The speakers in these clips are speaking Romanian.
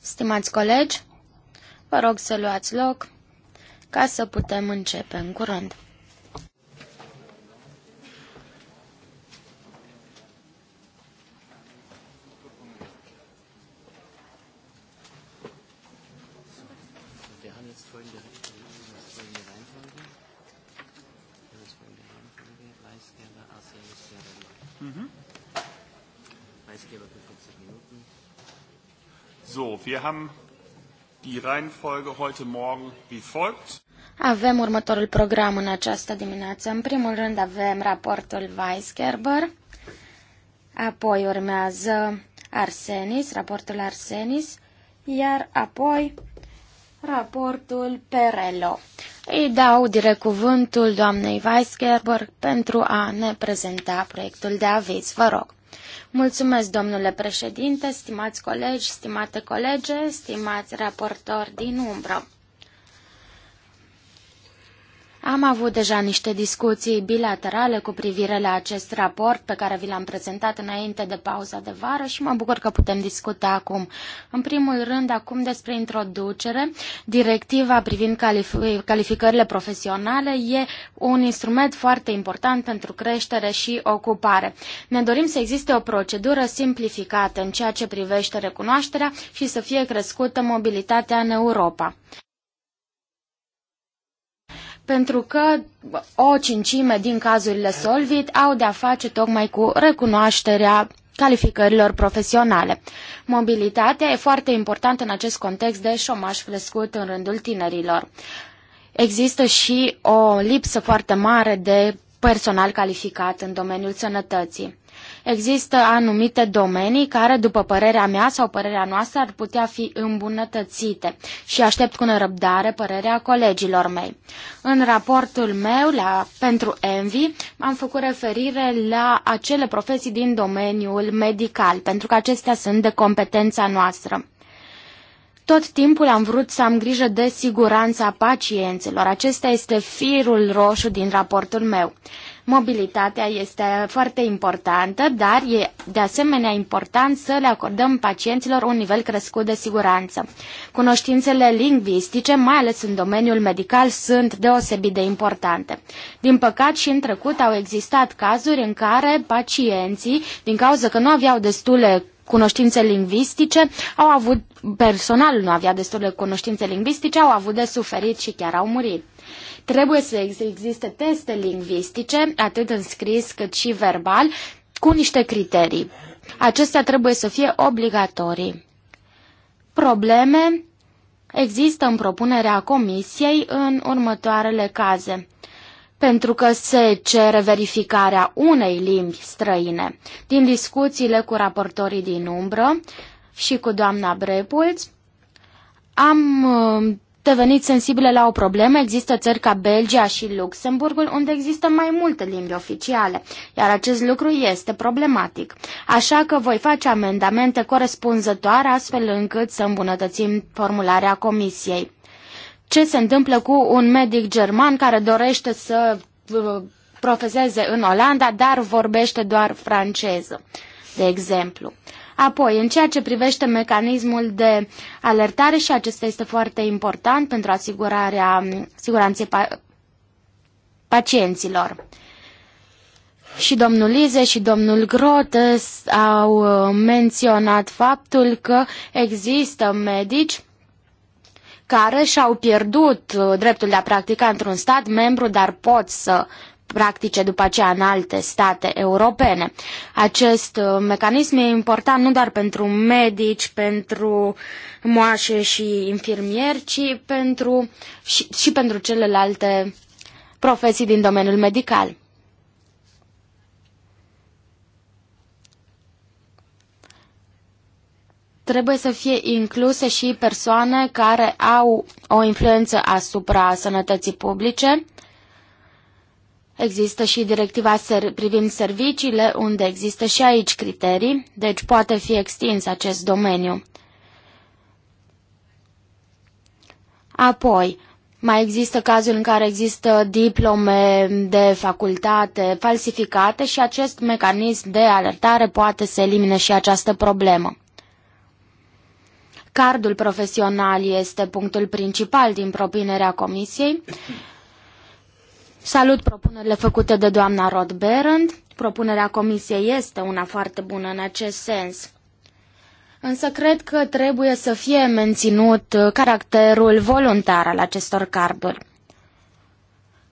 Stimați colegi, vă rog să luați loc ca să putem începe în curând. Mm-hmm. So, wir haben die Reihenfolge heute Morgen wie folgt. Avem următorul program în această dimineață. În primul rând avem raportul Weisgerber, apoi urmează Arsenis, raportul Arsenis, iar apoi raportul Perello. Îi dau direct cuvântul doamnei Weisgerber pentru a ne prezenta proiectul de aviz. Vă rog. Mulțumesc, domnule președinte, stimați colegi, stimate colege, stimați raportori din umbră. Am avut deja niște discuții bilaterale cu privire la acest raport pe care vi l-am prezentat înainte de pauza de vară și mă bucur că putem discuta acum. În primul rând, acum despre introducere, directiva privind calificările profesionale e un instrument foarte important pentru creștere și ocupare. Ne dorim să existe o procedură simplificată în ceea ce privește recunoașterea și să fie crescută mobilitatea în Europa pentru că o cincime din cazurile Solvit au de-a face tocmai cu recunoașterea calificărilor profesionale. Mobilitatea e foarte importantă în acest context de șomaș crescut în rândul tinerilor. Există și o lipsă foarte mare de personal calificat în domeniul sănătății. Există anumite domenii care, după părerea mea sau părerea noastră, ar putea fi îmbunătățite și aștept cu nerăbdare părerea colegilor mei. În raportul meu la, pentru Envi am făcut referire la acele profesii din domeniul medical, pentru că acestea sunt de competența noastră. Tot timpul am vrut să am grijă de siguranța pacienților. Acesta este firul roșu din raportul meu. Mobilitatea este foarte importantă, dar e de asemenea important să le acordăm pacienților un nivel crescut de siguranță. Cunoștințele lingvistice, mai ales în domeniul medical, sunt deosebit de importante. Din păcat și în trecut au existat cazuri în care pacienții, din cauza că nu aveau destule cunoștințe lingvistice, au avut, personalul nu avea destule cunoștințe lingvistice, au avut de suferit și chiar au murit. Trebuie să existe teste lingvistice, atât în scris cât și verbal, cu niște criterii. Acestea trebuie să fie obligatorii. Probleme există în propunerea comisiei în următoarele caze pentru că se cere verificarea unei limbi străine. Din discuțiile cu raportorii din umbră și cu doamna Brepulț, am devenit sensibile la o problemă, există țări ca Belgia și Luxemburgul, unde există mai multe limbi oficiale, iar acest lucru este problematic. Așa că voi face amendamente corespunzătoare astfel încât să îmbunătățim formularea comisiei. Ce se întâmplă cu un medic german care dorește să uh, profeseze în Olanda, dar vorbește doar franceză, de exemplu. Apoi, în ceea ce privește mecanismul de alertare și acesta este foarte important pentru asigurarea mm, siguranței pa- pacienților. Și domnul Lize și domnul Grotes au uh, menționat faptul că există medici care și-au pierdut uh, dreptul de a practica într-un stat membru, dar pot să practice după aceea în alte state europene. Acest uh, mecanism e important nu doar pentru medici, pentru moașe și infirmieri, ci pentru, și, și pentru celelalte profesii din domeniul medical. trebuie să fie incluse și persoane care au o influență asupra sănătății publice Există și directiva ser privind serviciile, unde există și aici criterii, deci poate fi extins acest domeniu. Apoi, mai există cazul în care există diplome de facultate falsificate și acest mecanism de alertare poate să elimine și această problemă. Cardul profesional este punctul principal din propunerea comisiei. Salut propunerile făcute de doamna Rod Berend. Propunerea comisiei este una foarte bună în acest sens. Însă cred că trebuie să fie menținut uh, caracterul voluntar al acestor carduri.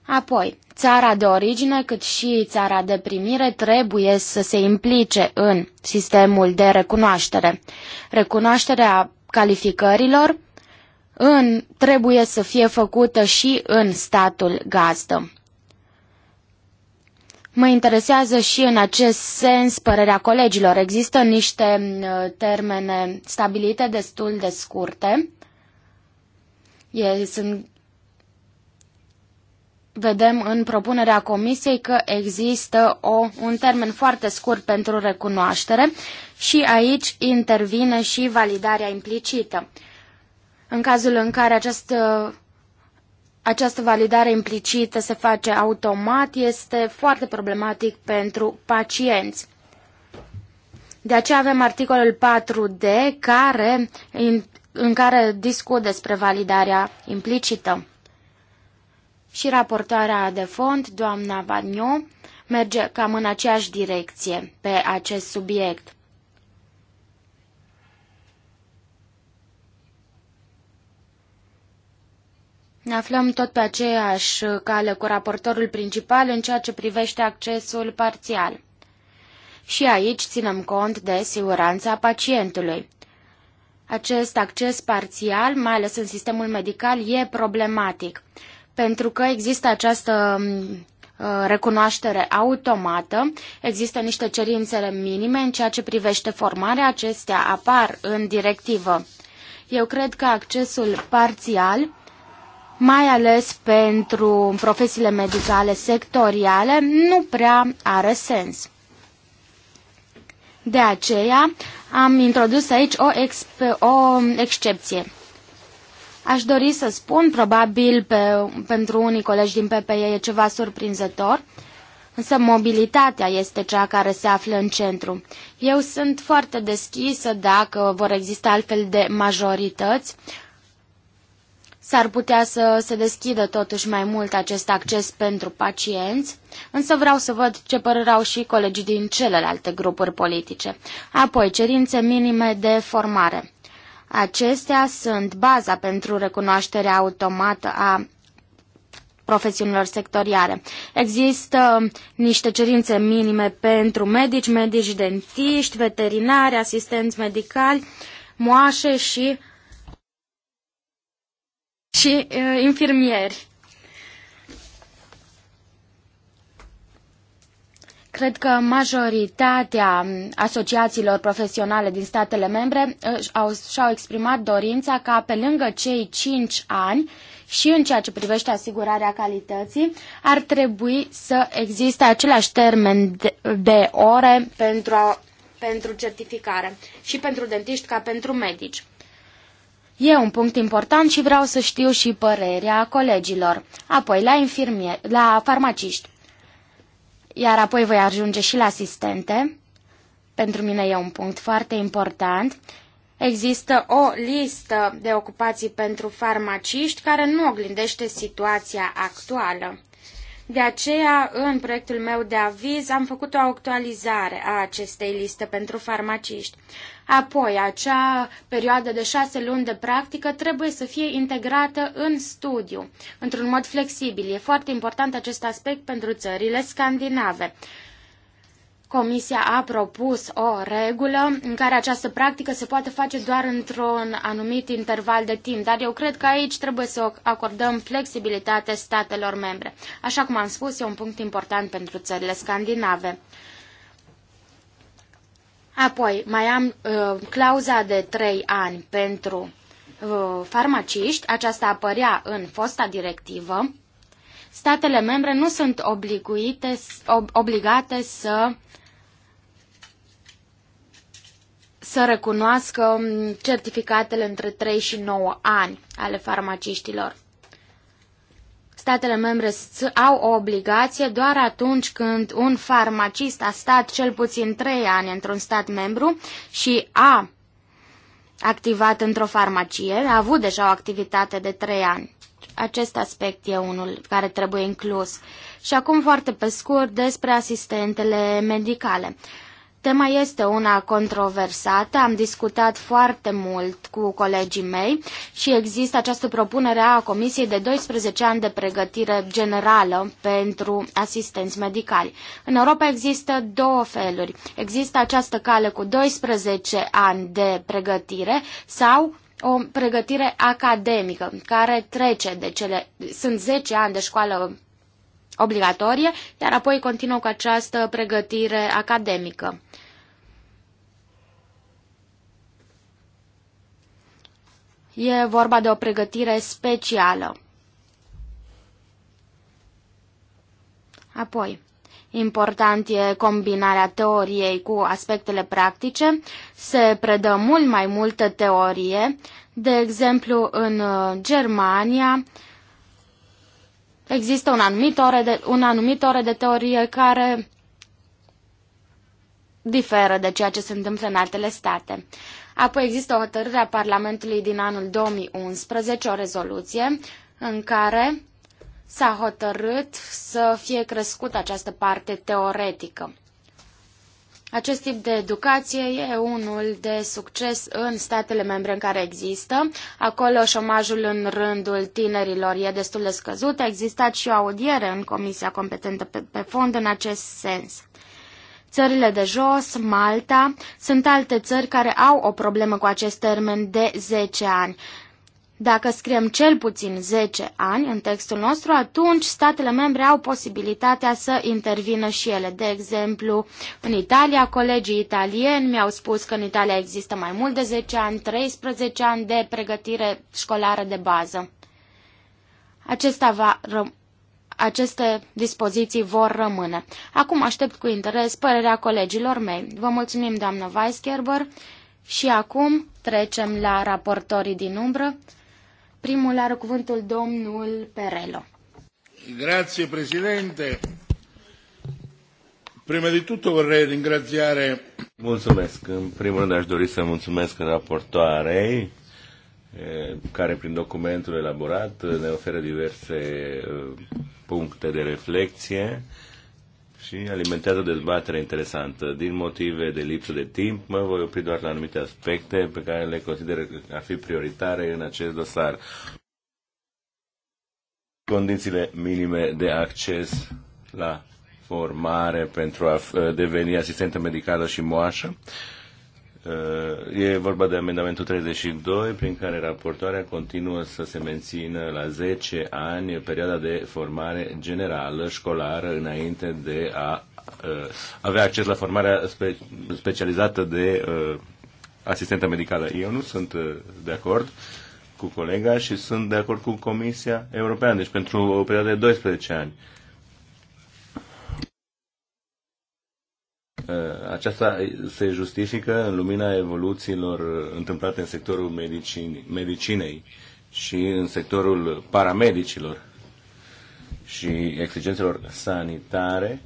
Apoi, țara de origine cât și țara de primire trebuie să se implice în sistemul de recunoaștere. Recunoașterea calificărilor în, trebuie să fie făcută și în statul gazdă. Mă interesează și în acest sens părerea colegilor. Există niște uh, termene stabilite destul de scurte. E, sunt, vedem în propunerea comisiei că există o, un termen foarte scurt pentru recunoaștere și aici intervine și validarea implicită. În cazul în care această uh, această validare implicită se face automat este foarte problematic pentru pacienți. De aceea avem articolul 4D care, in, în care discut despre validarea implicită. Și raportarea de fond, doamna Bagnon, merge cam în aceeași direcție pe acest subiect. Ne aflăm tot pe aceeași uh, cale cu raportorul principal în ceea ce privește accesul parțial. Și aici ținem cont de siguranța pacientului. Acest acces parțial, mai ales în sistemul medical, e problematic, pentru că există această mm, uh, recunoaștere automată, există niște cerințe minime în ceea ce privește formarea, acestea apar în directivă. Eu cred că accesul parțial mai ales pentru profesiile medicale sectoriale, nu prea are sens. De aceea am introdus aici o, o excepție. Aș dori să spun, probabil pe, pentru unii colegi din PPE e ceva surprinzător, însă mobilitatea este cea care se află în centru. Eu sunt foarte deschisă dacă vor exista altfel de majorități, S-ar putea să se deschidă totuși mai mult acest acces pentru pacienți, însă vreau să văd ce părere au și colegii din celelalte grupuri politice. Apoi, cerințe minime de formare. Acestea sunt baza pentru recunoașterea automată a profesiunilor sectoriale. Există niște cerințe minime pentru medici, medici dentiști, veterinari, asistenți medicali, moașe și și uh, infirmieri. Cred că majoritatea asociațiilor profesionale din statele membre și-au și -au exprimat dorința ca pe lângă cei 5 ani și în ceea ce privește asigurarea calității, ar trebui să existe același termen de, de ore pentru, a, pentru certificare și pentru dentiști ca pentru medici. E un punct important și vreau să știu și părerea colegilor, apoi la, infirmier, la farmaciști, iar apoi voi ajunge și la asistente. Pentru mine e un punct foarte important. Există o listă de ocupații pentru farmaciști care nu oglindește situația actuală. De aceea, în proiectul meu de aviz, am făcut o actualizare a acestei liste pentru farmaciști. Apoi, acea perioadă de șase luni de practică trebuie să fie integrată în studiu, într-un mod flexibil. E foarte important acest aspect pentru țările scandinave. Comisia a propus o regulă în care această practică se poate face doar într-un anumit interval de timp, dar eu cred că aici trebuie să acordăm flexibilitate statelor membre. Așa cum am spus, e un punct important pentru țările scandinave. Apoi, mai am uh, clauza de 3 ani pentru uh, farmaciști, aceasta apărea în fosta directivă. Statele membre nu sunt ob, obligate să să recunoască um, certificatele între 3 și 9 ani ale farmaciștilor. Statele membre au o obligație doar atunci când un farmacist a stat cel puțin 3 ani într-un stat membru și a activat într-o farmacie, a avut deja o activitate de 3 ani. Acest aspect e unul care trebuie inclus. Și acum foarte pe scurt despre asistentele medicale. Tema este una controversată, am discutat foarte mult cu colegii mei și există această propunere a Comisiei de 12 ani de pregătire generală pentru asistenți medicali. În Europa există două feluri. Există această cale cu 12 ani de pregătire sau o pregătire academică care trece de cele... Sunt 10 ani de școală obligatorie, iar apoi continuă cu această pregătire academică. E vorba de o pregătire specială. Apoi, important e combinarea teoriei cu aspectele practice. Se predă mult mai multă teorie. De exemplu, în uh, Germania, uh, Există un anumit, ore de, un anumit ore de teorie care diferă de ceea ce se întâmplă în altele state. Apoi există o hotărâre a Parlamentului din anul 2011, o rezoluție, în care s-a hotărât să fie crescută această parte teoretică acest tip de educație e unul de succes în statele membre în care există. Acolo șomajul în rândul tinerilor e destul de scăzut. A existat și o audiere în Comisia Competentă pe, pe Fond în acest sens. Țările de jos, Malta, sunt alte țări care au o problemă cu acest termen de 10 ani. Dacă scriem cel puțin 10 ani în textul nostru, atunci statele membre au posibilitatea să intervină și ele. De exemplu, în Italia, colegii italieni mi-au spus că în Italia există mai mult de 10 ani, 13 ani de pregătire școlară de bază. Acesta va aceste dispoziții vor rămâne. Acum aștept cu interes părerea colegilor mei. Vă mulțumim, doamnă Weisgerber, și acum trecem la raportorii din umbră. Primul are cuvântul domnul Perelo. Grazie, Prima di tutto vorrei ringraziare... Mulțumesc. În primul rând aș dori să mulțumesc raportoarei care prin documentul elaborat ne oferă diverse puncte de reflexie și alimentează o dezbatere interesantă. Din motive de lipsă de timp, mă voi opri doar la anumite aspecte pe care le consider a fi prioritare în acest dosar. Condițiile minime de acces la formare pentru a deveni asistentă medicală și moașă. Uh, Uh, e vorba de amendamentul 32, prin care raportoarea continuă să se mențină la 10 ani perioada de formare generală școlară înainte de a uh, avea acces la formarea spe specializată de uh, asistentă medicală. Eu nu sunt de acord cu colega și sunt de acord cu Comisia Europeană, deci pentru o perioadă de 12 ani. Ă, aceasta se justifică în lumina evoluțiilor întâmplate în sectorul medicinii, medicinei și în sectorul paramedicilor și exigențelor sanitare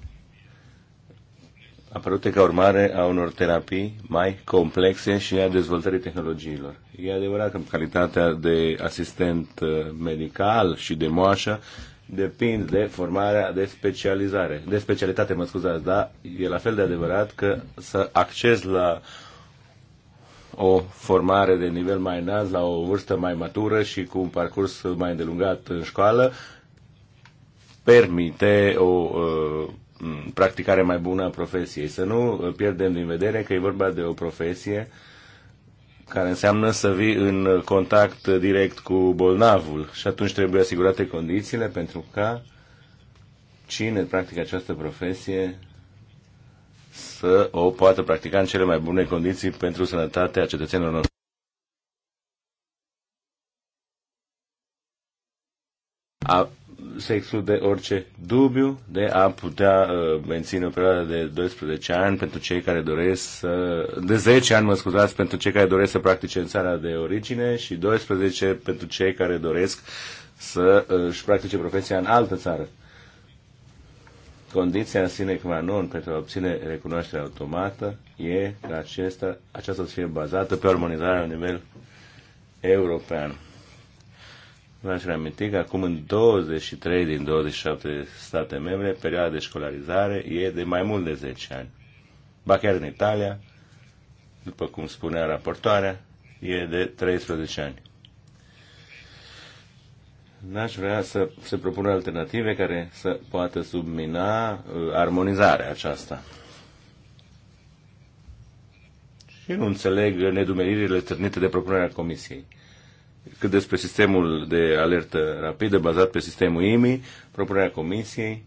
apărute ca urmare a unor terapii mai complexe și a dezvoltării tehnologiilor. E adevărat că calitatea de asistent ă, medical și de moașă depind de formarea de specializare, de specialitate, mă scuzați, dar e la fel de adevărat că să acces la o formare de nivel mai înalt, la o vârstă mai matură și cu un parcurs mai îndelungat în școală, permite o uh, practicare mai bună a profesiei. Să nu pierdem din vedere că e vorba de o profesie uh, care înseamnă să vii în contact direct cu bolnavul și atunci trebuie asigurate condițiile pentru ca cine practică această profesie să o poată practica în cele mai bune condiții pentru sănătatea cetățenilor noștri. A, se exclude orice dubiu de a putea uh, menține o perioadă de 12 ani pentru cei care doresc să, de 10 ani, mă scuzați, pentru cei care doresc să practice în țara de origine și 12 pentru cei care doresc să uh, își practice profesia în altă țară. Condiția sine qua non pentru a obține recunoaștere automată e că aceasta să fie bazată pe armonizarea la nivel european. V-aș reaminti că acum în 23 din 27 de state membre, perioada de școlarizare e de mai mult de 10 ani. Ba chiar în Italia, după cum spunea raportoarea, e de 13 ani. N-aș vrea să se propună alternative care să poată submina uh, armonizarea aceasta. Și nu înțeleg nedumeririle strânite de propunerea Comisiei. Cât despre sistemul de alertă rapidă bazat pe sistemul IMI, propunerea Comisiei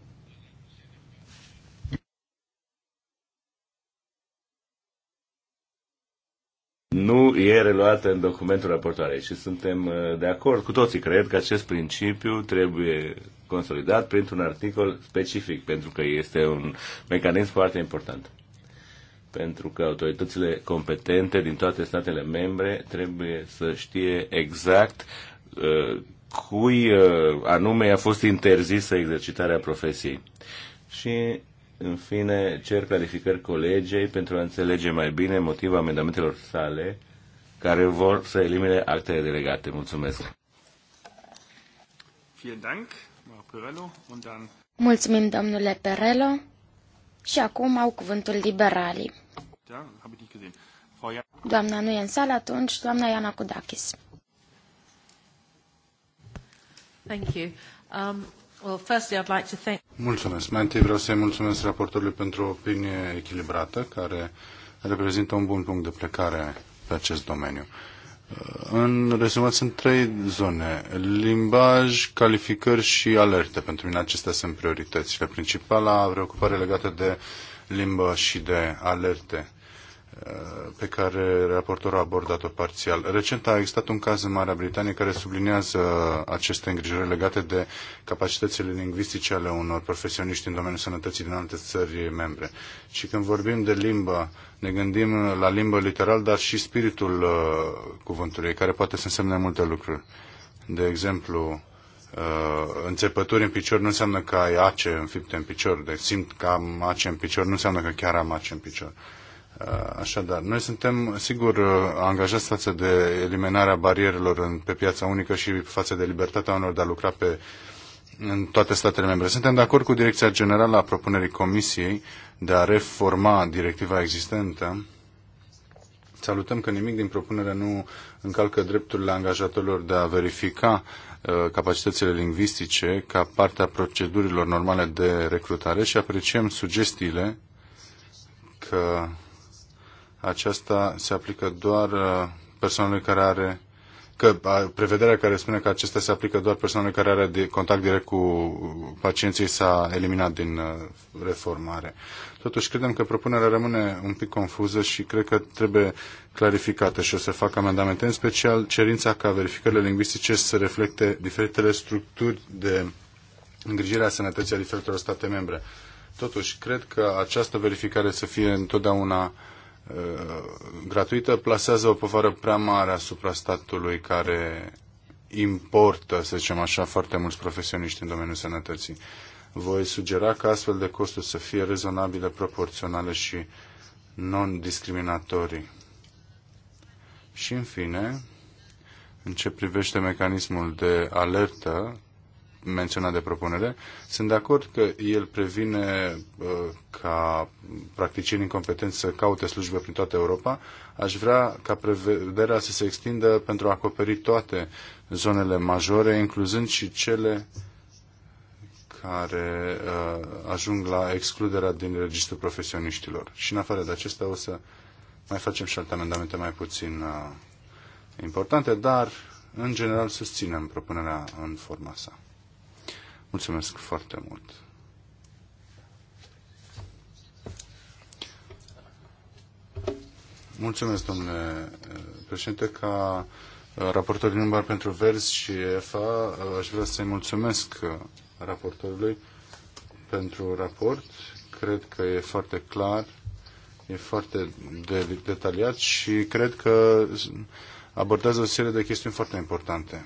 nu e reluată în documentul raportoarei și suntem uh, de acord cu toții. Cred că acest principiu trebuie consolidat printr-un articol specific, pentru că este un mecanism foarte important pentru că autoritățile competente din toate statele membre trebuie să știe exact uh, cui uh, anume a fost interzisă exercitarea profesiei. Și, în fine, cer clarificări colegei pentru a înțelege mai bine motivul amendamentelor sale care vor să elimine actele delegate. Mulțumesc! Mulțumim, domnule Perello. Și acum au cuvântul liberalii. Doamna nu e în sală, atunci doamna Iana Kudakis. Thank you. Um, well, firstly, I'd like to thank... Mulțumesc. Mai întâi vreau să-i mulțumesc raportorului pentru o opinie echilibrată, care reprezintă un bun punct de plecare pe acest domeniu. Uh, în rezumat, sunt trei zone. Limbaj, calificări și alerte. Pentru mine acestea sunt prioritățile. Principala preocupare legată de limbă și de alerte pe care raportorul a abordat-o parțial. Recent a existat un caz în Marea Britanie care sublinează aceste îngrijorări legate de capacitățile lingvistice ale unor profesioniști în domeniul sănătății din alte țări membre. Și când vorbim de limbă, ne gândim la limbă literal, dar și spiritul uh, cuvântului, care poate să însemne multe lucruri. De exemplu, uh, înțepături în picior nu înseamnă că ai ace înfipte în picior, deci simt că am ace în picior nu înseamnă că chiar am ace în picior. Uh, Așadar, noi suntem, sigur, uh, angajați față de eliminarea barierelor pe piața unică și față de libertatea unor de a lucra pe, în toate statele membre. Suntem de acord cu direcția generală a propunerii Comisiei de a reforma directiva existentă. Salutăm că nimic din propunere nu încalcă drepturile angajatorilor de a verifica uh, capacitățile lingvistice ca parte a procedurilor normale de recrutare și apreciem sugestiile că aceasta uh, se aplică doar persoanelor care are că prevederea care spune că acesta se aplică doar persoanelor care are contact direct cu pacienții s-a eliminat din uh, reformare. Totuși, credem că propunerea rămâne un pic confuză și cred că trebuie clarificată și o să fac amendamente, în special cerința ca verificările lingvistice să reflecte diferitele structuri de îngrijire a sănătății a diferitelor state membre. Totuși, cred că această verificare să fie întotdeauna uh, Uh, gratuită plasează o povară prea mare asupra statului care importă, să zicem așa, foarte mulți profesioniști în domeniul sănătății. Voi sugera ca astfel de costuri să fie rezonabile, proporționale și non-discriminatorii. Și în fine, în ce privește mecanismul de alertă, menționat de propunere. Sunt de acord că el previne uh, ca practicieni incompetenți să caute slujbe prin toată Europa. Aș vrea ca prevederea să se extindă pentru a acoperi toate zonele majore, incluzând și cele care uh, ajung la excluderea din registrul profesioniștilor. Și în afară de acestea o să mai facem și alte amendamente mai puțin uh, importante, dar în general susținem propunerea în forma sa. Mulțumesc foarte mult! Mulțumesc, domnule eh, președinte, ca eh, raportor din Umbar pentru Vers și EFA, eh, aș vrea să-i mulțumesc raportorului pentru raport. Cred că e foarte clar, e foarte de detaliat și cred că abordează o serie de chestiuni foarte importante.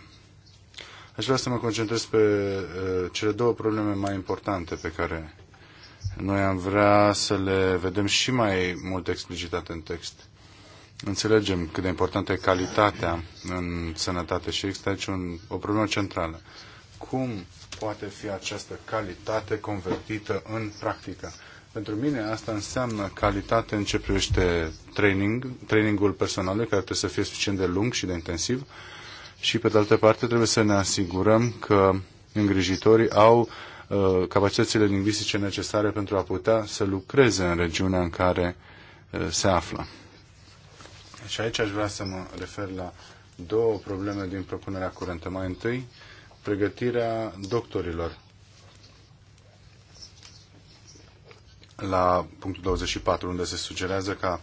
Aș vrea să mă concentrez pe eh, cele două probleme mai importante pe care noi am vrea să le vedem și mai mult explicitate în text. Înțelegem cât de importantă e calitatea în sănătate și există aici un, o problemă centrală. Cum poate fi această calitate convertită în practică? Pentru mine asta înseamnă calitate în ce privește training, trainingul personal, care trebuie să fie suficient de lung și de intensiv, și, pe de altă parte, trebuie să ne asigurăm că îngrijitorii au uh, capacitățile lingvistice necesare pentru a putea să lucreze în regiunea în care uh, se află. Și aici aș vrea să mă refer la două probleme din propunerea curentă. Mai întâi, pregătirea doctorilor. La punctul 24, unde se sugerează ca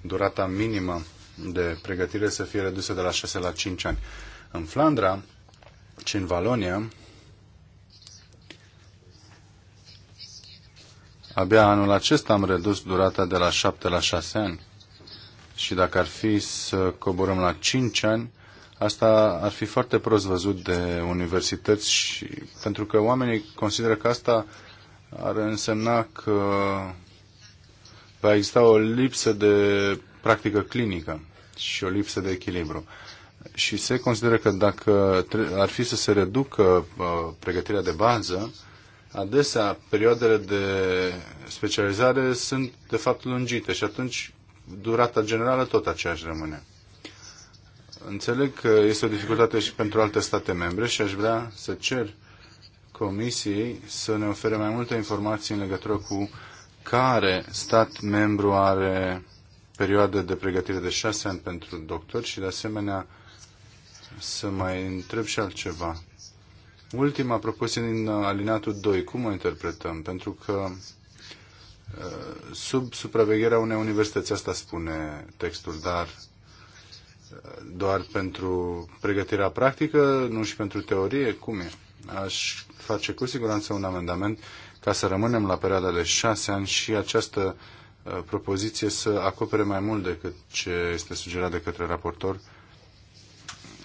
durata minimă de pregătire să fie redusă de la 6 la 5 ani în Flandra, ci în Valonia. Abia anul acesta am redus durata de la 7 la 6 ani. Și dacă ar fi să coborăm la 5 ani, asta ar fi foarte prost văzut de universități, și, pentru că oamenii consideră că asta ar însemna că va exista o lipsă de practică clinică și o lipsă de echilibru și se consideră că dacă ar fi să se reducă uh, pregătirea de bază, adesea perioadele de specializare sunt de fapt lungite și atunci durata generală tot aceeași rămâne. Înțeleg că este o dificultate și pentru alte state membre și aș vrea să cer Comisiei să ne ofere mai multe informații în legătură cu care stat membru are perioade de pregătire de șase ani pentru doctor și, de asemenea, să mai întreb și altceva. Ultima propoziție din alineatul 2, cum o interpretăm? Pentru că uh, sub supravegherea unei universități, asta spune textul, dar uh, doar pentru pregătirea practică, nu și pentru teorie, cum e? Aș face cu siguranță un amendament ca să rămânem la perioada de șase ani și această uh, propoziție să acopere mai mult decât ce este sugerat de către raportor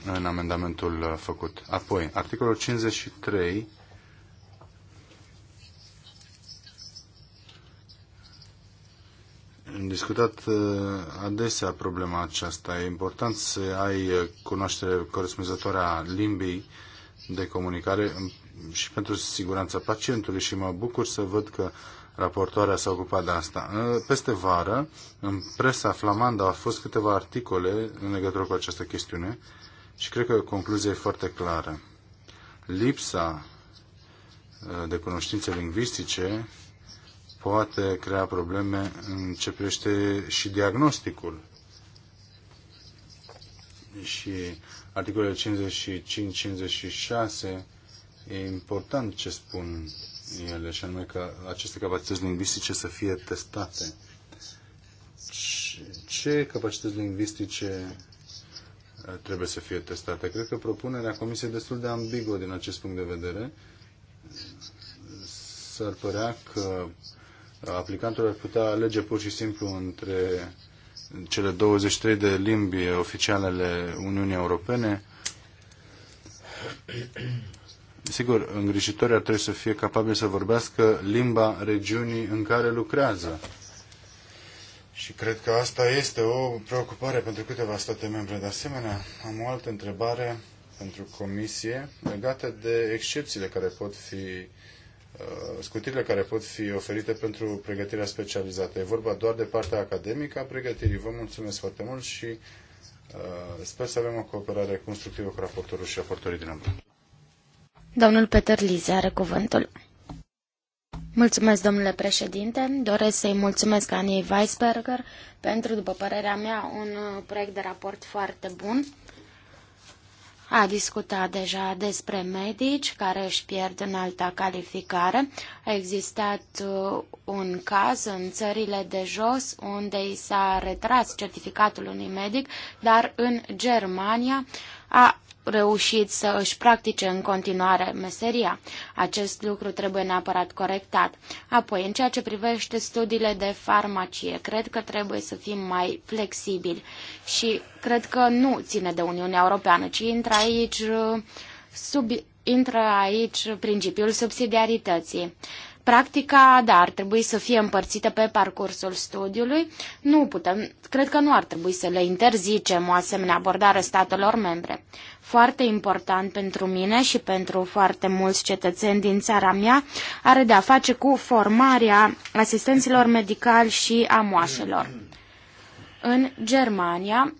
în amendamentul uh, făcut. Apoi, articolul 53 Am discutat uh, adesea problema aceasta. E important să ai uh, cunoaștere corespunzătoare a limbii de comunicare um, și pentru siguranța pacientului și mă bucur să văd că raportoarea s-a ocupat de asta. Peste vară, în presa flamandă au fost câteva articole în legătură cu această chestiune și cred că concluzia e foarte clară. Lipsa uh, de cunoștințe lingvistice poate crea probleme în ce privește și diagnosticul. Și articolele 55-56 e important ce spun ele, și anume că aceste capacități lingvistice să fie testate. Ce, ce capacități lingvistice trebuie să fie testate. Cred că propunerea Comisiei e destul de ambiguă din acest punct de vedere. S-ar părea că aplicantul ar putea alege pur și simplu între cele 23 de limbi oficiale ale Uniunii Europene. Sigur, îngrijitorii ar trebui să fie capabili să vorbească limba regiunii în care lucrează și cred că asta este o preocupare pentru câteva state membre. De asemenea, am o altă întrebare pentru Comisie legată de excepțiile care pot fi uh, scutirile care pot fi oferite pentru pregătirea specializată. E vorba doar de partea academică a pregătirii. Vă mulțumesc foarte mult și uh, sper să avem o cooperare constructivă cu raportorul și raportorii din umbră. Domnul Peter Lize are cuvântul. Mulțumesc, domnule președinte. Doresc să-i mulțumesc Aniei Weisberger pentru, după părerea mea, un uh, proiect de raport foarte bun. A discutat deja despre medici care își pierd în alta calificare. A existat uh, un caz în țările de jos unde i s-a retras certificatul unui medic, dar în Germania a reușit să își practice în continuare meseria. Acest lucru trebuie neapărat corectat. Apoi, în ceea ce privește studiile de farmacie, cred că trebuie să fim mai flexibili și cred că nu ține de Uniunea Europeană, ci intră aici, sub, intră aici principiul subsidiarității. Practica, da, ar trebui să fie împărțită pe parcursul studiului. Nu putem, cred că nu ar trebui să le interzicem o asemenea abordare statelor membre. Foarte important pentru mine și pentru foarte mulți cetățeni din țara mea are de a face cu formarea asistenților medicali și a moașelor. În Germania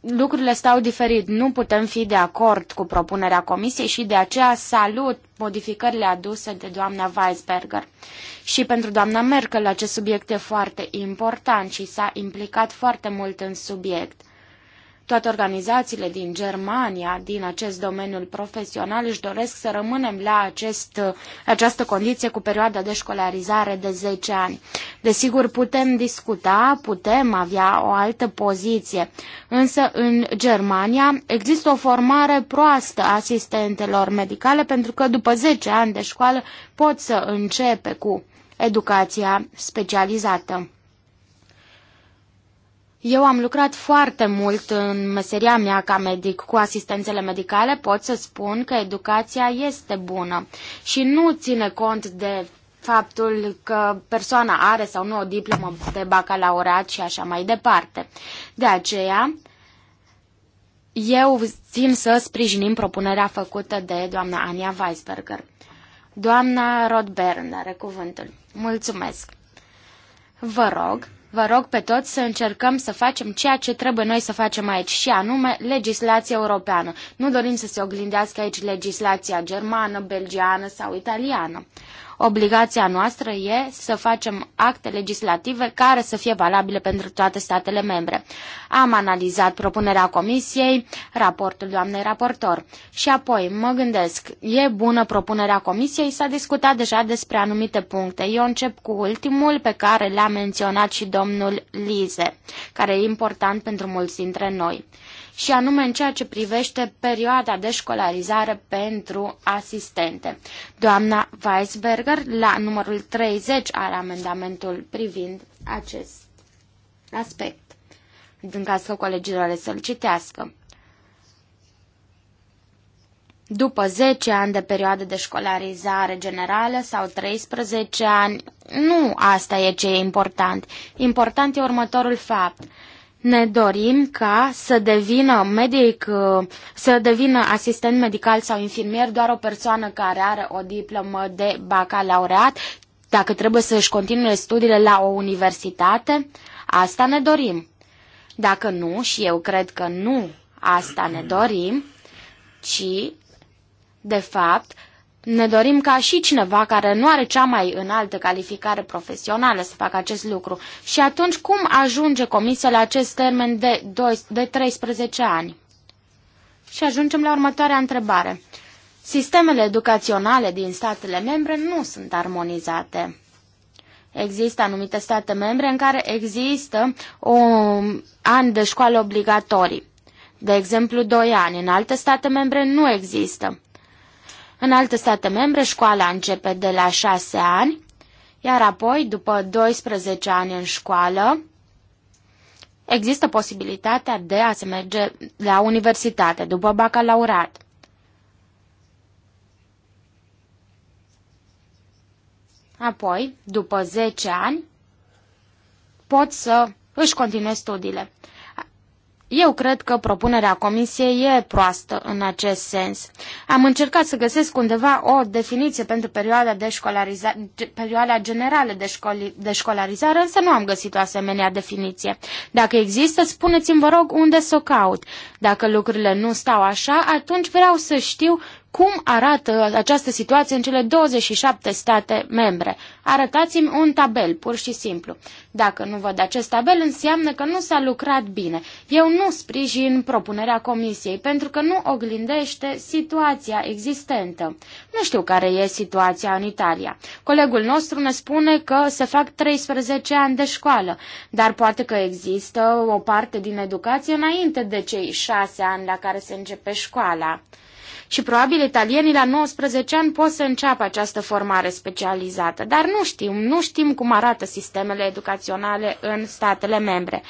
lucrurile stau diferit. Nu putem fi de acord cu propunerea comisiei și de aceea salut modificările aduse de doamna Weisberger. Și pentru doamna Merkel acest subiect e foarte important și s-a implicat foarte mult în subiect. Toate organizațiile din Germania, din acest domeniul profesional, își doresc să rămânem la acest, această condiție cu perioada de școlarizare de 10 ani. Desigur, putem discuta, putem avea o altă poziție, însă în Germania există o formare proastă a asistentelor medicale pentru că după 10 ani de școală pot să începe cu educația specializată. Eu am lucrat foarte mult în meseria mea ca medic cu asistențele medicale, pot să spun că educația este bună și nu ține cont de faptul că persoana are sau nu o diplomă de bacalaureat și așa mai departe. De aceea, eu țin să sprijinim propunerea făcută de doamna Ania Weisberger. Doamna Rodbern are cuvântul. Mulțumesc. Vă rog Vă rog pe toți să încercăm să facem ceea ce trebuie noi să facem aici, și anume legislația europeană. Nu dorim să se oglindească aici legislația germană, belgiană sau italiană. Obligația noastră e să facem acte legislative care să fie valabile pentru toate statele membre. Am analizat propunerea Comisiei, raportul doamnei raportor și apoi mă gândesc, e bună propunerea Comisiei? S-a discutat deja despre anumite puncte. Eu încep cu ultimul pe care l-a menționat și domnul Lize, care e important pentru mulți dintre noi și anume în ceea ce privește perioada de școlarizare pentru asistente. Doamna Weisberger, la numărul 30, are amendamentul privind acest aspect, în caz că colegilor le să-l citească. După 10 ani de perioadă de școlarizare generală sau 13 ani, nu asta e ce e important. Important e următorul fapt. Ne dorim ca să devină medic, uh, să devină asistent medical sau infirmier doar o persoană care are o diplomă de bacalaureat, dacă trebuie să-și continue studiile la o universitate, asta ne dorim. Dacă nu, și eu cred că nu asta ne dorim, ci, de fapt, ne dorim ca și cineva care nu are cea mai înaltă calificare profesională să facă acest lucru. Și atunci cum ajunge Comisia la acest termen de, 12, de 13 ani? Și ajungem la următoarea întrebare. Sistemele educaționale din statele membre nu sunt armonizate. Există anumite state membre în care există un an de școală obligatorii. De exemplu, 2 ani. În alte state membre nu există. În alte state membre, școala începe de la 6 ani, iar apoi, după 12 ani în școală, există posibilitatea de a se merge la universitate după bacalaureat. Apoi, după 10 ani, pot să își continue studiile. Eu cred că propunerea comisiei e proastă în acest sens. Am încercat să găsesc undeva o definiție pentru perioada, de școlariza... perioada generală de, școli... de școlarizare, însă nu am găsit o asemenea definiție. Dacă există, spuneți-mi, vă rog, unde să o caut. Dacă lucrurile nu stau așa, atunci vreau să știu cum arată această situație în cele 27 state membre? Arătați-mi un tabel, pur și simplu. Dacă nu văd acest tabel, înseamnă că nu s-a lucrat bine. Eu nu sprijin propunerea Comisiei, pentru că nu oglindește situația existentă. Nu știu care e situația în Italia. Colegul nostru ne spune că se fac 13 ani de școală, dar poate că există o parte din educație înainte de cei 6 ani la care se începe școala și probabil italienii la 19 ani pot să înceapă această formare specializată, dar nu știm, nu știm cum arată sistemele educaționale în statele membre.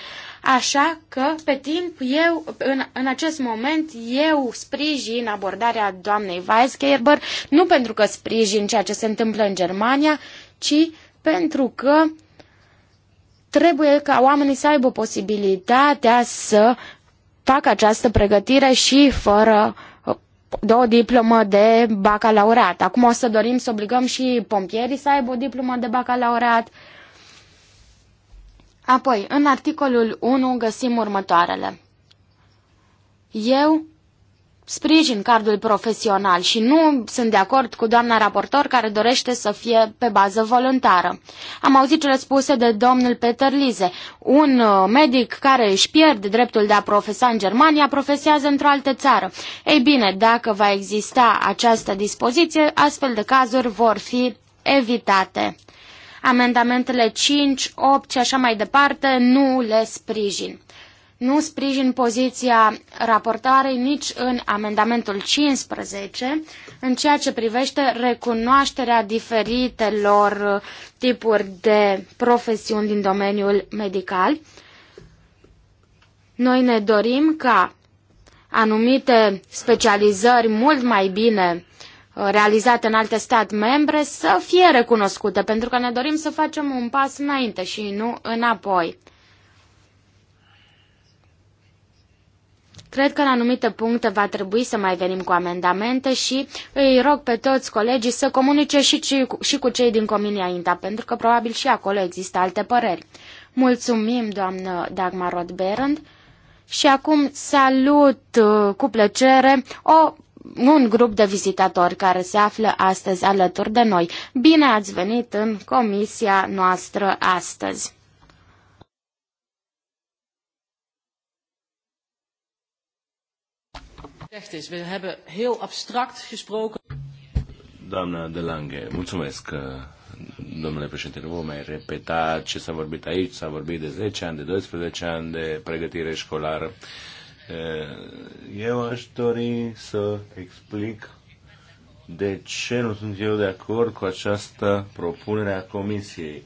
Așa că, pe timp, eu, în, în acest moment, eu sprijin abordarea doamnei Weisgerber, nu pentru că sprijin ceea ce se întâmplă în Germania, ci pentru că trebuie ca oamenii să aibă posibilitatea să facă această pregătire și fără uh, de o diplomă de bacalaureat. Acum o să dorim să obligăm și pompierii să aibă o diplomă de bacalaureat. Apoi, în articolul 1 găsim următoarele. Eu sprijin cardul profesional și nu sunt de acord cu doamna raportor care dorește să fie pe bază voluntară. Am auzit cele spuse de domnul Peter Lize, un uh, medic care își pierde dreptul de a profesa în Germania, profesează într-o altă țară. Ei bine, dacă va exista această dispoziție, astfel de cazuri vor fi evitate. Amendamentele 5, 8 și așa mai departe nu le sprijin. Nu sprijin poziția raportoarei nici în amendamentul 15 în ceea ce privește recunoașterea diferitelor tipuri de profesiuni din domeniul medical. Noi ne dorim ca anumite specializări mult mai bine uh, realizate în alte stat membre să fie recunoscute, pentru că ne dorim să facem un pas înainte și nu înapoi. Cred că în anumite puncte va trebui să mai venim cu amendamente și îi rog pe toți colegii să comunice și, și cu cei din Cominia INTA, pentru că probabil și acolo există alte păreri. Mulțumim, doamnă Dagmar Rodberand. Și acum salut uh, cu plăcere o, un grup de vizitatori care se află astăzi alături de noi. Bine ați venit în comisia noastră astăzi! Doamna de Lange, mulțumesc, uh, domnule președinte. Nu vom mai repeta ce s-a vorbit aici. S-a vorbit de 10 ani, de 12 ani de pregătire școlară. Uh, eu aș dori să explic de ce nu sunt eu de acord cu această propunere a Comisiei.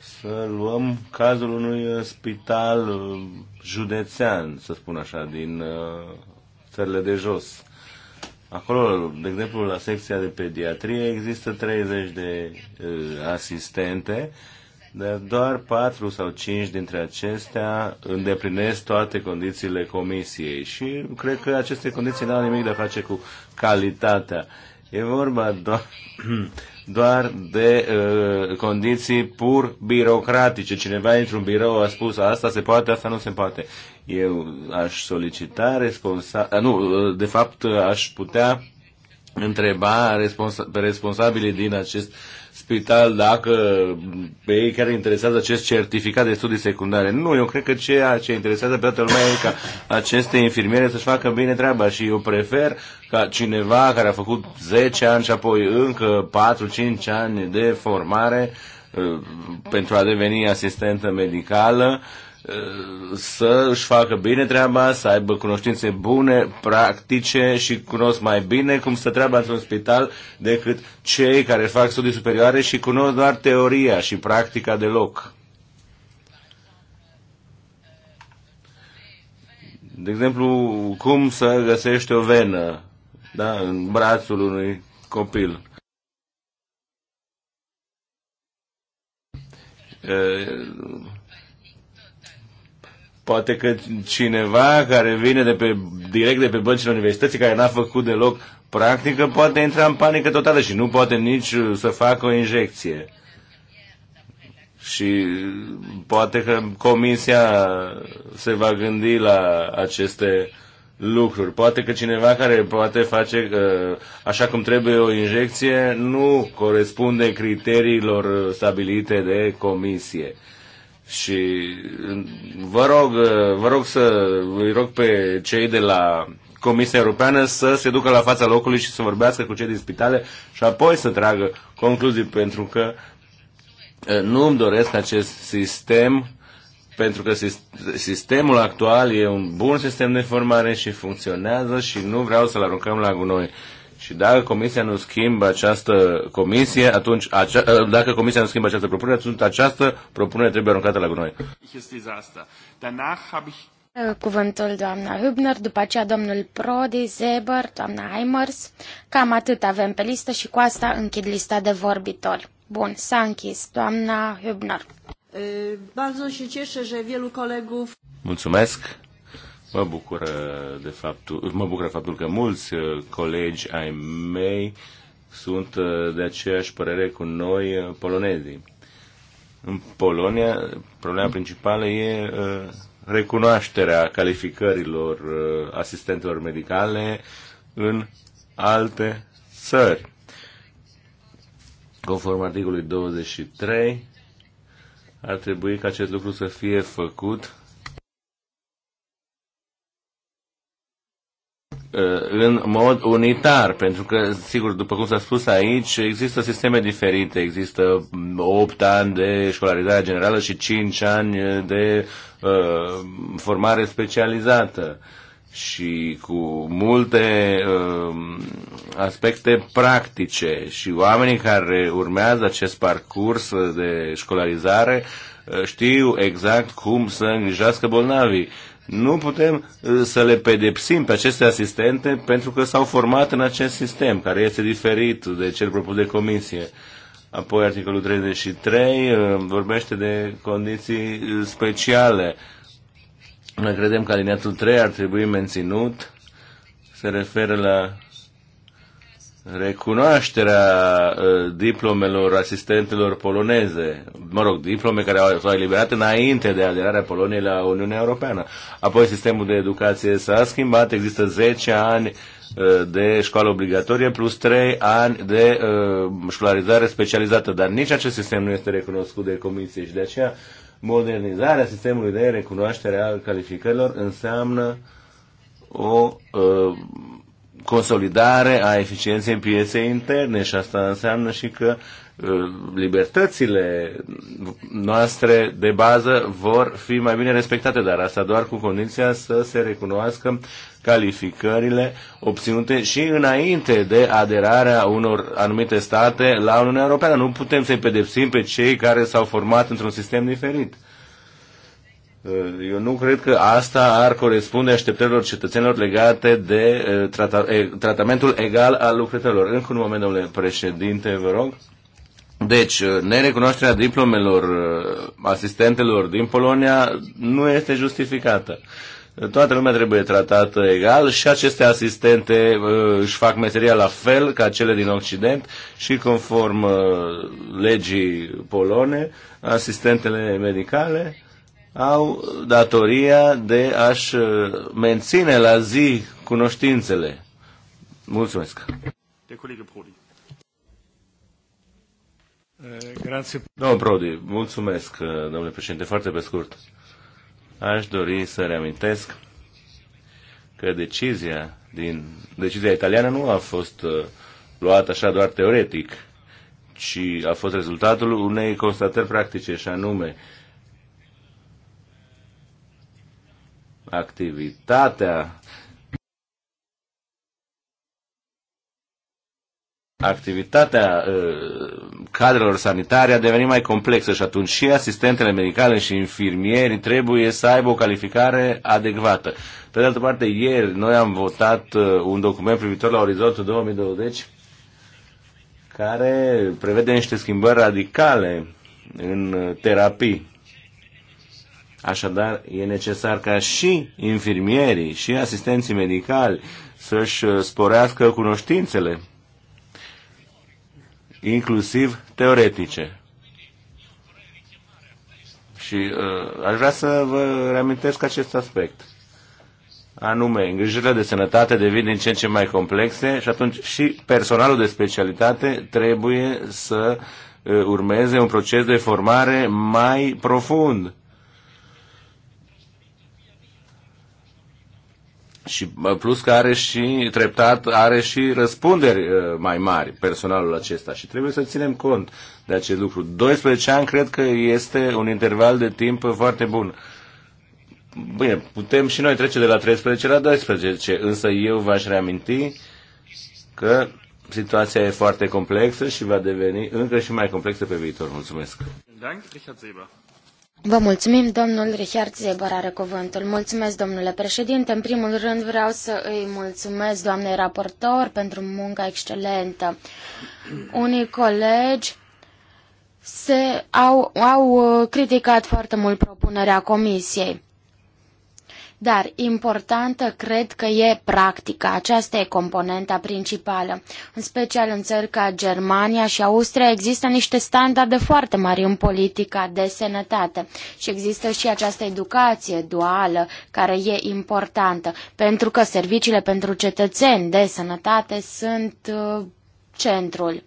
Să luăm cazul unui spital uh, județean, să spun așa, din țările de jos. Acolo, de exemplu, la secția de pediatrie există 30 de uh, asistente, dar doar 4 sau 5 dintre acestea îndeplinesc toate condițiile comisiei și cred că aceste condiții nu au nimic de a face cu calitatea. E vorba doar doar de uh, condiții pur birocratice. Cineva într un birou a spus asta se poate, asta nu se poate. Eu aș solicita responsa... Nu, uh, de fapt aș putea întreba responsa- pe responsabilii din acest uh, spital dacă pe ei care interesează acest certificat de studii secundare. Nu, eu cred că ceea ce interesează pe toată lumea e ca aceste infirmiere să-și facă bine treaba și eu prefer ca cineva care a făcut 10 ani și apoi încă 4-5 ani de formare uh, pentru a deveni asistentă medicală să își facă bine treaba, să aibă cunoștințe bune, practice și cunosc mai bine cum să treaba într-un spital decât cei care fac studii superioare și cunosc doar teoria și practica deloc. De exemplu, cum să găsești o venă da, în brațul unui copil. Uh, Poate că cineva care vine de pe, direct de pe băncile universității, care n-a făcut deloc practică, poate intra în panică totală și nu poate nici uh, să facă o injecție. Și uh, poate că comisia se va gândi la aceste lucruri. Poate că cineva care poate face uh, așa cum trebuie o injecție nu corespunde criteriilor stabilite de comisie. Și vă rog, vă rog să vă rog pe cei de la Comisia Europeană să se ducă la fața locului și să vorbească cu cei din spitale și apoi să tragă concluzii, pentru că nu îmi doresc acest sistem, pentru că sistemul actual e un bun sistem de formare și funcționează și nu vreau să-l aruncăm la gunoi. Și dacă Comisia nu schimbă această comisie, atunci, acea, ă, dacă Comisia nu schimbă această propunere, atunci această propunere trebuie aruncată la gunoi. Cuvântul doamna Hübner, după aceea domnul Prodi, Zeber, doamna Heimers. Cam atât avem pe listă și cu asta închid lista de vorbitori. Bun, s-a închis. Doamna Hübner. Mulțumesc. Mă bucură de faptul, mă bucură faptul că mulți uh, colegi ai mei sunt uh, de aceeași părere cu noi uh, polonezii. În Polonia, problema principală e recunoașterea calificărilor asistentelor medicale în alte țări. Conform articolului 23, ar trebui ca acest lucru să fie făcut Uh, în mod unitar, pentru că, sigur, după cum s-a spus aici, există sisteme diferite. Există 8 mm, ani de școlarizare generală și 5 ani de uh, formare specializată și cu multe uh, aspecte practice și oamenii care urmează acest parcurs de școlarizare uh, știu exact cum să îngrijească bolnavii. Uh, nu putem uh, să le pedepsim pe aceste asistente pentru că s-au format în acest sistem, care este diferit de cel propus de comisie. Apoi articolul 33 uh, vorbește de condiții uh, speciale. Noi credem că alineatul 3 ar trebui menținut. Se referă la recunoașterea ă, diplomelor asistentelor poloneze, mă rog, diplome care s-au eliberat înainte de aderarea Poloniei la Uniunea Europeană. Apoi sistemul de educație s-a schimbat, există 10 ani ă, de școală obligatorie plus 3 ani de ă, școlarizare specializată, dar nici acest sistem nu este recunoscut de comisie și de aceea modernizarea sistemului de recunoaștere a calificărilor înseamnă o uh, consolidare a eficienței în piețe interne și asta înseamnă și că uh, libertățile noastre de bază vor fi mai bine respectate, dar asta doar cu condiția să se recunoască calificările obținute și înainte de aderarea unor anumite state la Uniunea Europeană. Nu putem să-i pedepsim pe cei care s-au format într-un sistem diferit. Eh, eu nu cred că asta ar corespunde așteptărilor cetățenilor legate de eh, trata, eh, tratamentul egal al lucrătorilor. Încă un moment, domnule președinte, vă rog. Deci, nerecunoașterea diplomelor asistentelor din Polonia nu este justificată. Toată lumea trebuie tratată egal și aceste asistente își fac meseria la fel ca cele din Occident și conform legii polone, asistentele medicale au datoria de a-și uh, menține la zi cunoștințele. Mulțumesc! De colegă Prodi. Eh, grazie. Domnul Prodi, mulțumesc, uh, domnule președinte, foarte pe scurt. Aș dori să reamintesc că decizia din decizia italiană nu a fost uh, luată așa doar teoretic, ci a fost rezultatul unei constatări practice, și anume activitatea activitatea uh, cadrelor sanitare a devenit mai complexă și atunci și asistentele medicale și infirmierii trebuie să aibă o calificare adecvată. Pe de altă parte, ieri noi am votat uh, un document privitor la Orizontul 2020 care prevede niște schimbări radicale în terapii. Așadar, e necesar ca și infirmierii și asistenții medicali să-și uh, sporească cunoștințele, inclusiv teoretice. Și uh, aș vrea să vă reamintesc acest aspect. Anume, îngrijirile de sănătate devin din ce în ce mai complexe și atunci și personalul de specialitate trebuie să uh, urmeze un proces de formare mai profund și plus că are și treptat, are și răspunderi uh, mai mari personalul acesta și trebuie să ținem cont de acest lucru. 12 ani cred că este un interval de timp foarte bun. Bine, putem și noi trece de la 13 la 12, însă eu v-aș reaminti că situația e foarte complexă și va deveni încă și mai complexă pe viitor. Mulțumesc! Vă mulțumim, domnul Richard Zeber are cuvântul. Mulțumesc, domnule președinte. În primul rând vreau să îi mulțumesc doamnei raportor pentru munca excelentă. Unii colegi se au, au uh, criticat foarte mult propunerea comisiei. Dar importantă cred că e practica, aceasta e componenta principală. În special în țări ca Germania și Austria există niște standarde foarte mari în politica de sănătate și există și această educație duală care e importantă pentru că serviciile pentru cetățeni de sănătate sunt uh, centrul.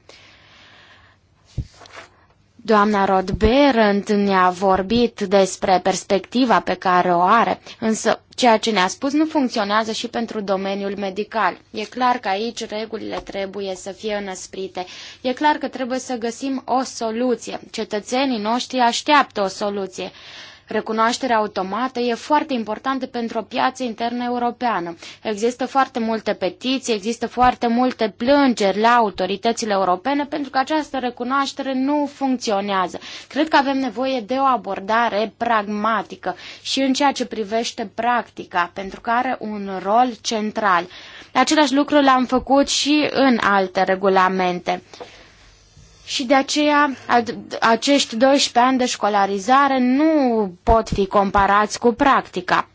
Doamna Rodberent ne-a vorbit despre perspectiva pe care o are, însă ceea ce ne-a spus nu funcționează și pentru domeniul medical. E clar că aici regulile trebuie să fie înăsprite. E clar că trebuie să găsim o soluție. Cetățenii noștri așteaptă o soluție. Recunoașterea automată e foarte importantă pentru o piață internă europeană. Există foarte multe petiții, există foarte multe plângeri la autoritățile europene pentru că această recunoaștere nu funcționează. Cred că avem nevoie de o abordare pragmatică și în ceea ce privește practica, pentru că are un rol central. Același lucru l-am făcut și în alte regulamente. Și de aceea acești 12 ani de școlarizare nu pot fi comparați cu practica.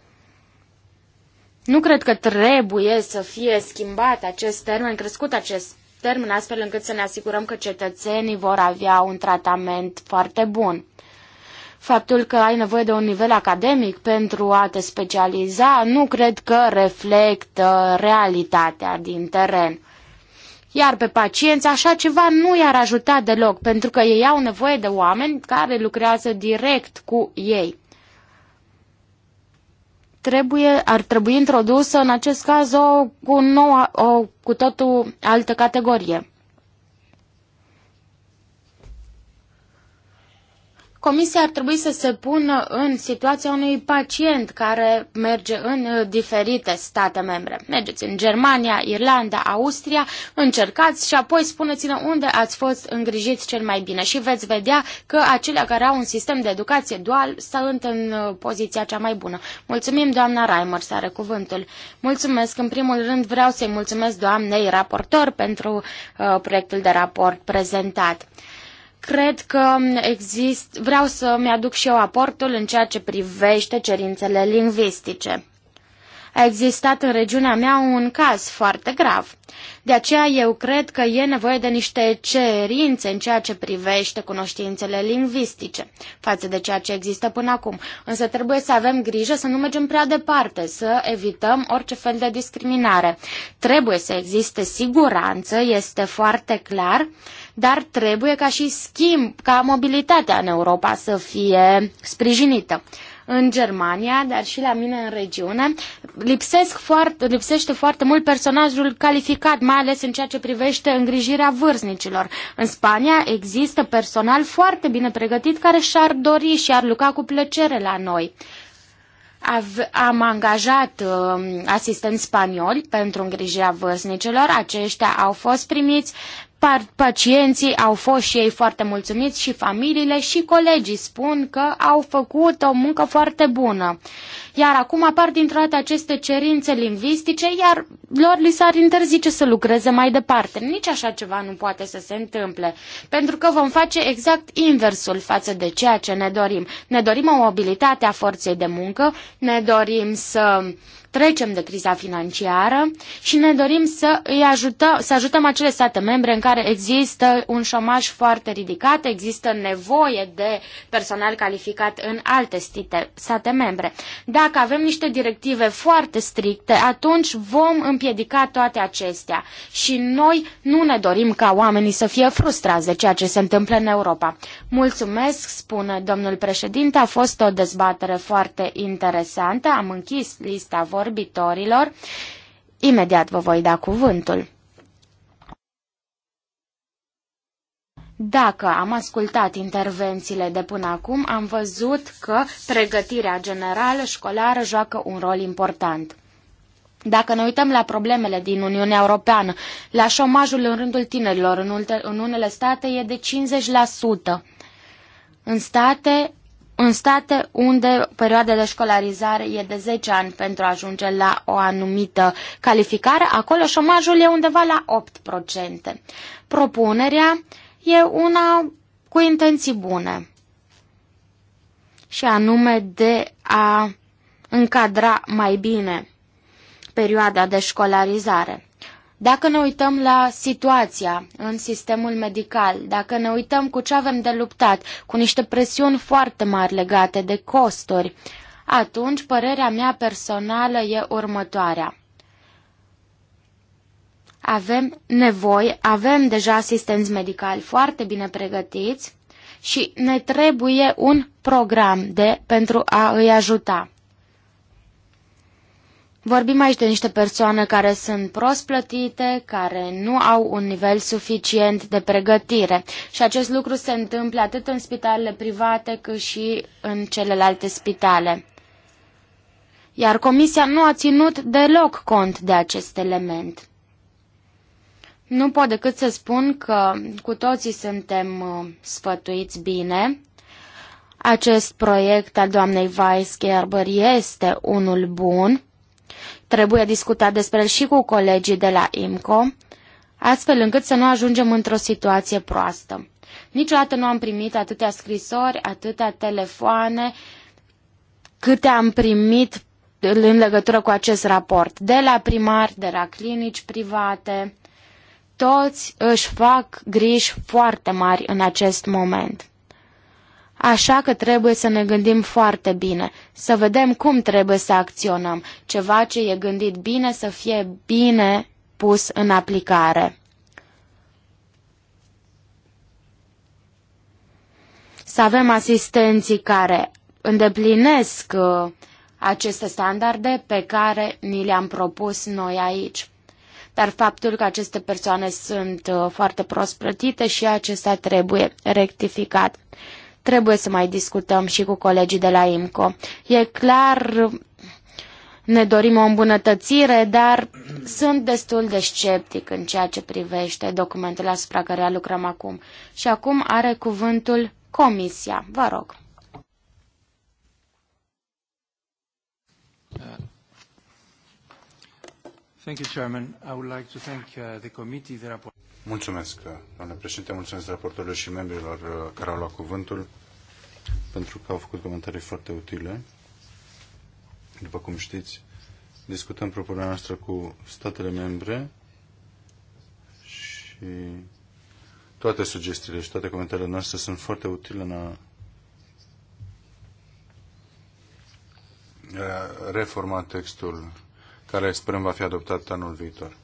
Nu cred că trebuie să fie schimbat acest termen, crescut acest termen, astfel încât să ne asigurăm că cetățenii vor avea un tratament foarte bun. Faptul că ai nevoie de un nivel academic pentru a te specializa nu cred că reflectă realitatea din teren. Iar pe pacienți așa ceva nu i-ar ajuta deloc, pentru că ei au nevoie de oameni care lucrează direct cu ei. Trebuie, ar trebui introdusă în acest caz o, cu, nouă, o, cu totul altă categorie. Comisia ar trebui să se pună în situația unui pacient care merge în uh, diferite state membre. Mergeți în Germania, Irlanda, Austria, încercați și apoi spuneți-ne unde ați fost îngrijiți cel mai bine și veți vedea că acelea care au un sistem de educație dual sunt în uh, poziția cea mai bună. Mulțumim, doamna Reimer, să are cuvântul. Mulțumesc. În primul rând vreau să-i mulțumesc doamnei raportor pentru uh, proiectul de raport prezentat. Cred că exist, vreau să-mi aduc și eu aportul în ceea ce privește cerințele lingvistice. A existat în regiunea mea un caz foarte grav. De aceea eu cred că e nevoie de niște cerințe în ceea ce privește cunoștințele lingvistice față de ceea ce există până acum. Însă trebuie să avem grijă să nu mergem prea departe, să evităm orice fel de discriminare. Trebuie să existe siguranță, este foarte clar, dar trebuie ca și schimb, ca mobilitatea în Europa să fie sprijinită. În Germania, dar și la mine în regiune, lipsesc foarte, lipsește foarte mult personajul calificat, mai ales în ceea ce privește îngrijirea vârstnicilor. În Spania există personal foarte bine pregătit care și-ar dori și ar lucra cu plăcere la noi am angajat uh, asistenți spanioli pentru îngrijirea vârstnicilor. Aceștia au fost primiți, pacienții au fost și ei foarte mulțumiți și familiile și colegii spun că au făcut o muncă foarte bună. Iar acum apar dintr-o dată aceste cerințe lingvistice, iar lor li s-ar interzice să lucreze mai departe. Nici așa ceva nu poate să se întâmple, pentru că vom face exact inversul față de ceea ce ne dorim. Ne dorim o mobilitate a forței de muncă, ne dorim să trecem de criza financiară și ne dorim să, îi ajută, să ajutăm acele state membre în care există un șomaj foarte ridicat, există nevoie de personal calificat în alte stite, state membre. Dacă avem niște directive foarte stricte, atunci vom împiedica toate acestea și noi nu ne dorim ca oamenii să fie frustrați de ceea ce se întâmplă în Europa. Mulțumesc, spune domnul președinte, a fost o dezbatere foarte interesantă, am închis lista vor vorbitorilor. Imediat vă voi da cuvântul. Dacă am ascultat intervențiile de până acum, am văzut că pregătirea generală școlară joacă un rol important. Dacă ne uităm la problemele din Uniunea Europeană, la șomajul în rândul tinerilor în unele state e de 50%. În state în state unde perioada de școlarizare e de 10 ani pentru a ajunge la o anumită calificare, acolo șomajul e undeva la 8%. Propunerea e una cu intenții bune și anume de a încadra mai bine perioada de școlarizare. Dacă ne uităm la situația în sistemul medical, dacă ne uităm cu ce avem de luptat, cu niște presiuni foarte mari legate de costuri, atunci părerea mea personală e următoarea. Avem nevoie, avem deja asistenți medicali foarte bine pregătiți și ne trebuie un program de pentru a îi ajuta. Vorbim aici de niște persoane care sunt prost plătite, care nu au un nivel suficient de pregătire. Și acest lucru se întâmplă atât în spitalele private cât și în celelalte spitale. Iar comisia nu a ținut deloc cont de acest element. Nu pot decât să spun că cu toții suntem uh, sfătuiți bine. Acest proiect al doamnei Weiss-Gerber este unul bun Trebuie discutat despre el și cu colegii de la IMCO, astfel încât să nu ajungem într-o situație proastă. Niciodată nu am primit atâtea scrisori, atâtea telefoane, câte am primit în legătură cu acest raport, de la primari, de la clinici private, toți își fac griji foarte mari în acest moment. Așa că trebuie să ne gândim foarte bine, să vedem cum trebuie să acționăm. Ceva ce e gândit bine să fie bine pus în aplicare. Să avem asistenții care îndeplinesc uh, aceste standarde pe care ni le-am propus noi aici. Dar faptul că aceste persoane sunt uh, foarte prost plătite și acesta trebuie rectificat trebuie să mai discutăm și cu colegii de la IMCO. E clar, ne dorim o îmbunătățire, dar sunt destul de sceptic în ceea ce privește documentul asupra care lucrăm acum. Și acum are cuvântul Comisia. Vă rog. Uh, Thank you, Chairman. I would like to thank uh, the committee, the rapport... Mulțumesc, uh, doamnă președinte, mulțumesc raportorilor și membrilor uh, care au luat cuvântul pentru că au făcut comentarii foarte utile. După cum știți, discutăm propunerea noastră cu statele membre și toate sugestiile și toate comentariile noastre sunt foarte utile în a reforma textul care sperăm va fi adoptat anul viitor.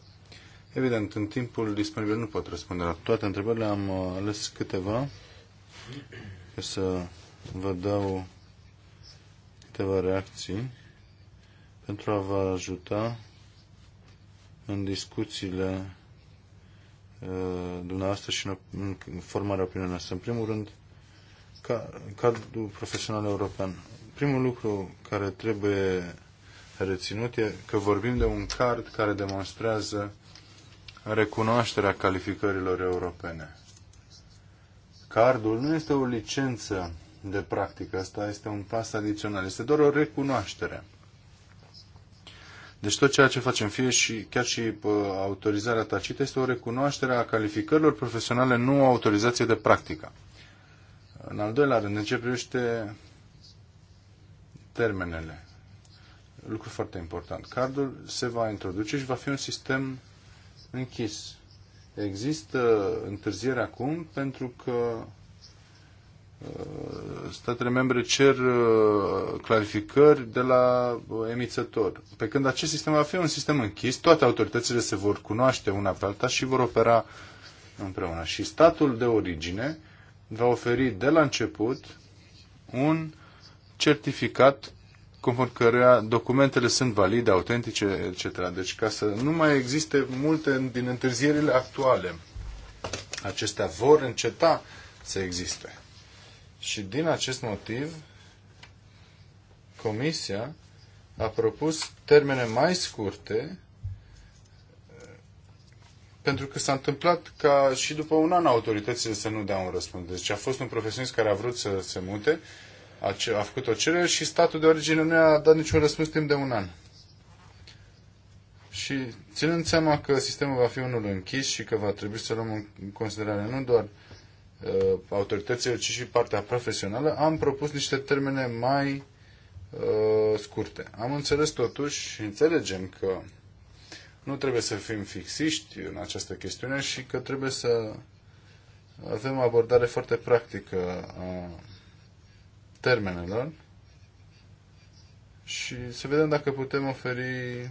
Evident, în timpul disponibil nu pot răspunde la toate întrebările, am uh, ales câteva ca să vă dau câteva reacții pentru a vă ajuta în discuțiile uh, dumneavoastră și în formarea opiniei noastre. În primul rând, ca, cadrul profesional european. Primul lucru care trebuie reținut e că vorbim de un card care demonstrează recunoașterea calificărilor europene. Cardul nu este o licență de practică, asta este un pas adițional, este doar o recunoaștere. Deci tot ceea ce facem, fie și chiar și uh, autorizarea tacită, este o recunoaștere a calificărilor profesionale, nu o autorizație de practică. În al doilea rând, în ce privește termenele lucru foarte important. Cardul se va introduce și va fi un sistem închis. Există întârziere acum pentru că uh, statele membre cer uh, clarificări de la uh, emițător. Pe când acest sistem va fi un sistem închis, toate autoritățile se vor cunoaște una pe alta și vor opera împreună. Și statul de origine va oferi de la început un certificat conform căreia documentele sunt valide, autentice, etc. Deci ca să nu mai existe multe din întârzierile actuale. Acestea vor înceta să existe. Și din acest motiv, Comisia a propus termene mai scurte pentru că s-a întâmplat ca și după un an autoritățile să nu dea un răspuns. Deci a fost un profesionist care a vrut să se mute a făcut o cerere și statul de origine nu a dat niciun răspuns timp de un an. Și ținând seama că sistemul va fi unul închis și că va trebui să luăm în considerare nu doar uh, autoritățile, ci și partea profesională, am propus niște termene mai uh, scurte. Am înțeles totuși și înțelegem că nu trebuie să fim fixiști în această chestiune și că trebuie să avem o abordare foarte practică a termenelor și să vedem dacă putem oferi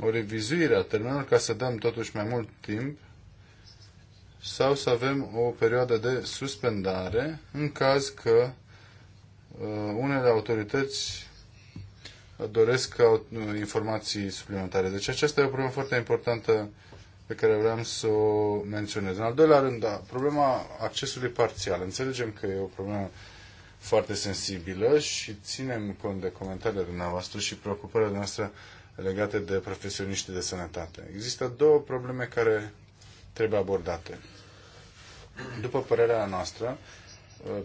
o revizuire a termenelor ca să dăm totuși mai mult timp sau să avem o perioadă de suspendare în caz că uh, unele autorități doresc uh, informații suplimentare. Deci aceasta e o problemă foarte importantă pe care vreau să o menționez. În al doilea rând, da, problema accesului parțial. Înțelegem că e o problemă foarte sensibilă și ținem cont de comentariile dumneavoastră și preocupările noastre legate de profesioniștii de sănătate. Există două probleme care trebuie abordate. După părerea noastră,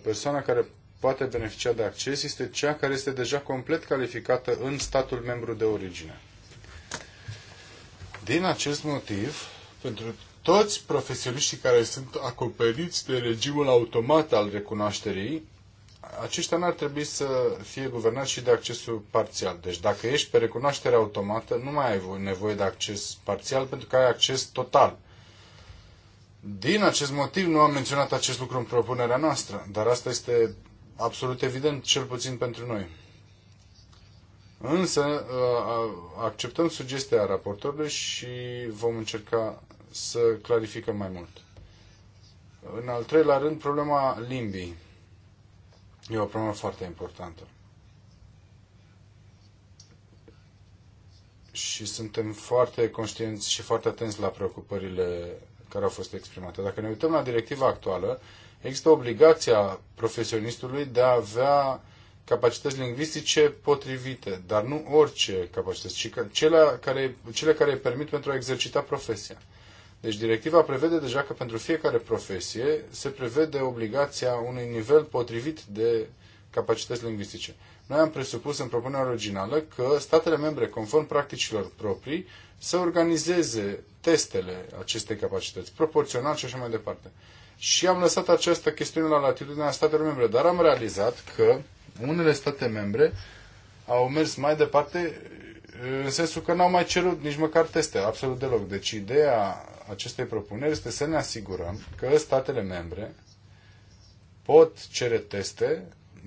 persoana care poate beneficia de acces este cea care este deja complet calificată în statul membru de origine. Din acest motiv, pentru toți profesioniștii care sunt acoperiți de regimul automat al recunoașterii, aceștia n-ar trebui să fie guvernați și de accesul parțial. Deci dacă ești pe recunoaștere automată, nu mai ai nevoie de acces parțial pentru că ai acces total. Din acest motiv nu am menționat acest lucru în propunerea noastră, dar asta este absolut evident, cel puțin pentru noi. Însă uh, acceptăm sugestia raportorului și vom încerca să clarificăm mai mult. În al treilea rând, problema limbii. E o problemă foarte importantă. Și suntem foarte conștienți și foarte atenți la preocupările care au fost exprimate. Dacă ne uităm la directiva actuală, există obligația profesionistului de a avea capacități lingvistice potrivite, dar nu orice capacități, ci cele care, cele care îi permit pentru a exercita profesia. Deci directiva prevede deja că pentru fiecare profesie se prevede obligația unui nivel potrivit de capacități lingvistice. Noi am presupus în propunerea originală că statele membre, conform practicilor proprii, să organizeze testele acestei capacități, proporțional și așa mai departe. Și am lăsat această chestiune la latitudinea statelor membre, dar am realizat că unele state membre au mers mai departe în sensul că n-au mai cerut nici măcar teste, absolut deloc. Deci ideea acestei propuneri este să ne asigurăm că statele membre pot cere teste,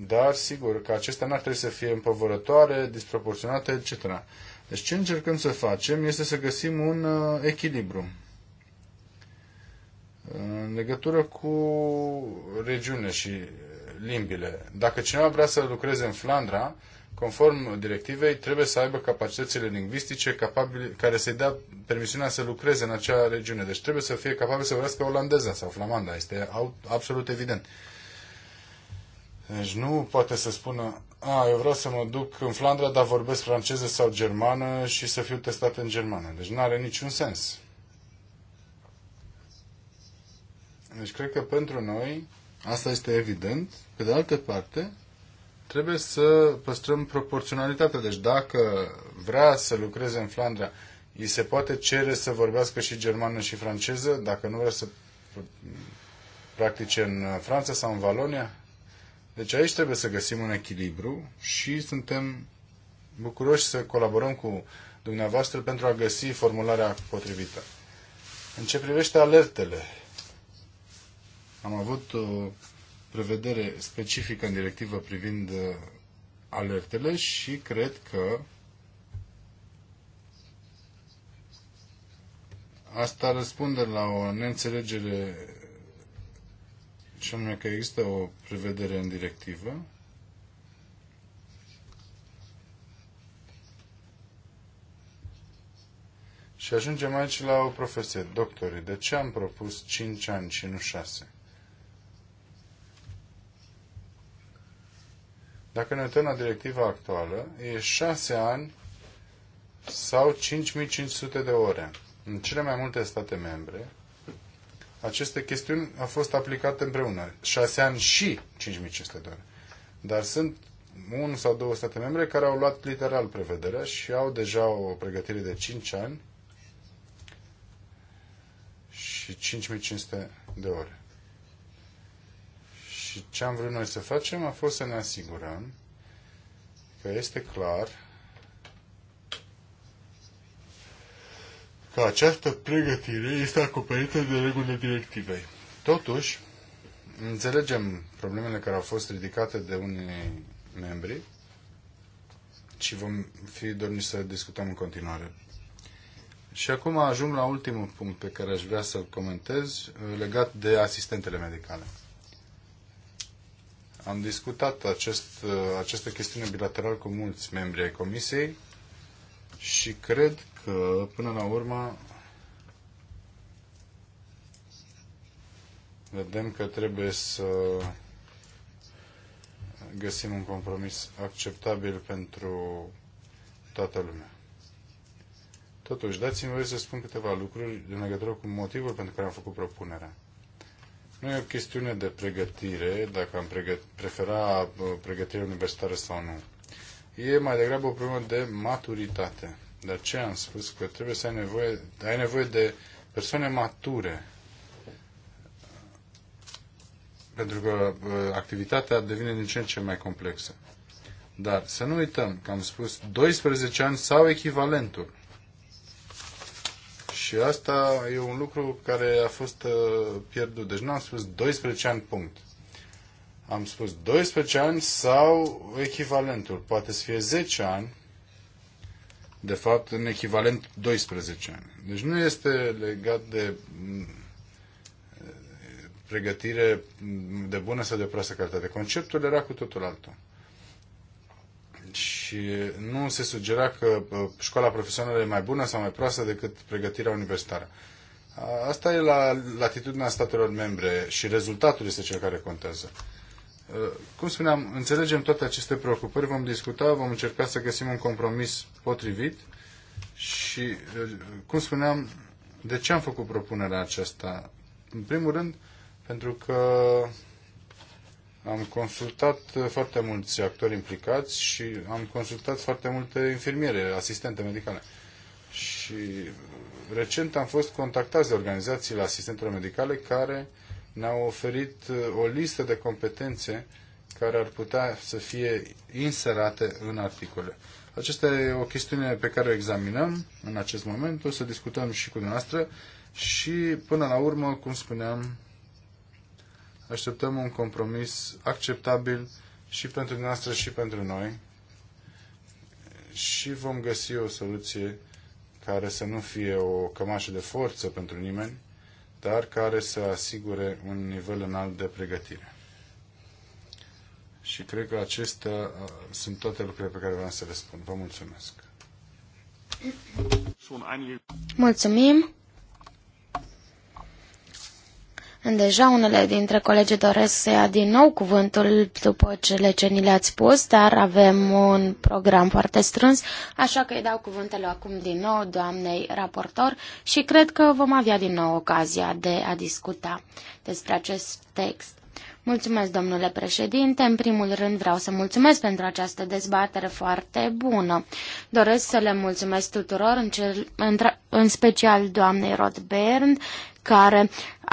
dar sigur că acestea n-ar trebui să fie împăvărătoare, disproporționate, etc. Deci ce încercăm să facem este să găsim un uh, echilibru în legătură cu regiune și limbile. Dacă cineva vrea să lucreze în Flandra, conform directivei, trebuie să aibă capacitățile lingvistice capabili, care să-i dea permisiunea să lucreze în acea regiune. Deci trebuie să fie capabil să vorbească olandeza sau flamanda. Este absolut evident. Deci nu poate să spună, a, eu vreau să mă duc în Flandra, dar vorbesc franceză sau germană și să fiu testat în germană. Deci nu are niciun sens. Deci cred că pentru noi, asta este evident, pe de altă parte, trebuie să păstrăm proporționalitatea. Deci dacă vrea să lucreze în Flandra, îi se poate cere să vorbească și germană și franceză, dacă nu vrea să practice în Franța sau în Valonia? Deci aici trebuie să găsim un echilibru și suntem bucuroși să colaborăm cu dumneavoastră pentru a găsi formularea potrivită. În ce privește alertele, am avut o prevedere specifică în directivă privind uh, alertele și cred că asta răspunde la o neînțelegere și anume că există o prevedere în directivă Și ajungem aici la o profesie, doctorii. De ce am propus 5 ani și nu 6? Dacă ne uităm la directiva actuală, e 6 ani sau 5500 de ore. În cele mai multe state membre, aceste chestiuni au fost aplicate împreună. 6 ani și 5500 de ore. Dar sunt un sau două state membre care au luat literal prevederea și au deja o pregătire de 5 ani și 5500 de ore. Și ce am vrut noi să facem a fost să ne asigurăm că este clar că această pregătire este acoperită de regulile directivei. Totuși, înțelegem problemele care au fost ridicate de unii membri și vom fi dorni să discutăm în continuare. Și acum ajung la ultimul punct pe care aș vrea să-l comentez, legat de asistentele medicale. Am discutat acest, această chestiune bilateral cu mulți membri ai Comisiei și cred că, până la urmă, vedem că trebuie să găsim un compromis acceptabil pentru toată lumea. Totuși, dați-mi voie să spun câteva lucruri în legătură cu motivul pentru care am făcut propunerea. Nu e o chestiune de pregătire, dacă am pregăt- prefera uh, pregătirea universitară sau nu. E mai degrabă o problemă de maturitate. De ce am spus că trebuie să ai nevoie, ai nevoie de persoane mature. Pentru că uh, activitatea devine din ce în ce mai complexă. Dar să nu uităm că am spus 12 ani sau echivalentul. Și asta e un lucru care a fost uh, pierdut. Deci nu am spus 12 ani punct. Am spus 12 ani sau echivalentul. Poate să fie 10 ani, de fapt în echivalent 12 ani. Deci nu este legat de mm, pregătire de bună sau de proastă calitate. Conceptul era cu totul altul și nu se sugera că școala profesională e mai bună sau mai proastă decât pregătirea universitară. Asta e la latitudinea statelor membre și rezultatul este cel care contează. Cum spuneam, înțelegem toate aceste preocupări, vom discuta, vom încerca să găsim un compromis potrivit și, cum spuneam, de ce am făcut propunerea aceasta? În primul rând, pentru că am consultat uh, foarte mulți actori implicați și am consultat foarte multe infirmiere, asistente medicale. Și recent am fost contactați de organizațiile asistentelor medicale care ne-au oferit uh, o listă de competențe care ar putea să fie inserate în articole. Aceasta e o chestiune pe care o examinăm în acest moment, o să discutăm și cu dumneavoastră și până la urmă, cum spuneam, Așteptăm un compromis acceptabil și pentru noastră și pentru noi și vom găsi o soluție care să nu fie o cămașă de forță pentru nimeni, dar care să asigure un nivel înalt de pregătire. Și cred că acestea uh, sunt toate lucrurile pe care vreau să le spun. Vă mulțumesc! Mulțumim! Deja unele dintre colegi doresc să ia din nou cuvântul după cele ce ni le-ați spus, dar avem un program foarte strâns, așa că îi dau cuvântele acum din nou doamnei raportor și cred că vom avea din nou ocazia de a discuta despre acest text. Mulțumesc, domnule președinte. În primul rând vreau să mulțumesc pentru această dezbatere foarte bună. Doresc să le mulțumesc tuturor, în, cel, în, în special doamnei Rod Bernd care,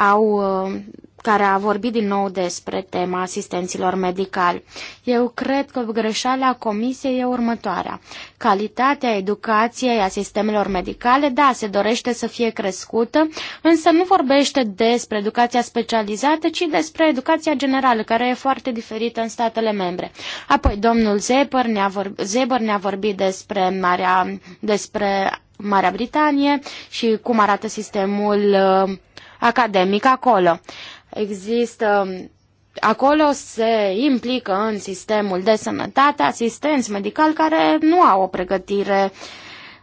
au, uh, care a vorbit din nou despre tema asistenților medicali. Eu cred că greșeala comisiei e următoarea. Calitatea educației a sistemelor medicale, da, se dorește să fie crescută, însă nu vorbește despre educația specializată, ci despre educația generală, care e foarte diferită în statele membre. Apoi, domnul Zeber ne-a vorbit, ne vorbit despre, marea, despre Marea Britanie și cum arată sistemul uh, academic acolo. Există acolo se implică în sistemul de sănătate asistenți medicali care nu au o pregătire uh,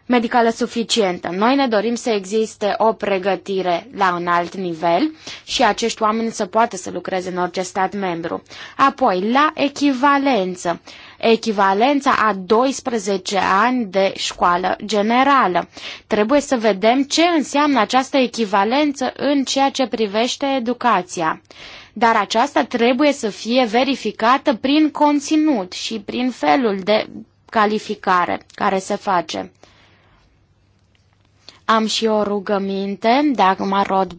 medicală suficientă. Noi ne dorim să existe o pregătire la un alt nivel și acești oameni să poată să lucreze în orice stat membru. Apoi, la echivalență echivalența a 12 ani de școală generală. Trebuie să vedem ce înseamnă această echivalență în ceea ce privește educația. Dar aceasta trebuie să fie verificată prin conținut și prin felul de calificare care se face. Am și o rugăminte, Dagmar Marot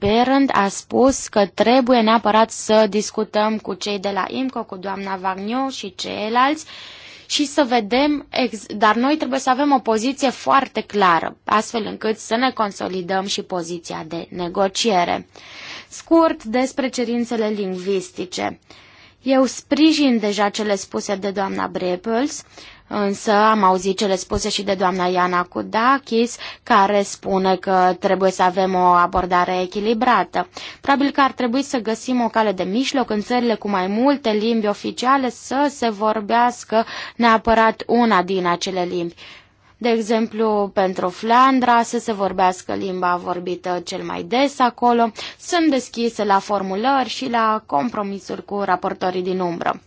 a spus că trebuie neapărat să discutăm cu cei de la IMCO, cu doamna Vagnio și ceilalți, și să vedem, dar noi trebuie să avem o poziție foarte clară, astfel încât să ne consolidăm și poziția de negociere. Scurt despre cerințele lingvistice. Eu sprijin deja cele spuse de doamna Brepels, Însă am auzit cele spuse și de doamna Iana Kudakis, care spune că trebuie să avem o abordare echilibrată. Probabil că ar trebui să găsim o cale de mijloc în țările cu mai multe limbi oficiale să se vorbească neapărat una din acele limbi. De exemplu, pentru Flandra să se vorbească limba vorbită cel mai des acolo. Sunt deschise la formulări și la compromisuri cu raportorii din umbră.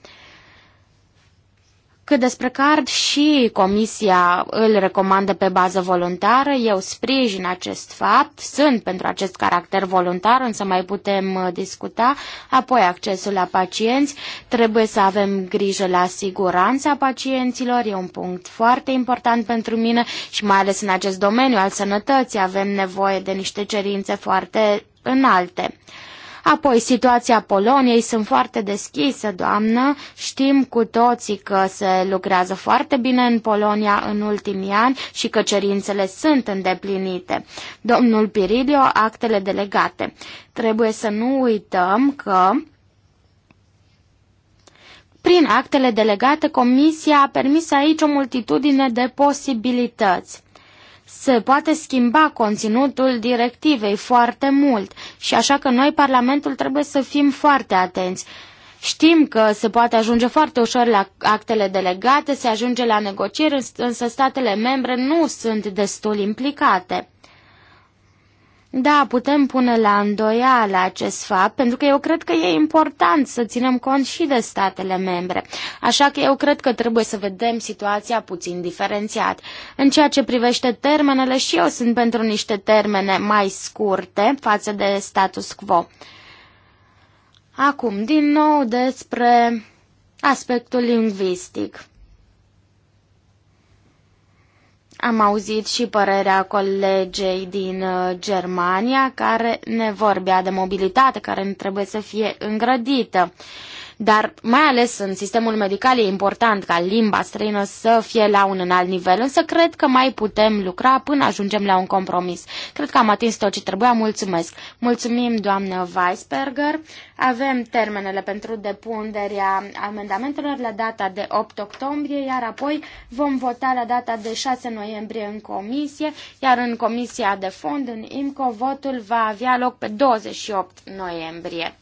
Cât despre card și comisia îl recomandă pe bază voluntară, eu sprijin acest fapt, sunt pentru acest caracter voluntar, însă mai putem uh, discuta. Apoi accesul la pacienți, trebuie să avem grijă la siguranța pacienților, e un punct foarte important pentru mine și mai ales în acest domeniu al sănătății avem nevoie de niște cerințe foarte înalte. Apoi, situația Poloniei, sunt foarte deschisă, doamnă, știm cu toții că se lucrează foarte bine în Polonia în ultimii ani și că cerințele sunt îndeplinite. Domnul Pirilio, actele delegate. Trebuie să nu uităm că... Prin actele delegate, Comisia a permis aici o multitudine de posibilități se poate schimba conținutul directivei foarte mult și așa că noi, Parlamentul, trebuie să fim foarte atenți. Știm că se poate ajunge foarte ușor la actele delegate, se ajunge la negocieri, însă statele membre nu sunt destul implicate. Da, putem pune la îndoială acest fapt, pentru că eu cred că e important să ținem cont și de statele membre. Așa că eu cred că trebuie să vedem situația puțin diferențiat. În ceea ce privește termenele, și eu sunt pentru niște termene mai scurte față de status quo. Acum, din nou despre aspectul lingvistic. Am auzit și părerea colegei din uh, Germania care ne vorbea de mobilitate care nu trebuie să fie îngrădită dar mai ales în sistemul medical e important ca limba străină să fie la un înalt nivel, însă cred că mai putem lucra până ajungem la un compromis. Cred că am atins tot ce trebuia, mulțumesc. Mulțumim, doamnă Weisberger. Avem termenele pentru depunerea amendamentelor la data de 8 octombrie, iar apoi vom vota la data de 6 noiembrie în comisie, iar în comisia de fond, în IMCO, votul va avea loc pe 28 noiembrie.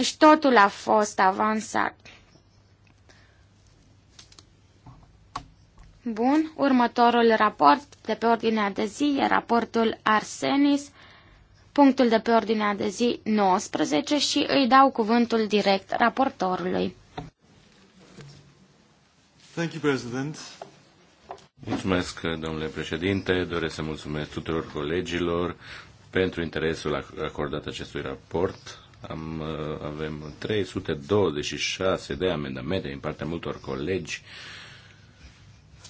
Și deci totul a fost avansat. Bun, următorul raport de pe ordinea de zi e raportul Arsenis, punctul de pe ordinea de zi 19 și îi dau cuvântul direct raportorului. Thank you, President. Mulțumesc, domnule președinte. Doresc să mulțumesc tuturor colegilor pentru interesul acordat acestui raport am, uh, avem 326 de amendamente din partea multor colegi.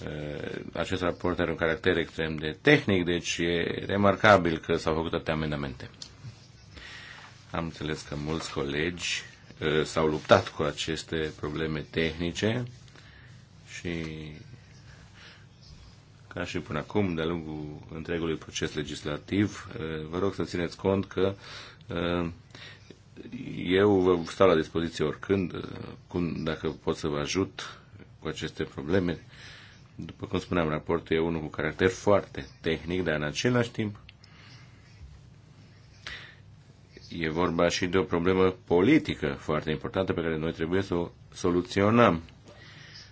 Uh, acest raport are un caracter extrem de tehnic, deci e remarcabil că s-au făcut atâtea amendamente. Am înțeles că mulți colegi uh, s-au luptat cu aceste probleme tehnice și ca și până acum, de-a lungul întregului proces legislativ, vă rog să țineți cont că eu vă stau la dispoziție oricând, cum, dacă pot să vă ajut cu aceste probleme. După cum spuneam, raportul e unul cu caracter foarte tehnic, dar în același timp e vorba și de o problemă politică foarte importantă pe care noi trebuie să o soluționăm.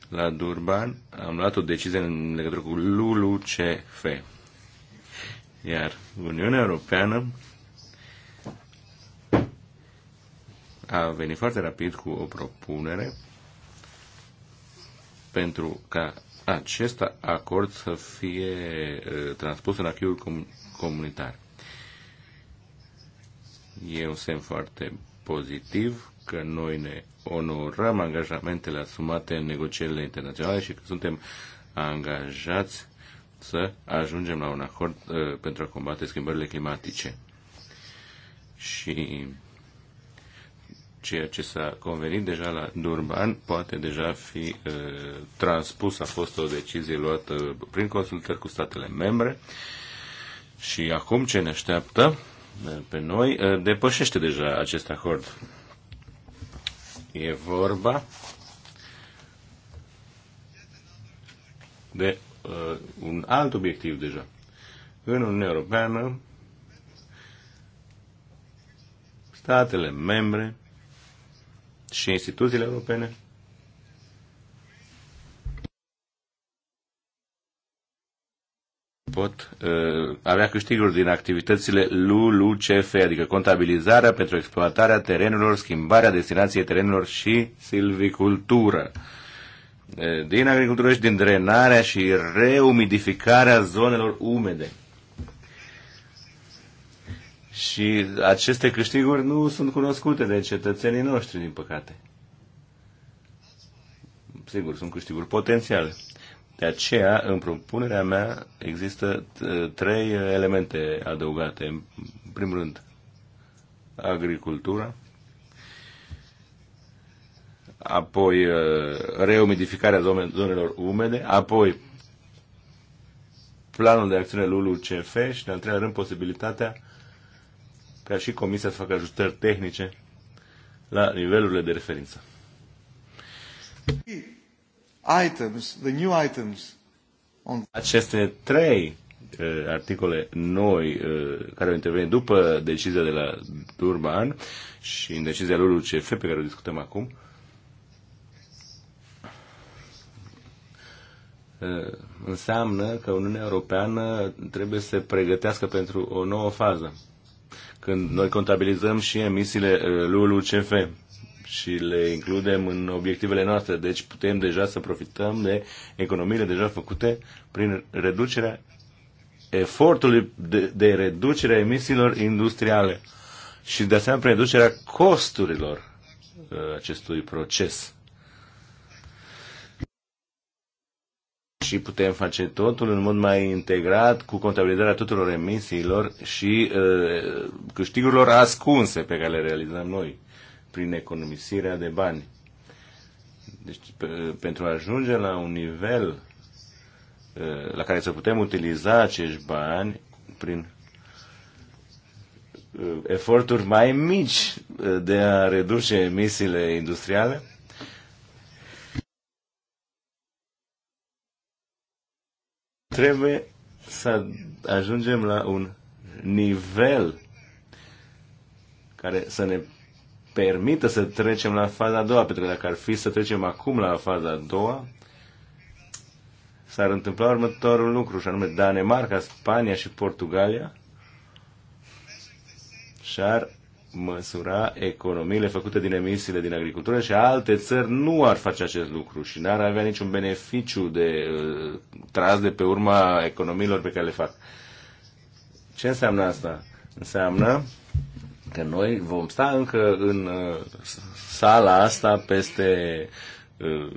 La Durban am luat o decizie în legătură cu LULUCF. Iar Uniunea Europeană a venit foarte rapid cu o propunere pentru ca acest acord să fie transpus în acquis comunitar. E un semn foarte pozitiv că noi ne onorăm angajamentele asumate în negocierile internaționale și că suntem angajați să ajungem la un acord uh, pentru a combate schimbările climatice. Și ceea ce s-a convenit deja la Durban poate deja fi e, uh, transpus. A fost o decizie luată prin consultări cu statele membre și acum ce ne așteaptă uh, pe noi uh, depășește deja acest acord. E vorba de uh, un alt obiectiv deja. În Uniunea Europeană, statele membre și instituțiile europene? pot uh, avea câștiguri din activitățile LULUCF, adică contabilizarea pentru exploatarea terenurilor, schimbarea destinației terenurilor și silvicultură. Uh, din agricultură și din drenarea și reumidificarea zonelor umede. Și aceste câștiguri nu sunt cunoscute de cetățenii noștri, din păcate. Sigur, sunt câștiguri potențiale. De aceea, în propunerea mea, există trei elemente adăugate. În primul rând, agricultura, apoi uh, reumidificarea zonelor umede, apoi planul de acțiune lulu LULU-CF și, în al treilea rând, posibilitatea ca și Comisia să facă ajustări tehnice la nivelurile de referință. Items, the new items on... Aceste trei uh, articole noi uh, care au intervenit după decizia de la Durban și în decizia lui UCF pe care o discutăm acum, uh, înseamnă că Uniunea Europeană trebuie să se pregătească pentru o nouă fază când noi contabilizăm și emisiile uh, LULUCF și le includem în obiectivele noastre. Deci putem deja să profităm de economiile deja făcute prin reducerea efortului de, de reducere a emisiilor industriale și de asemenea prin reducerea costurilor uh, acestui proces. și putem face totul în mod mai integrat cu contabilizarea tuturor emisiilor și uh, câștigurilor ascunse pe care le realizăm noi prin economisirea de bani. Deci, pe, pentru a ajunge la un nivel uh, la care să putem utiliza acești bani prin uh, eforturi mai mici uh, de a reduce emisiile industriale, Trebuie să ajungem la un nivel care să ne permită să trecem la faza a doua, pentru că dacă ar fi să trecem acum la faza a doua, s-ar întâmpla următorul lucru, și anume Danemarca, Spania și Portugalia și-ar măsura economiile făcute din emisiile din agricultură și alte țări nu ar face acest lucru și n-ar avea niciun beneficiu de uh, tras de pe urma economiilor pe care le fac. Ce înseamnă asta? Înseamnă că noi vom sta încă în uh, sala asta peste uh,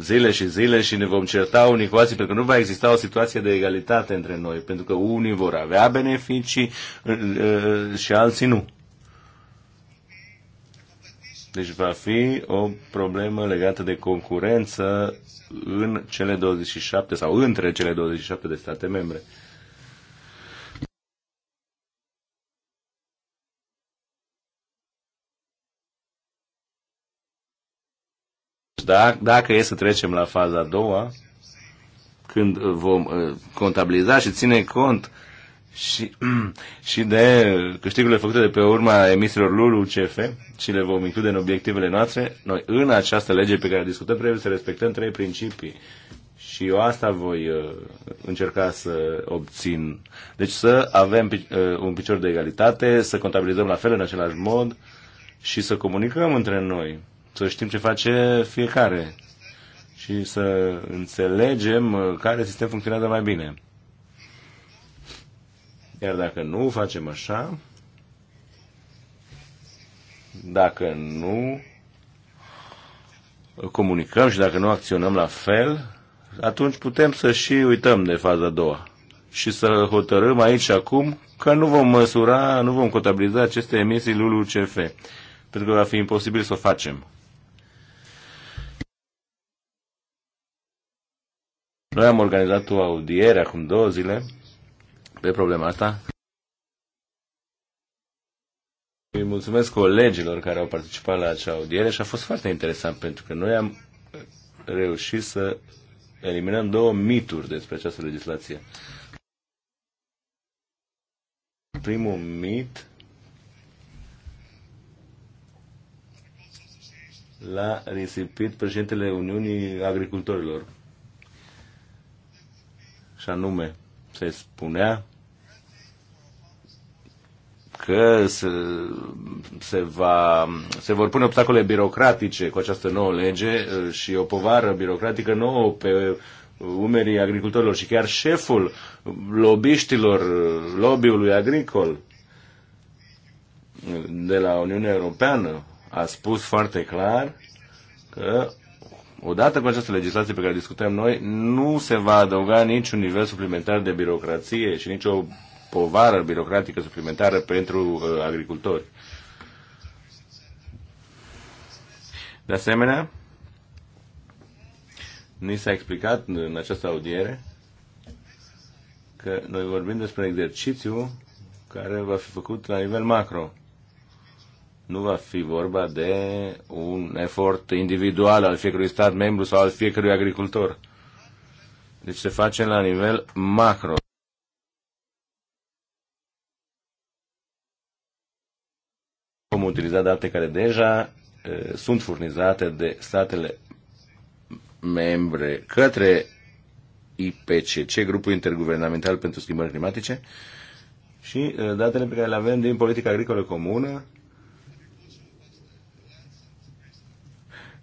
zile și zile și ne vom certa unii cu alții, pentru că nu va exista o situație de egalitate între noi, pentru că unii vor avea beneficii uh, uh, și alții nu. Deci va fi o problemă legată de concurență în cele 27 sau între cele 27 de state membre. Dacă, dacă e să trecem la faza a doua, când vom uh, contabiliza și ține cont uh, și, și de câștigurile făcute de pe urma emisiilor UCF și le vom include în obiectivele noastre, noi în această lege pe care discutăm trebuie să respectăm trei principii. Și eu asta voi uh, încerca să obțin. Deci să avem uh, un picior de egalitate, să contabilizăm la fel în același mod și să comunicăm între noi, să știm ce face fiecare și să înțelegem uh, care sistem funcționează mai bine. Iar dacă nu facem așa, dacă nu comunicăm și dacă nu acționăm la fel, atunci putem să și uităm de faza a doua și să hotărâm aici și acum că nu vom măsura, nu vom contabiliza aceste emisii LULUCF, pentru că va fi imposibil să o facem. Noi am organizat o audiere acum două zile pe problema asta. Îi mulțumesc colegilor care au participat la acea audiere și a fost foarte interesant pentru că noi am reușit să eliminăm două mituri despre această legislație. Primul mit l-a risipit președintele Uniunii Agricultorilor. Și anume, se spunea că se, se, va, se vor pune obstacole birocratice cu această nouă lege uh, și o povară birocratică nouă pe umerii agricultorilor și chiar șeful lobiștilor uh, lobby-ului agricol de la Uniunea Europeană a spus foarte clar că odată cu această legislație pe care discutăm noi, nu se va adăuga niciun nivel suplimentar de birocrație și nicio povară birocratică suplimentară pentru uh, agricultori. De asemenea, ni s-a explicat în această audiere că noi vorbim despre un exercițiu care va fi făcut la nivel macro. Nu va fi vorba de un efort individual al fiecărui stat membru sau al fiecărui agricultor. Deci se face la nivel macro. utiliza date care deja sunt furnizate de statele membre către IPCC, Grupul Interguvernamental pentru Schimbări Climatice, și datele pe care le avem din politica agricolă comună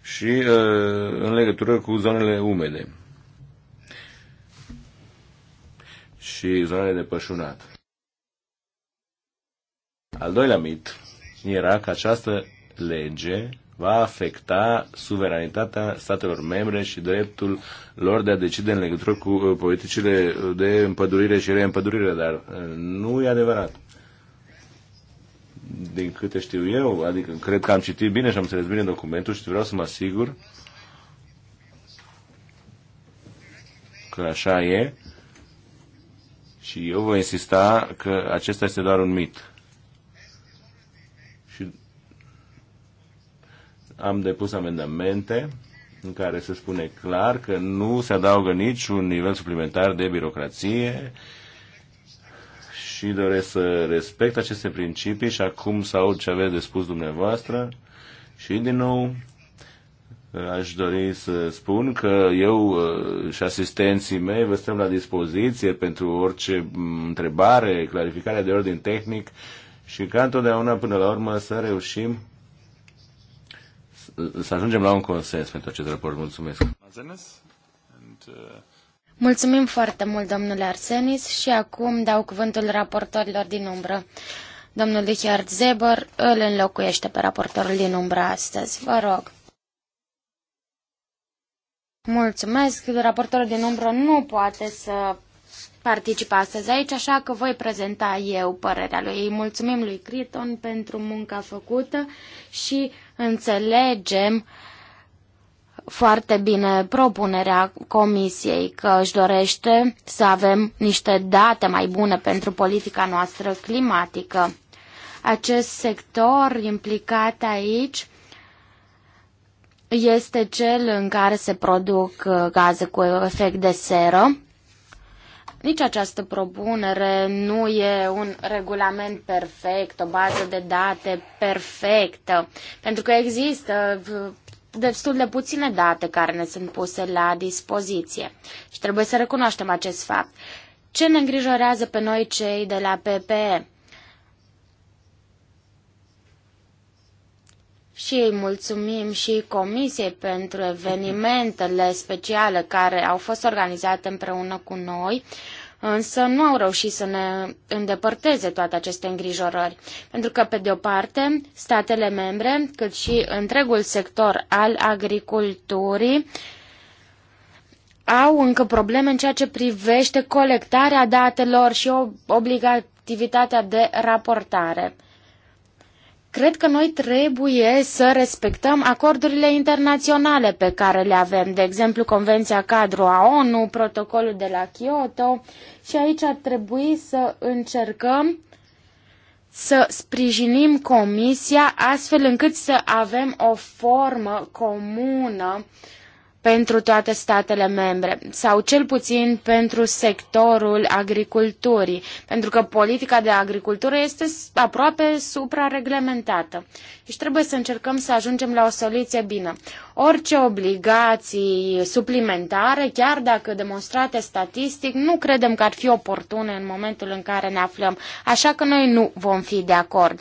și în legătură cu zonele umede și zonele de pășunat. Al doilea mit era că această lege va afecta suveranitatea statelor membre și dreptul lor de a decide în legătură cu uh, politicile de împădurire și reîmpădurire, dar uh, nu e adevărat. Din câte știu eu, adică cred că am citit bine și am înțeles bine documentul și vreau să mă asigur că așa e și eu voi insista că acesta este doar un mit am depus amendamente în care se spune clar că nu se adaugă niciun nivel suplimentar de birocrație și doresc să respect aceste principii și acum să aud ce aveți de spus dumneavoastră și din nou aș dori să spun că eu uh, și asistenții mei vă stăm la dispoziție pentru orice mm, întrebare, clarificare de ordin tehnic și ca întotdeauna până la urmă să reușim să ajungem la un consens pentru acest raport. Mulțumesc! Uh, mulțumim foarte mult, domnule Arsenis, și acum dau cuvântul raportorilor din umbră. Domnul Richard Zeber îl înlocuiește pe raportorul din umbră astăzi. Vă rog! Mulțumesc! Raportorul din umbră nu poate să participe astăzi aici, așa că voi prezenta eu părerea lui. mulțumim lui Criton pentru munca făcută și Înțelegem foarte bine propunerea comisiei că își dorește să avem niște date mai bune pentru politica noastră climatică. Acest sector implicat aici este cel în care se produc uh, gaze cu efect de seră nici această propunere nu e un regulament perfect, o bază de date perfectă, pentru că există uh, destul de puține date care ne sunt puse la dispoziție și trebuie să recunoaștem acest fapt. Ce ne îngrijorează pe noi cei de la PPE? Și îi mulțumim și Comisiei pentru evenimentele speciale care au fost organizate împreună cu noi, însă nu au reușit să ne îndepărteze toate aceste îngrijorări. Pentru că, pe de o parte, statele membre, cât și întregul sector al agriculturii, au încă probleme în ceea ce privește colectarea datelor și obligativitatea de raportare. Cred că noi trebuie să respectăm acordurile internaționale pe care le avem, de exemplu Convenția Cadru a ONU, protocolul de la Kyoto și aici ar trebui să încercăm să sprijinim Comisia astfel încât să avem o formă comună uh, pentru toate statele membre sau cel puțin pentru sectorul agriculturii, pentru că politica de agricultură este aproape suprareglementată. Deci trebuie să încercăm să ajungem la o soluție bună. Orice obligații suplimentare, chiar dacă demonstrate statistic, nu credem că ar fi oportune în momentul în care ne aflăm, așa că noi nu vom fi de acord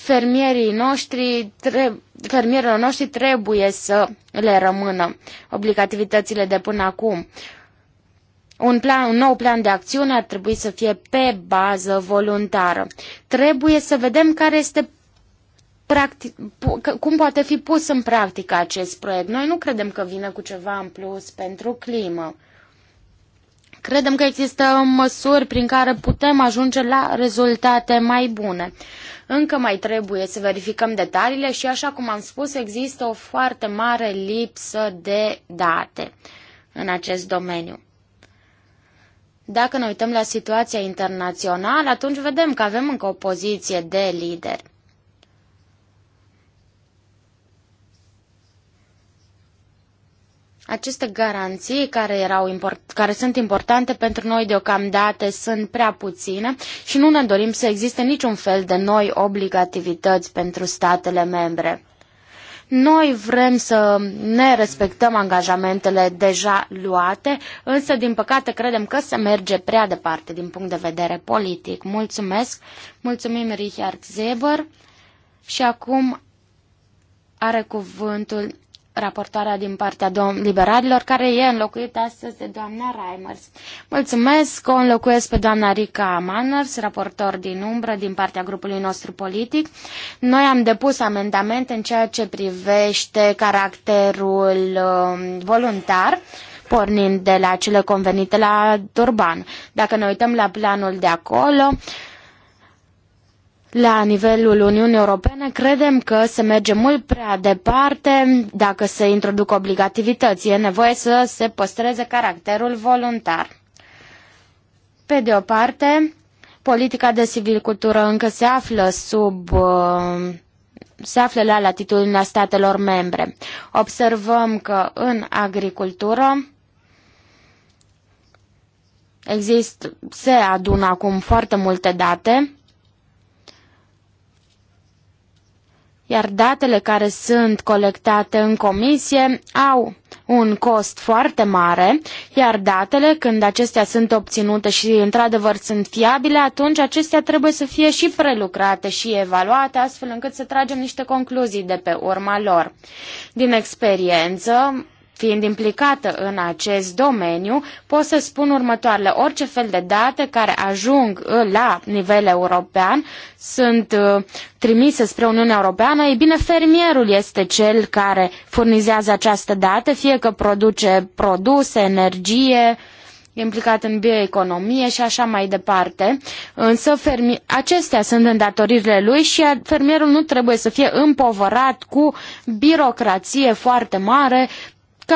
fermierii noștri, tre- fermierilor noștri trebuie să le rămână obligativitățile de până acum. Un, plan, un nou plan de acțiune ar trebui să fie pe bază voluntară. Trebuie să vedem care este practic, cum poate fi pus în practică acest proiect. Noi nu credem că vine cu ceva în plus pentru climă. Credem că există măsuri prin care putem ajunge la rezultate mai bune. Încă mai trebuie să verificăm detaliile și, așa cum am spus, există o foarte mare lipsă de date în acest domeniu. Dacă ne uităm la situația internațională, atunci vedem că avem încă o poziție de lider. Aceste garanții care, erau import, care sunt importante pentru noi deocamdată sunt prea puține și nu ne dorim să existe niciun fel de noi obligativități pentru statele membre. Noi vrem să ne respectăm angajamentele deja luate, însă din păcate credem că se merge prea departe din punct de vedere politic. Mulțumesc! Mulțumim Richard Zeber și acum are cuvântul raportoarea din partea liberalilor, care e înlocuită astăzi de doamna Reimers. Mulțumesc, o înlocuiesc pe doamna Rica Manners, raportor din umbră din partea grupului nostru politic. Noi am depus amendamente în ceea ce privește caracterul um, voluntar pornind de la cele convenite la Durban. Dacă ne uităm la planul de acolo, uh, la nivelul Uniunii Europene credem că se merge mult prea departe dacă se introduc obligativități. E nevoie să se păstreze caracterul voluntar. Pe de o parte, politica de civilcultură încă se află sub uh, se află la latitudinea statelor membre. Observăm că în agricultură exist se adună acum foarte multe date iar datele care sunt colectate în comisie au un cost foarte mare, iar datele, când acestea sunt obținute și într-adevăr sunt fiabile, atunci acestea trebuie să fie și prelucrate și evaluate, astfel încât să tragem niște concluzii de pe urma lor. Din experiență, Fiind implicată în acest domeniu, pot să spun următoarele. Orice fel de date care ajung uh, la nivel european sunt uh, trimise spre Uniunea Europeană, e bine, fermierul este cel care furnizează această dată, fie că produce produse, energie, implicat în bioeconomie și așa mai departe. Însă fermi- acestea sunt îndatoririle lui și fermierul nu trebuie să fie împovărat cu birocrație foarte mare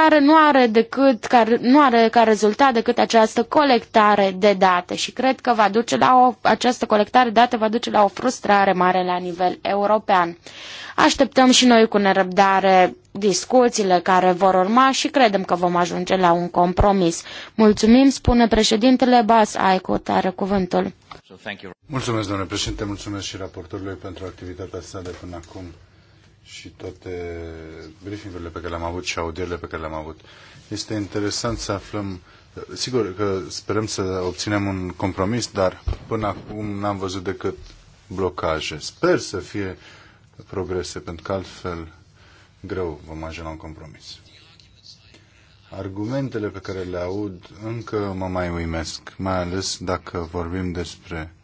care nu are, decât, care nu are ca rezultat decât această colectare de date și cred că va duce la o, această colectare de date va duce la o frustrare mare la nivel european. Așteptăm și noi cu nerăbdare discuțiile care vor urma și credem că vom ajunge la un compromis. Mulțumim, spune președintele Bas Aicut, are cuvântul. Mulțumesc, domnule președinte, mulțumesc și raportorului pentru activitatea sa de până acum și toate briefingurile pe care le-am avut și audierile pe care le-am avut. Este interesant să aflăm, sigur că sperăm să obținem un compromis, dar până acum n-am văzut decât blocaje. Sper să fie progrese, pentru că altfel greu vom ajunge la un compromis. Argumentele pe care le aud încă mă mai uimesc, mai ales dacă vorbim despre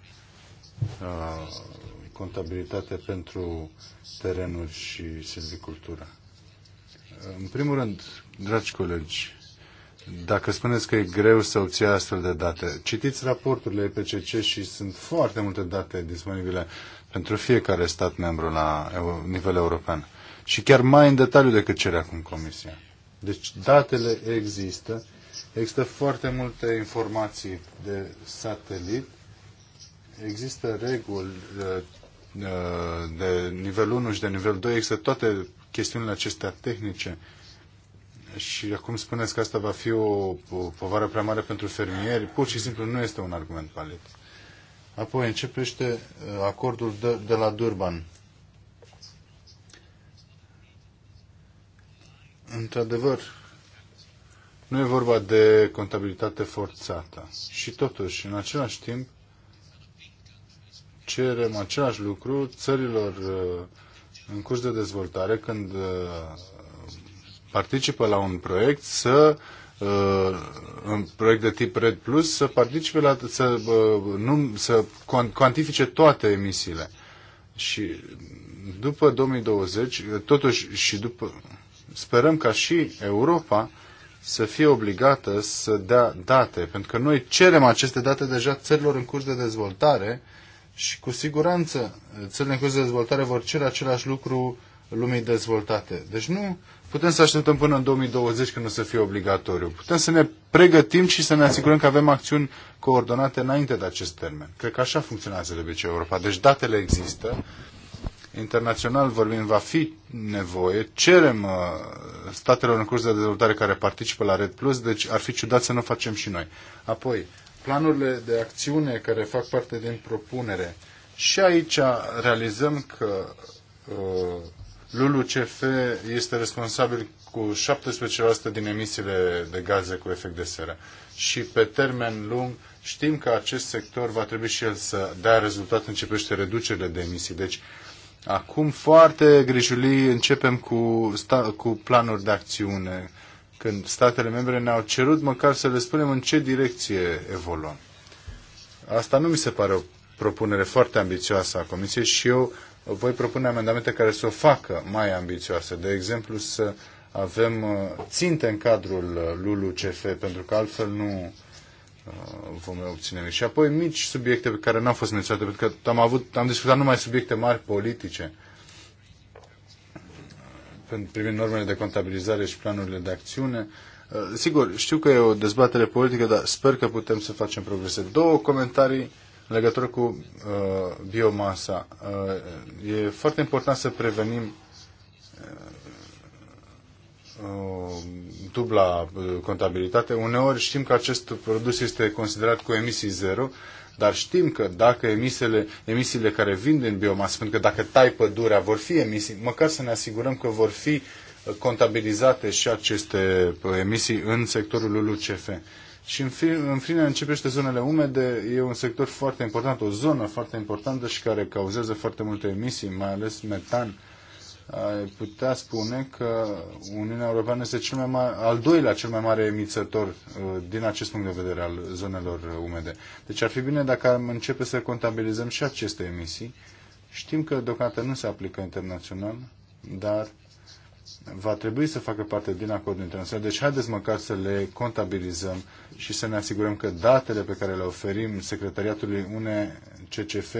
uh, contabilitate pentru terenuri și silvicultură. În primul rând, dragi colegi, dacă spuneți că e greu să obții astfel de date, citiți raporturile IPCC și sunt foarte multe date disponibile pentru fiecare stat membru la nivel european. Și chiar mai în detaliu decât cere acum Comisia. Deci datele există, există foarte multe informații de satelit, există reguli uh, Uh, de nivel 1 și de nivel 2, există toate chestiunile acestea tehnice. Și acum spuneți că asta va fi o, o povară prea mare pentru fermieri. Pur și simplu nu este un argument valid. Apoi începește uh, acordul de, de la Durban. Într-adevăr, nu e vorba de contabilitate forțată. Și totuși, în același timp, cerem același lucru țărilor uh, în curs de dezvoltare când uh, participă la un proiect să uh, un proiect de tip Red Plus să participe la să, nu, să cuantifice toate emisiile. Și după 2020, totuși și după sperăm ca și Europa să fie obligată să dea date, pentru că noi cerem aceste date deja țărilor în curs de dezvoltare și cu siguranță eh, țările în curs de dezvoltare vor cere același lucru lumii dezvoltate. Deci nu putem să așteptăm până în 2020 când o să fie obligatoriu. Putem să ne pregătim și să ne asigurăm că avem acțiuni coordonate înainte de acest termen. Cred că așa funcționează de obicei Europa. Deci datele există. Internațional vorbim, va fi nevoie. Cerem eh, statelor în curs de dezvoltare care participă la Red Plus, deci ar fi ciudat să nu facem și noi. Apoi, planurile de acțiune care fac parte din propunere. Și aici realizăm că uh, LULUCF este responsabil cu 17% din emisiile de gaze cu efect de seră. Și pe termen lung știm că acest sector va trebui și el să dea rezultat în ce privește reducerile de emisii. Deci acum foarte grijulii începem cu, sta, cu planuri de acțiune când statele membre ne-au cerut măcar să le spunem în ce direcție evoluăm. Asta nu mi se pare o propunere foarte ambițioasă a Comisiei și eu voi propune amendamente care să o facă mai ambițioasă. De exemplu, să avem uh, ținte în cadrul uh, LULU-CF, pentru că altfel nu uh, vom obține. Și apoi mici subiecte care nu au fost menționate, pentru că am, avut, am discutat numai subiecte mari politice privind normele de contabilizare și planurile de acțiune. Uh, sigur, știu că e o dezbatere politică, dar sper că putem să facem progrese. Două comentarii în legătură cu uh, biomasa. Uh, e foarte important să prevenim uh, dubla uh, contabilitate. Uneori știm că acest produs este considerat cu emisii zero, uh, dar știm că dacă emisiile emisiile care vin din biomasă, pentru că dacă tai pădurea vor fi emisii, măcar să ne asigurăm că vor fi uh, contabilizate și aceste uh, emisii în sectorul LULUCF. Și în, fi, în fine începește zonele umede, e un sector foarte important, o zonă foarte importantă și care cauzează foarte multe emisii, mai ales metan ai putea spune că Uniunea Europeană este cel mai mare, al doilea cel mai mare emițător uh, din acest punct de vedere al zonelor umede. Deci ar fi bine dacă am începe să contabilizăm și aceste emisii. Știm că deocamdată nu se aplică internațional, dar va trebui să facă parte din acordul internațional. Deci haideți măcar să le contabilizăm și să ne asigurăm că datele pe care le oferim Secretariatului CCF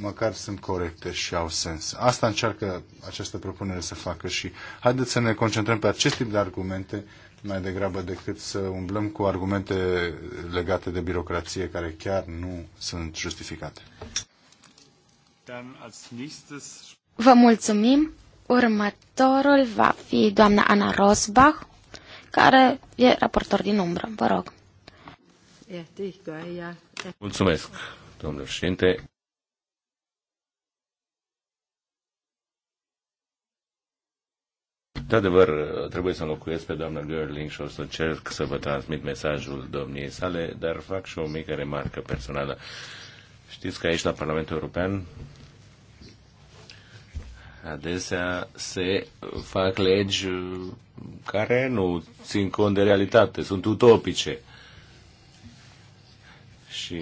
măcar sunt corecte și au sens. Asta încearcă această propunere să facă și haideți să ne concentrăm pe acest tip de argumente mai degrabă decât să umblăm cu argumente legate de birocrație care chiar nu sunt justificate. Vă mulțumim. Următorul va fi doamna Ana Rosbach, care e raportor din umbră. Vă rog. Mulțumesc, domnule președinte. De-adevăr, trebuie să înlocuiesc pe doamna Gerling și o să încerc să vă transmit mesajul domniei sale, dar fac și o mică remarcă personală. Știți că aici, la Parlamentul European, adesea se fac legi care nu țin cont de realitate, sunt utopice. Și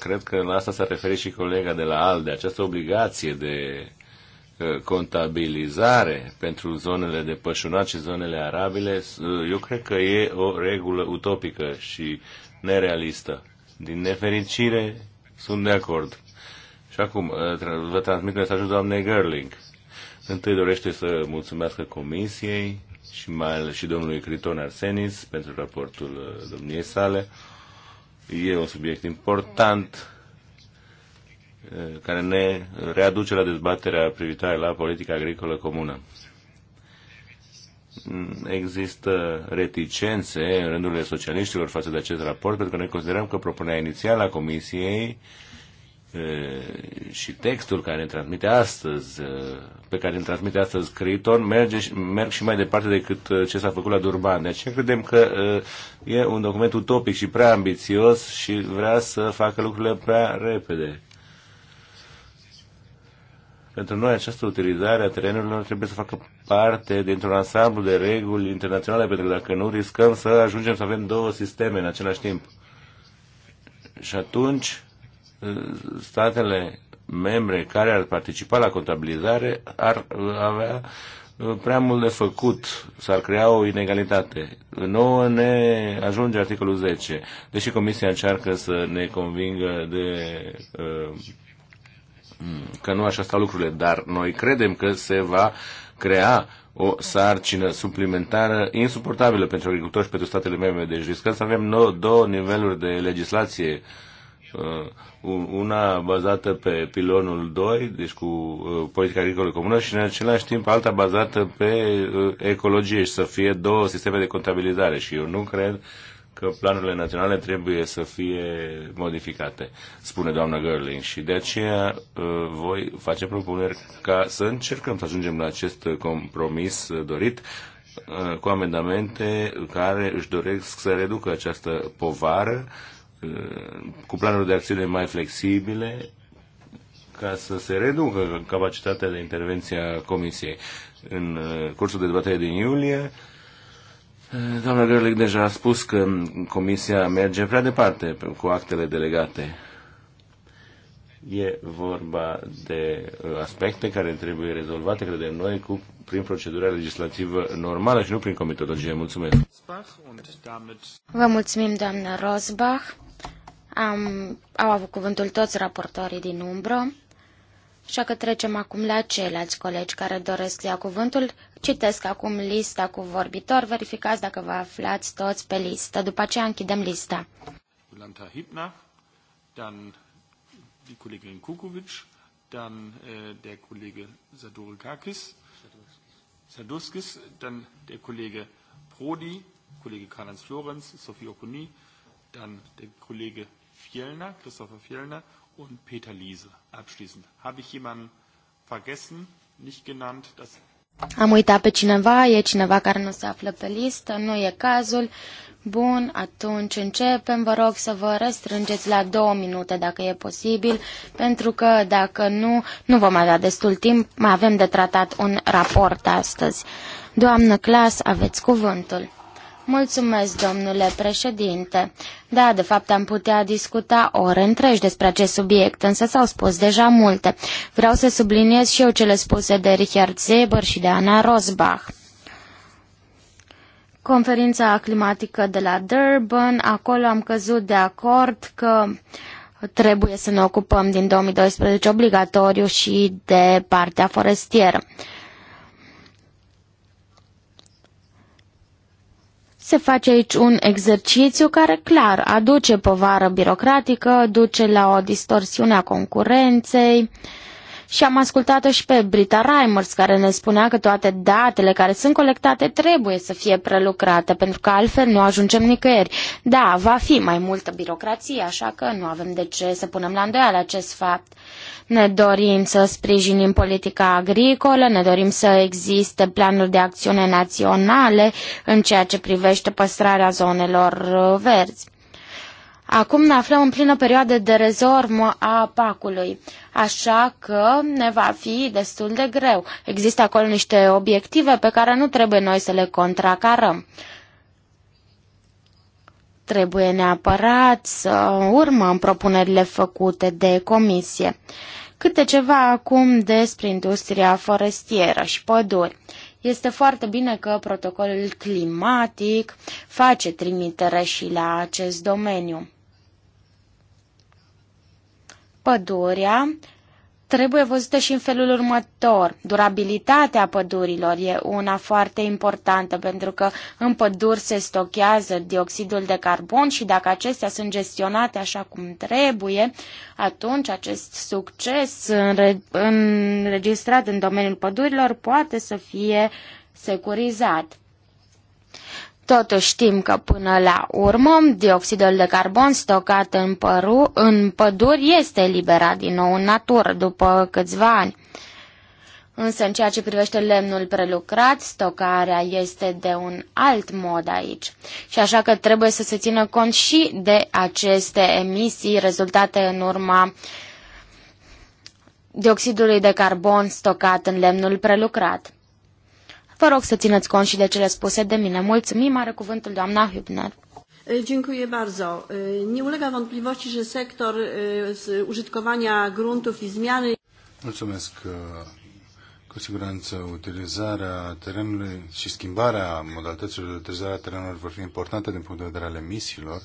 cred că la asta s-a referit și colega de la ALDE, această obligație de contabilizare pentru zonele de pășunat și zonele arabile, eu cred că e o regulă utopică și nerealistă. Din nefericire, sunt de acord. Și acum, ă, vă transmit mesajul doamnei Gerling. Întâi dorește să mulțumească comisiei și mai ales și domnului Criton Arsenis pentru raportul ă, domniei sale. E un subiect important care ne readuce la dezbaterea privitoare la politica agricolă comună. Există reticențe în rândurile socialiștilor față de acest raport, pentru că noi considerăm că propunerea inițială a Comisiei și textul care ne transmite astăzi, pe care îl transmite astăzi Criton, merge, merg și mai departe decât ce s-a făcut la Durban. De deci, aceea credem că e un document utopic și prea ambițios și vrea să facă lucrurile prea repede. Pentru noi această utilizare a terenurilor trebuie să facă parte dintr-un ansamblu de reguli internaționale, pentru că dacă nu riscăm să ajungem să avem două sisteme în același timp. Și atunci statele membre care ar participa la contabilizare ar avea prea mult de făcut, s-ar crea o inegalitate. Nouă ne ajunge articolul 10, deși Comisia încearcă să ne convingă de uh, că nu așa stau lucrurile, dar noi credem că se va crea o sarcină suplimentară insuportabilă pentru agricultori și pentru statele membre. Deci riscăm să avem nou, două niveluri de legislație. Uh, una bazată pe pilonul 2, deci cu uh, politica agricolă comună și în același timp alta bazată pe uh, ecologie și să fie două sisteme de contabilizare. Și eu nu cred că planurile naționale trebuie să fie modificate, spune doamna Gerling. Și de aceea uh, voi face propuneri ca să încercăm să ajungem la acest compromis dorit uh, cu amendamente care își doresc să reducă această povară uh, cu planuri de acțiune mai flexibile ca să se reducă capacitatea de intervenție a Comisiei. În cursul dezbaterii din iulie, Doamna Gărlic deja a spus că Comisia merge prea departe cu actele delegate. E vorba de uh, aspecte care trebuie rezolvate, credem noi, cu, prin procedura legislativă normală și nu prin comitologie. Mulțumesc! Vă mulțumim, doamnă Rosbach. Am, au avut cuvântul toți raportorii din umbră. Așa că trecem acum la ceilalți colegi care doresc să ia cuvântul. Citesc acum lista cu vorbitor. verificați dacă vă aflați toți pe listă. După aceea închidem lista. Ulanta Hipner, dan, die Kollegin Kukovic, dan, äh, der Kollege Sadurikakis, Sadurskis, dann der Kollege Prodi, Kollege Karl-Heinz Florenz, Sophie Okuni, dann der Kollege Fjellner, Christopher Fjellner und Peter Liese abschließend. Habe ich jemanden vergessen, nicht genannt? Das am uitat pe cineva, e cineva care nu se află pe listă, nu e cazul. Bun, atunci începem. Vă rog să vă restrângeți la două minute, dacă e posibil, pentru că dacă nu, nu vom avea destul timp. Mai avem de tratat un raport astăzi. Doamnă Clas, aveți cuvântul. Mulțumesc, domnule președinte. Da, de fapt am putea discuta ore întregi despre acest subiect, însă s-au spus deja multe. Vreau să subliniez și eu cele spuse de Richard Zeber și de Ana Rosbach. Conferința climatică de la Durban, acolo am căzut de acord că trebuie să ne ocupăm din 2012 obligatoriu și de partea forestieră. se face aici un exercițiu care clar aduce povară birocratică, duce la o distorsiune a concurenței, uh, și am ascultat-o și pe Brita Reimers, care ne spunea că toate datele care sunt colectate trebuie să fie prelucrate, pentru că altfel nu ajungem nicăieri. Da, va fi mai multă birocrație, așa că nu avem de ce să punem la îndoială acest fapt. Ne dorim să sprijinim politica agricolă, ne dorim să existe planuri de acțiune naționale în ceea ce privește păstrarea zonelor uh, verzi. Acum ne aflăm în plină perioadă de rezormă a pacului, așa că ne va fi destul de greu. Există acolo niște obiective pe care nu trebuie noi să le contracarăm. Trebuie neapărat să urmăm propunerile făcute de comisie. Câte ceva acum despre industria forestieră și păduri. Este foarte bine că protocolul climatic face trimitere și la acest domeniu. Pădurea trebuie văzută și în felul următor. Durabilitatea pădurilor e una foarte importantă pentru că în păduri se stochează dioxidul de carbon și dacă acestea sunt gestionate așa cum trebuie, atunci acest succes înregistrat în domeniul pădurilor poate să fie securizat. Totuși știm că până la urmă dioxidul de carbon stocat în, păru, în păduri este liberat din nou în natură după câțiva ani. Însă în ceea ce privește lemnul prelucrat, stocarea este de un alt mod aici. Și așa că trebuie să se țină cont și de aceste emisii rezultate în urma dioxidului de carbon stocat în lemnul prelucrat. Vă rog să țineți cont și de cele spuse de mine. Mulțumim, are cuvântul doamna Hübner. Dziękuję bardzo. Nie ulega wątpliwości, że sektor użytkowania gruntów i zmiany... Mulțumesc. Cu siguranță utilizarea terenului și schimbarea modalităților de utilizare a terenului vor fi importante din punct de vedere al emisiilor.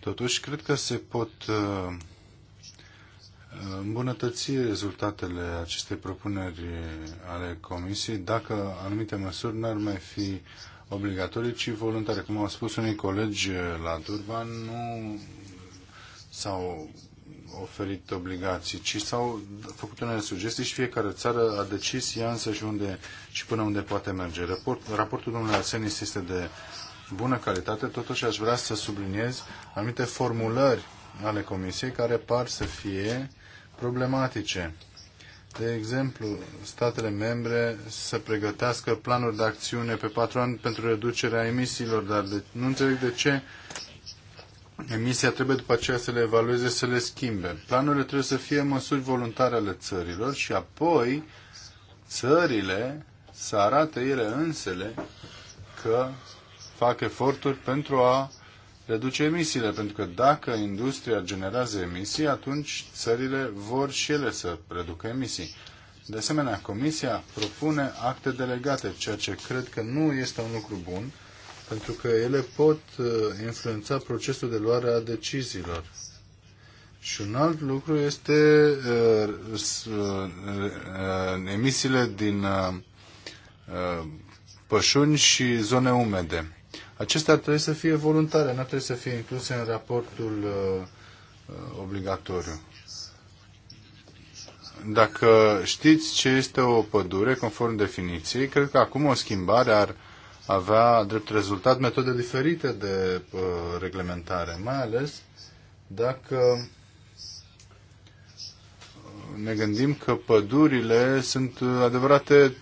Totuși, cred că se pot uh, îmbunătăți rezultatele acestei propuneri ale Comisiei dacă anumite măsuri n-ar mai fi obligatorii, ci voluntare. Cum au spus unii colegi la Durban, nu s-au oferit obligații, ci s-au făcut unele sugestii și fiecare țară a decis ea însă și, unde, și până unde poate merge. Raport, raportul domnului Arsenis este de bună calitate, totuși aș vrea să subliniez anumite formulări ale Comisiei care par să fie problematice. De exemplu, statele membre să pregătească planuri de acțiune pe patru ani pentru reducerea emisiilor, dar de, nu înțeleg de ce emisia trebuie după aceea să le evalueze, să le schimbe. Planurile trebuie să fie măsuri voluntare ale țărilor și apoi țările să arate ele însele că fac eforturi pentru a reduce emisiile, pentru că dacă industria generează emisii, atunci țările vor și ele să reducă emisii. De asemenea, Comisia propune acte delegate, ceea ce cred că nu este un lucru bun, pentru că ele pot uh, influența procesul de luare a deciziilor. Și un alt lucru este uh, uh, uh, emisiile din uh, uh, pășuni și zone umede. Acestea trebuie să fie voluntare, nu trebuie să fie incluse în raportul uh, uh, obligatoriu. Dacă știți ce este o pădure, conform definiției, cred că acum o schimbare ar avea drept rezultat metode diferite de uh, reglementare, mai ales dacă uh, ne gândim că pădurile sunt uh, adevărate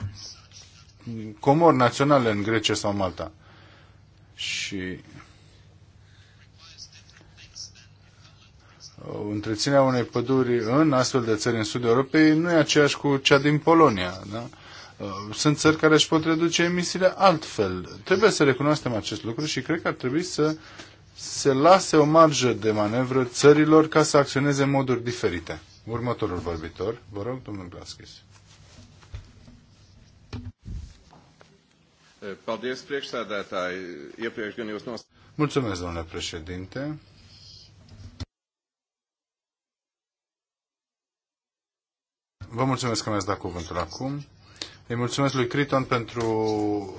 comori naționale în Grecia sau Malta și uh, întreținerea unei păduri în astfel de țări în sudul Europei nu e aceeași cu cea din Polonia. Da? Uh, sunt țări care își pot reduce emisiile altfel. Trebuie să recunoaștem acest lucru și cred că ar trebui să se lase o marjă de manevră țărilor ca să acționeze în moduri diferite. Următorul vorbitor, vă rog, domnul Glaschis. Paldies, priekšsēdētāji. Iepriekš gan jūs Mulțumesc, domnule președinte. Vă mulțumesc că mi-ați dat cuvântul acum. Îi mulțumesc lui Criton pentru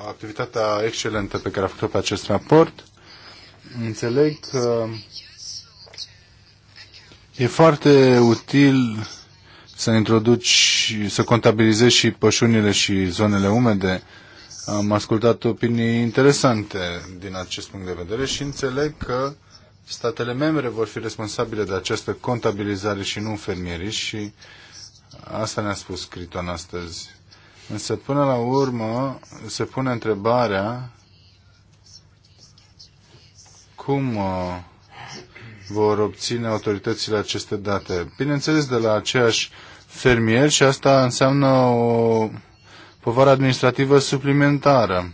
activitatea excelentă pe care a făcut-o pe acest raport. Înțeleg că e foarte util să introduci, să contabilizezi și pășunile și zonele umede am ascultat opinii interesante din acest punct de vedere și înțeleg că statele membre vor fi responsabile de această contabilizare și nu fermierii și asta ne-a spus Criton astăzi. Însă până la urmă se pune întrebarea cum uh, vor obține autoritățile aceste date. Bineînțeles de la aceeași fermier și asta înseamnă o povară administrativă suplimentară.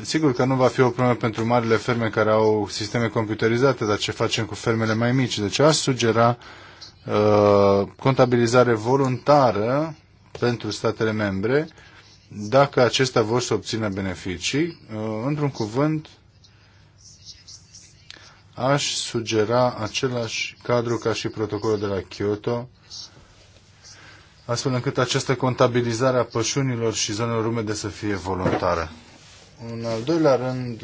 Sigur că nu va fi o problemă pentru marile ferme care au sisteme computerizate, dar ce facem cu fermele mai mici? Deci aș sugera uh, contabilizare voluntară pentru statele membre dacă acestea vor să obțină beneficii. Uh, într-un cuvânt, aș sugera același cadru ca și protocolul de la Kyoto, astfel încât această contabilizare a pășunilor și zonelor umede să fie voluntară. În al doilea rând,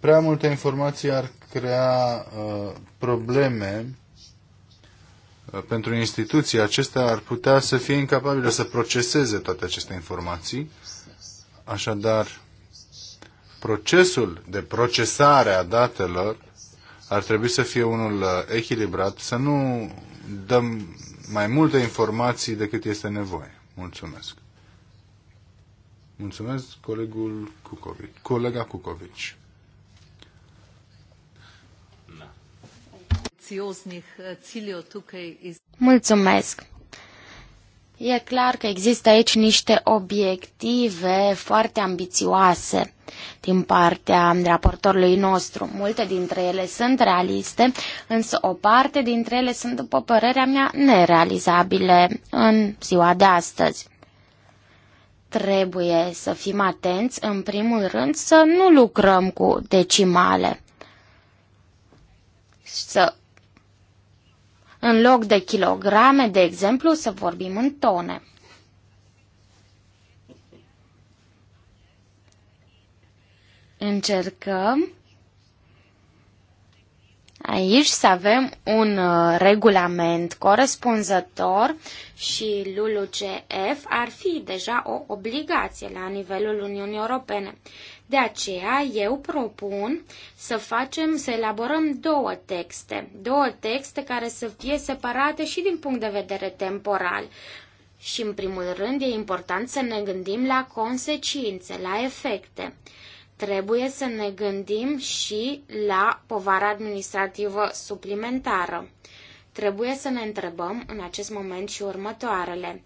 prea multă informație ar crea uh, probleme uh, pentru instituții. Acestea ar putea să fie incapabile să proceseze toate aceste informații. Așadar, procesul de procesare a datelor ar trebui să fie unul uh, echilibrat, să nu dăm mai multe informații decât este nevoie. Mulțumesc. Mulțumesc, colegul Cucovic, Colega Cucovici. Mulțumesc. E clar că există aici niște obiective foarte ambițioase din partea raportorului nostru. Multe dintre ele sunt realiste, însă o parte dintre ele sunt, după părerea mea, nerealizabile în ziua de astăzi. Trebuie să fim atenți, în primul rând, să nu lucrăm cu decimale. Să în loc de kilograme, de exemplu, să vorbim în tone. încercăm aici să avem un uh, regulament corespunzător și LULUCF ar fi deja o obligație la nivelul Uniunii Europene. De aceea eu propun să facem, să elaborăm două texte, două texte care să fie separate și din punct de vedere temporal. Și în primul rând e important să ne gândim la consecințe, la efecte. Trebuie să ne gândim și la povara administrativă suplimentară. Trebuie să ne întrebăm în acest moment și următoarele.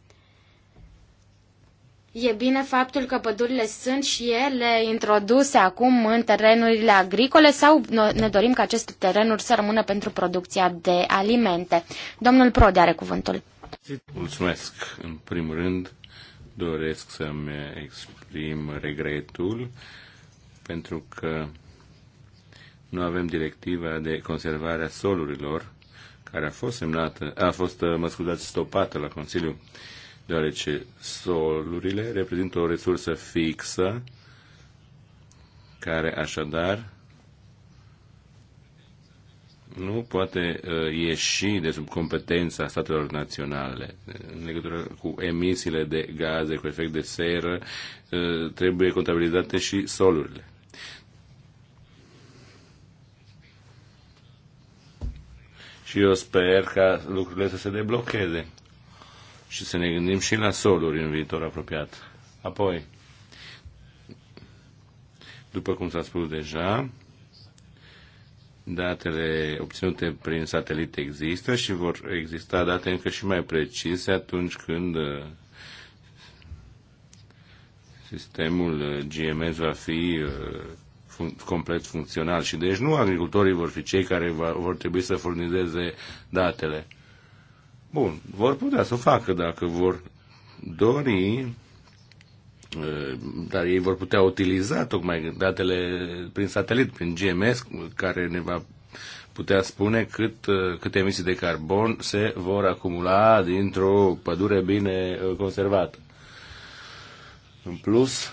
E bine faptul că pădurile sunt și ele introduse acum în terenurile agricole sau ne dorim ca aceste terenuri să rămână pentru producția de alimente? Domnul Prode are cuvântul. Mulțumesc. În primul rând doresc să-mi exprim regretul pentru că nu avem directiva de conservare a solurilor, care a fost semnată, a fost, uh, mă scuzați, stopată la Consiliu, deoarece solurile reprezintă o resursă fixă, care așadar nu poate uh, ieși de sub competența statelor naționale. În legătură cu emisiile de gaze cu efect de seră, uh, trebuie contabilizate și solurile. Și eu sper ca lucrurile să se deblocheze și să ne gândim și la soluri în viitor apropiat. Apoi, după cum s-a spus deja, datele obținute prin satelit există și vor exista date încă și mai precise atunci când uh, sistemul uh, GMS va fi uh, fun- complet funcțional și deci nu agricultorii vor fi cei care va, vor trebui să furnizeze datele. Bun, vor putea să o facă dacă vor dori, dar ei vor putea utiliza tocmai datele prin satelit, prin GMS, care ne va putea spune cât, câte emisii de carbon se vor acumula dintr-o pădure bine conservată. În plus,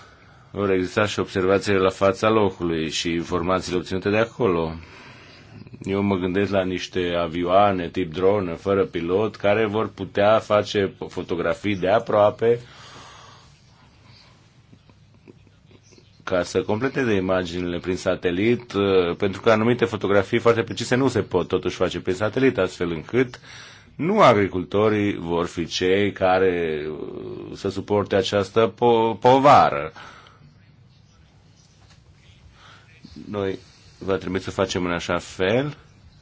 vor exista și observațiile la fața locului și informațiile obținute de acolo. Eu mă gândesc la niște avioane tip dronă, fără pilot, care vor putea face fotografii de aproape ca să completeze imaginile prin satelit, uh, pentru că anumite fotografii foarte precise nu se pot totuși face prin satelit, astfel încât nu agricultorii vor fi cei care uh, să suporte această po- povară noi va trebui să facem în așa fel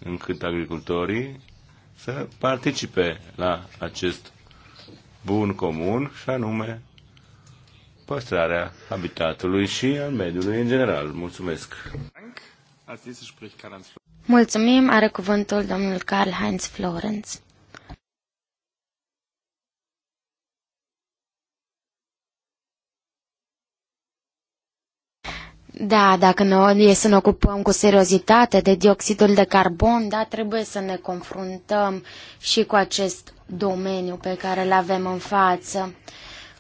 încât agricultorii să participe la acest bun comun și anume păstrarea habitatului și al mediului în general. Mulțumesc! Mulțumim, are cuvântul domnul Karl-Heinz Florenz. Da, dacă noi e să ne ocupăm cu seriozitate de dioxidul de carbon, da, trebuie să ne confruntăm și cu acest domeniu pe care îl avem în față.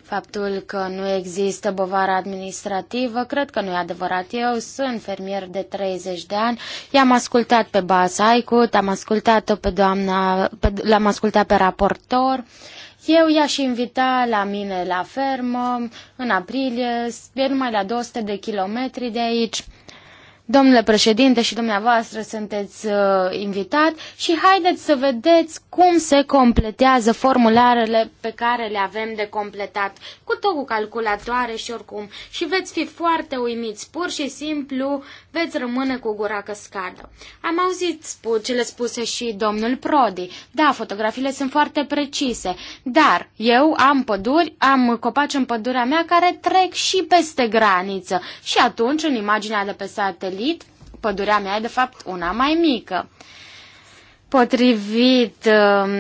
Faptul că nu există bovara administrativă, cred că nu e adevărat. Eu sunt fermier de 30 de ani, i-am ascultat pe Basaicut, am ascultat-o pe doamna, l-am ascultat pe raportor, uh, eu i-aș invita la mine la fermă în aprilie, e numai la 200 de kilometri de aici. Domnule președinte și dumneavoastră sunteți uh, invitat și haideți să vedeți cum se completează formularele pe care le avem de completat, cu tot cu calculatoare și oricum. Și veți fi foarte uimiți, pur și simplu veți rămâne cu gura căscadă. Am auzit spu- le spuse și domnul Prodi. Da, fotografiile sunt foarte precise, dar eu am păduri, am copaci în pădurea mea care trec și peste graniță și atunci în imaginea de pe satelit stabilit, pădurea mea e de fapt una mai mică. Potrivit um,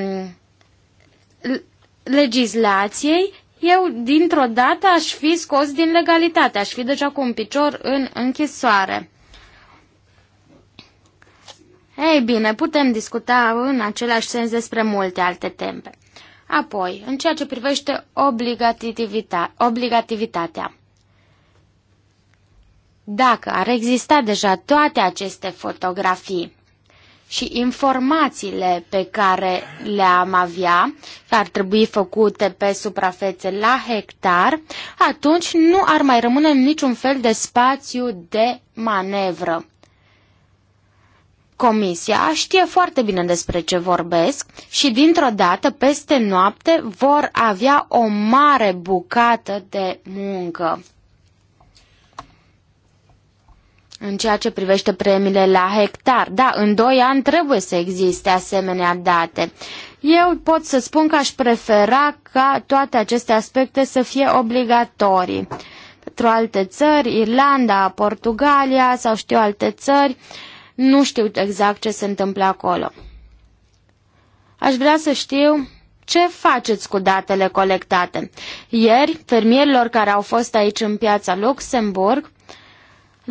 legislației, eu dintr-o dată aș fi scos din legalitate, aș fi deja cu un picior în închisoare. Ei bine, putem discuta în același sens despre multe alte teme. Apoi, în ceea ce privește obligativitatea, dacă ar exista deja toate aceste fotografii și informațiile pe care le-am avea, ar trebui făcute pe suprafețe la hectar, atunci nu ar mai rămâne niciun fel de spațiu de manevră. Comisia știe foarte bine despre ce vorbesc și dintr-o dată, peste noapte, vor avea o mare bucată de muncă. În ceea ce privește premiile la hectar, da, în doi ani trebuie să existe asemenea date. Eu pot să spun că aș prefera ca toate aceste aspecte să fie obligatorii. Pentru alte țări, Irlanda, Portugalia sau știu alte țări, nu știu exact ce se întâmplă acolo. Aș vrea să știu ce faceți cu datele colectate. Ieri, fermierilor care au fost aici în piața Luxemburg,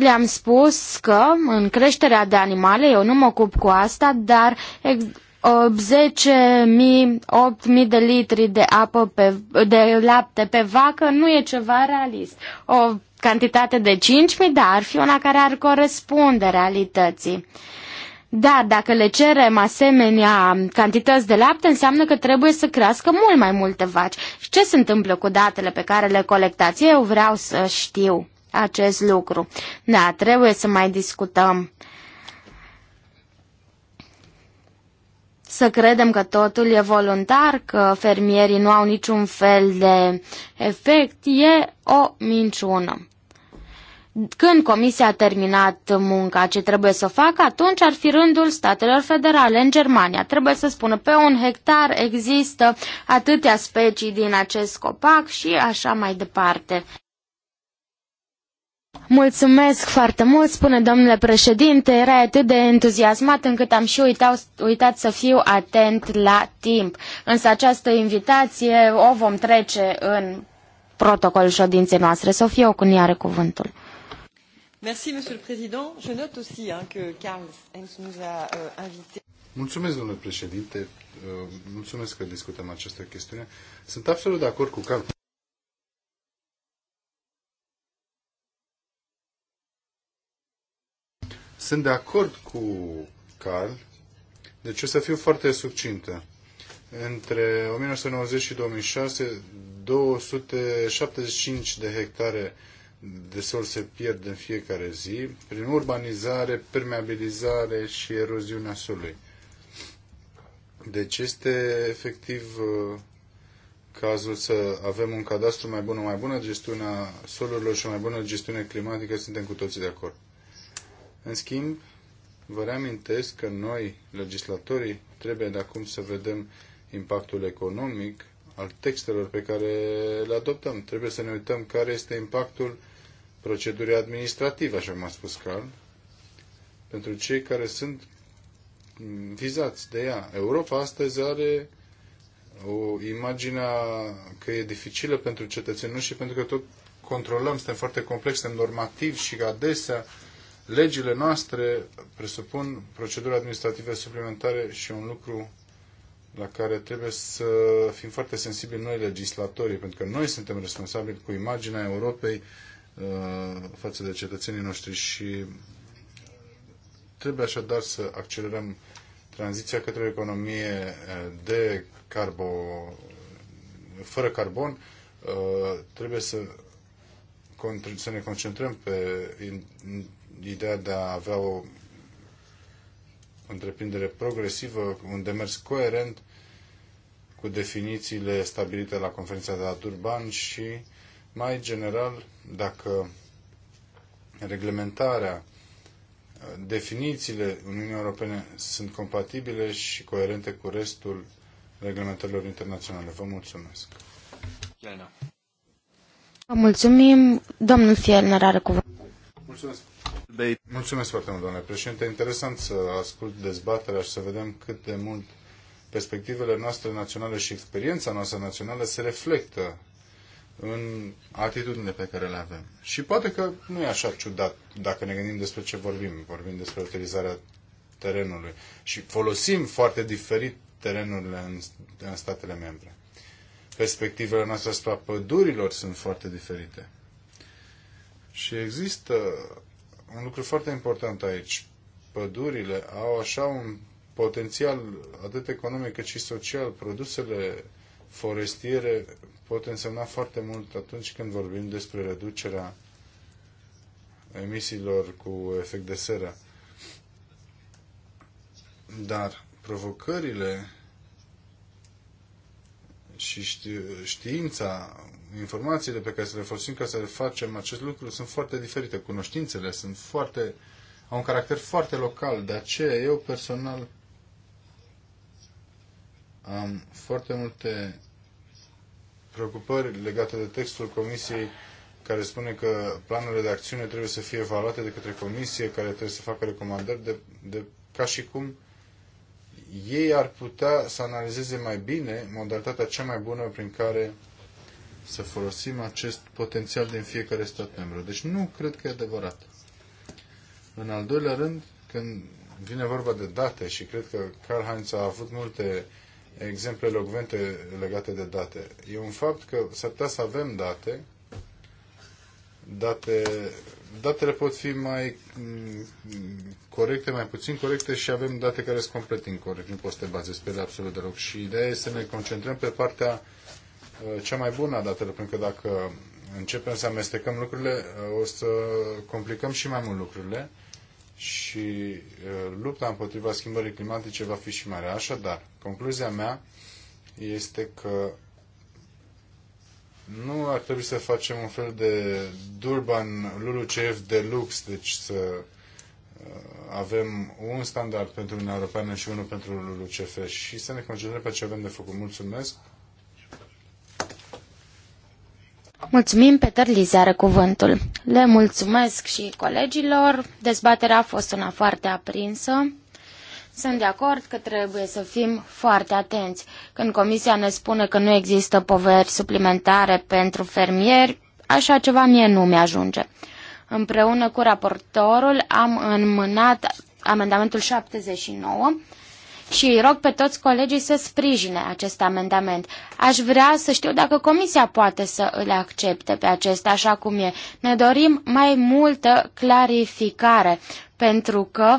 le-am spus că în creșterea de animale, eu nu mă ocup cu asta, dar 10.000-8.000 de litri de apă pe, de lapte pe vacă nu e ceva realist. O cantitate de 5.000, dar ar fi una care ar corespunde realității. Da, dacă le cerem asemenea cantități de lapte, înseamnă că trebuie să crească mult mai multe vaci. Și ce se întâmplă cu datele pe care le colectați? Eu vreau să știu acest lucru. Da, trebuie să mai discutăm. Să credem că totul e voluntar, că fermierii nu au niciun fel de efect, e o minciună când Comisia a terminat munca ce trebuie să facă, atunci ar fi rândul statelor federale în Germania. Trebuie să spună, pe un hectar există atâtea specii din acest copac și așa mai departe. Mulțumesc foarte mult, spune domnule președinte, era atât de entuziasmat încât am și uitau, uitat să fiu atent la timp. Însă această invitație o vom trece în protocolul ședinței noastre. fie o cuniare cuvântul. Merci, monsieur le président. Je note aussi hein, que Heinz nous a euh, invité. Mulțumesc, domnule președinte. Euh, mulțumesc că discutăm această chestiune. Sunt absolut de acord cu Carl. Sunt de acord cu Carl, deci o să fiu foarte succintă. Între 1990 și 2006, 275 de hectare de sol se pierd în fiecare zi prin urbanizare, permeabilizare și eroziunea solului. Deci este efectiv uh, cazul să avem un cadastru mai bun, o mai bună gestiune a solurilor și o mai bună gestiune climatică, suntem cu toții de acord. În schimb, vă reamintesc că noi, legislatorii, trebuie de acum să vedem impactul economic al textelor pe care le adoptăm. Trebuie să ne uităm care este impactul procedurii administrative, așa cum a spus Carl, pentru cei care sunt vizați de ea. Europa astăzi are o imagine că e dificilă pentru cetățeni, nu și pentru că tot controlăm, suntem foarte complexe, suntem normativi și adesea uh, legile noastre presupun proceduri administrative suplimentare și un lucru la care trebuie să fim foarte sensibili noi legislatorii, pentru că noi suntem responsabili cu imaginea Europei uh, față de cetățenii noștri și trebuie așadar să accelerăm tranziția către o economie uh, de carbo, fără carbon. Uh, trebuie să, să ne concentrăm pe ideea de a avea o întreprindere progresivă, un demers coerent cu definițiile stabilite la conferința de la Durban și, mai general, dacă reglementarea, definițiile Uniunii Europene sunt compatibile și coerente cu restul reglementărilor internaționale. Vă mulțumesc. Elena. Mulțumim. Domnul Fielner are cuvânt. Mulțumesc. Mulțumesc foarte mult, domnule președinte. Interesant să ascult dezbaterea și să vedem cât de mult perspectivele noastre naționale și experiența noastră națională se reflectă în atitudinile pe care le avem. Și poate că nu e așa ciudat dacă ne gândim despre ce vorbim. Vorbim despre utilizarea terenului și folosim foarte diferit terenurile în, în statele membre. Perspectivele noastre asupra pădurilor sunt foarte diferite. Și există un lucru foarte important aici. Pădurile au așa un potențial atât economic cât și social. Produsele forestiere pot însemna foarte mult atunci când vorbim despre reducerea emisiilor cu efect de seră. Dar provocările și știința, informațiile pe care să le folosim ca să le facem acest lucru sunt foarte diferite. Cunoștințele sunt foarte, au un caracter foarte local. De aceea eu personal am foarte multe preocupări legate de textul Comisiei care spune că planurile de acțiune trebuie să fie evaluate de către Comisie, care trebuie să facă recomandări de, de ca și cum ei ar putea să analizeze mai bine modalitatea cea mai bună prin care să folosim acest potențial din fiecare stat membru. Deci nu cred că e adevărat. În al doilea rând, când vine vorba de date și cred că Karl Heinz a avut multe exemple locvente legate de date, e un fapt că s-ar putea să avem date, date datele pot fi mai corecte, mai puțin corecte și avem date care sunt complet incorrecte. Nu poți să te bazezi pe ele absolut deloc. Și ideea este să ne concentrăm pe partea uh, cea mai bună a datelor, pentru că dacă începem să amestecăm lucrurile, uh, o să complicăm și mai mult lucrurile și uh, lupta împotriva schimbării climatice va fi și mare. Așadar, concluzia mea este că nu ar trebui să facem un fel de Durban LULUCF de lux, deci să avem un standard pentru Uniunea Europeană și unul pentru LUCF și să ne concentrăm pe ce avem de făcut. Mulțumesc! Mulțumim, Peter Lizeară, cuvântul. Le mulțumesc și colegilor. Dezbaterea a fost una foarte aprinsă. Sunt de acord că trebuie să fim foarte atenți. Când Comisia ne spune că nu există poveri suplimentare pentru fermieri, așa ceva mie nu mi-ajunge. mi ajunge Împreună cu raportorul am înmânat amendamentul 79 și îi rog pe toți colegii să sprijine acest amendament. Aș vrea să știu dacă Comisia poate să îl accepte pe acesta așa cum e. Ne dorim mai multă clarificare, pentru că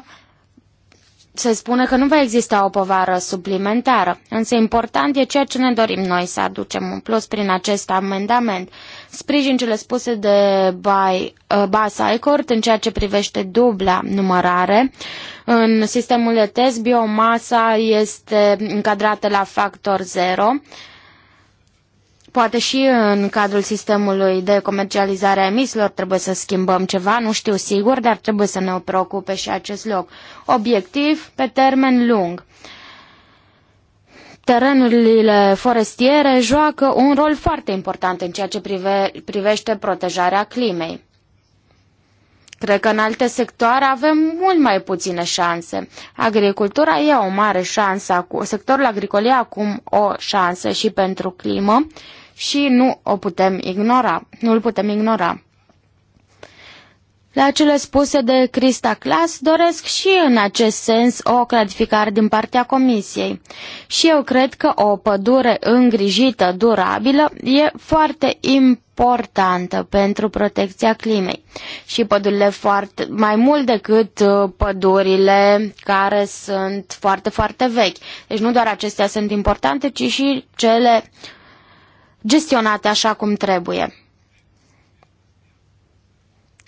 se spune că nu va exista o povară suplimentară, însă important e ceea ce ne dorim noi să aducem în plus prin acest amendament. Sprijin cele spuse de by, uh, Bas Aicord în ceea ce privește dubla numărare. În sistemul de test, biomasa este încadrată la factor 0 poate și în cadrul sistemului de comercializare a emisiilor trebuie să schimbăm ceva, nu știu sigur, dar trebuie să ne preocupe și acest loc. Obiectiv pe termen lung. Terenurile forestiere joacă un rol foarte important în ceea ce prive, privește protejarea climei. Cred că în alte sectoare avem mult mai puține șanse. Agricultura e o mare șansă, sectorul agricol e acum o șansă și pentru climă și nu o putem ignora, nu îl putem ignora. La cele spuse de Crista Clas doresc și în acest sens o clarificare din partea Comisiei. Și eu cred că o pădure îngrijită, durabilă, e foarte importantă pentru protecția climei. Și pădurile foarte, mai mult decât uh, pădurile care sunt foarte, foarte vechi. Deci nu doar acestea sunt importante, ci și cele gestionate așa cum trebuie.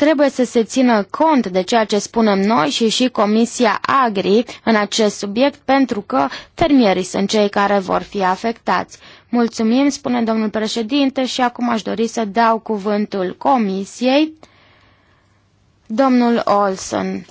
Trebuie să se țină cont de ceea ce spunem noi și și Comisia Agri în acest subiect, pentru că fermierii sunt cei care vor fi afectați. Mulțumim, spune domnul președinte, și acum aș dori să dau cuvântul Comisiei. Domnul Olson,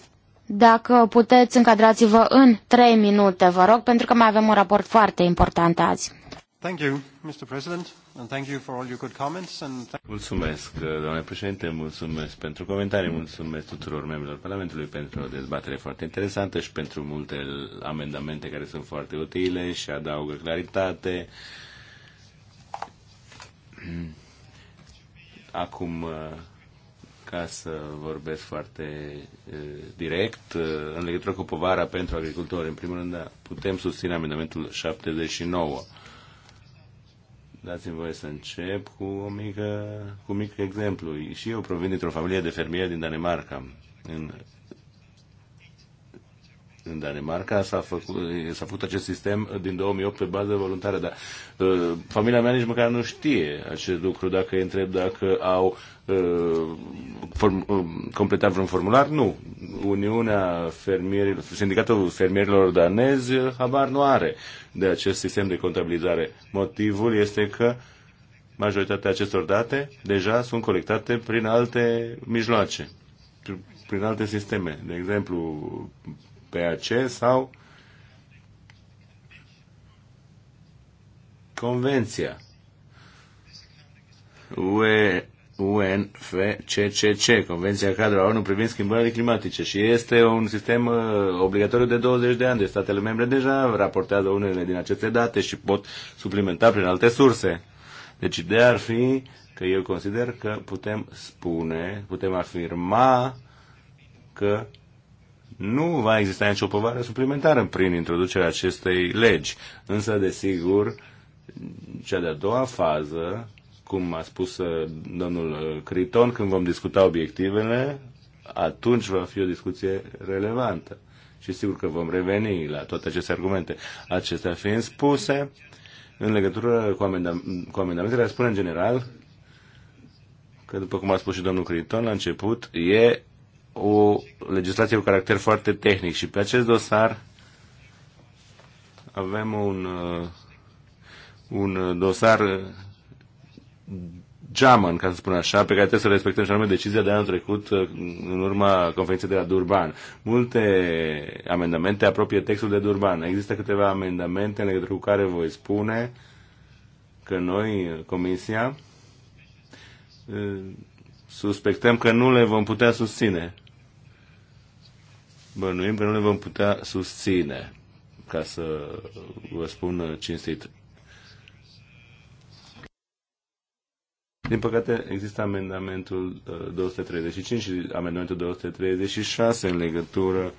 dacă puteți, încadrați-vă în trei minute, vă rog, pentru că mai avem un raport foarte important azi. Thank you, Mr. President and thank you for all your good comments. And mulțumesc, uh, doamne președinte, mulțumesc pentru comentarii, mulțumesc tuturor membrilor Parlamentului pentru o dezbatere foarte interesantă și pentru multe amendamente care sunt foarte utile și adaugă claritate. Acum, uh, ca să vorbesc foarte uh, direct, în legătură cu povara pentru agricultori, în primul rând, da, putem susține amendamentul 79 Dați-mi voie să încep cu, o mică, cu un mic exemplu. Și eu provin dintr-o familie de fermieri din Danemarca, în în Danemarca. S-a făcut, s-a făcut acest sistem din 2008 pe bază voluntară, dar uh, familia mea nici măcar nu știe acest lucru. Dacă îi întreb dacă au uh, form, uh, completat vreun formular, nu. Uniunea fermierilor, Sindicatul Fermierilor Danezi habar nu are de acest sistem de contabilizare. Motivul este că majoritatea acestor date deja sunt colectate prin alte mijloace, prin alte sisteme, de exemplu PAC sau Convenția UE UNFCCC, Convenția Cadrul a ONU privind schimbările climatice și este un sistem uh, obligatoriu de 20 de ani. De statele membre deja raportează unele din aceste date și pot suplimenta prin alte surse. Deci ideea ar fi că eu consider că putem spune, putem afirma că nu va exista nicio povară suplimentară prin introducerea acestei legi. Însă, desigur, cea de-a doua fază, cum a spus uh, domnul uh, Criton, când vom discuta obiectivele, atunci va fi o discuție relevantă. Și sigur că vom reveni la toate aceste argumente. Acestea fiind spuse, în legătură cu, amendam- cu amendamentele, spun în general că, după cum a spus și domnul Criton la început, e o legislație cu caracter foarte tehnic și pe acest dosar avem un, uh, un dosar uh, geamăn, ca să spun așa, pe care trebuie să respectăm și anume decizia de anul trecut uh, în urma conferinței de la Durban. Multe amendamente apropie textul de Durban. Există câteva amendamente în legătură cu care voi spune că noi, Comisia, suspectăm că nu le vom putea susține. Bănuim că nu le vom putea susține, ca să vă spun uh, cinstit. Din păcate, există amendamentul 235 uh, și amendamentul 236 în legătură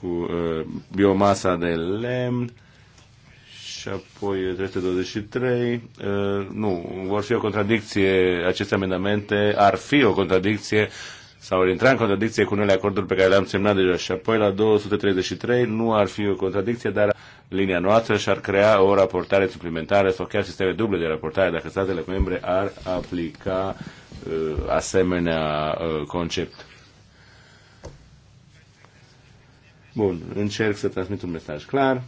cu uh, biomasa de lemn și apoi 323. Uh, nu, vor fi o contradicție aceste amendamente, ar fi o contradicție sau ar intra în contradicție cu unele acorduri pe care le-am semnat deja și apoi la 233 nu ar fi o contradicție, dar linia noastră și-ar crea o raportare suplimentară sau chiar sisteme duble de raportare dacă statele membre ar aplica uh, asemenea uh, concept. Bun, încerc să transmit un mesaj clar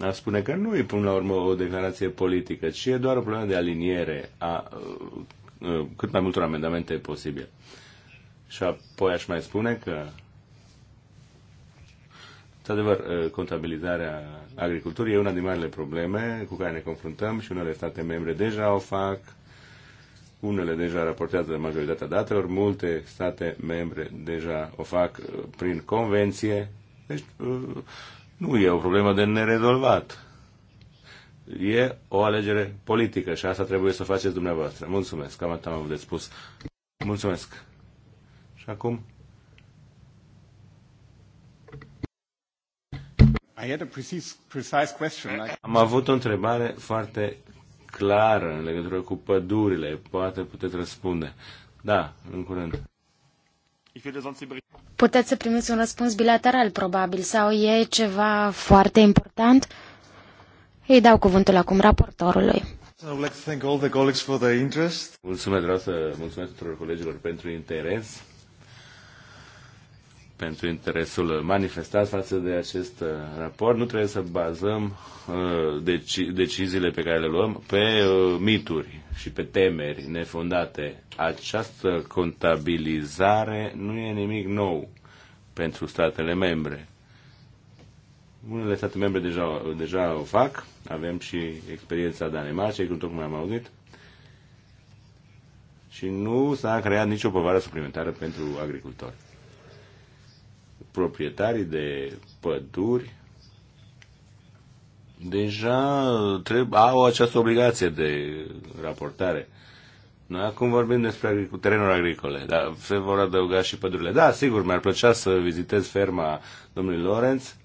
a spune că nu e până la urmă o declarație politică, ci e doar o problemă de aliniere a uh, uh, cât mai multor amendamente posibil. Și apoi aș mai spune că Într-adevăr, uh, contabilizarea agriculturii e una din marile probleme cu care ne confruntăm și unele state membre deja o fac, unele deja raportează de majoritatea datelor, multe state membre deja o fac prin convenție. Deci nu e o problemă de nerezolvat. E o alegere politică și asta trebuie să faceți dumneavoastră. Mulțumesc, cam atât am avut de spus. Mulțumesc. Și acum? I had a precise, precise question. Am avut o întrebare foarte clară în legătură cu pădurile. Poate puteți răspunde. Da, în curând. Puteți să primiți un răspuns bilateral, probabil, sau e ceva foarte important? Îi dau cuvântul acum raportorului. Mulțumesc, dragă, mulțumesc tuturor colegilor pentru interes pentru interesul manifestat față de acest uh, raport. Nu trebuie să bazăm uh, deci, deciziile pe care le luăm pe uh, mituri și pe temeri nefondate. Această contabilizare nu e nimic nou pentru statele membre. Unele state membre deja, deja o fac, avem și experiența Danemarcei, cum tocmai am auzit, și nu s-a creat nicio povară suplimentară pentru agricultori proprietarii de păduri deja trebuie, au această obligație de raportare. Noi acum vorbim despre agricol, terenuri agricole, dar se vor adăuga și pădurile. Da, sigur, mi-ar plăcea să vizitez ferma domnului Lorenz,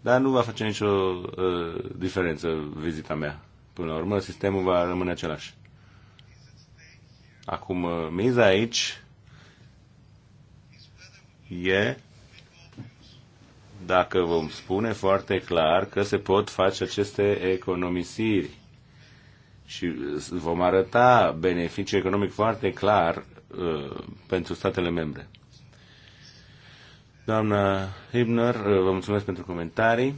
dar nu va face nicio uh, diferență vizita mea. Până la urmă, sistemul va rămâne același. Acum, uh, miza aici e dacă vom spune foarte clar că se pot face aceste economisiri și vom arăta beneficiu economic foarte clar uh, pentru statele membre. Doamna Hibner, uh, vă mulțumesc pentru comentarii.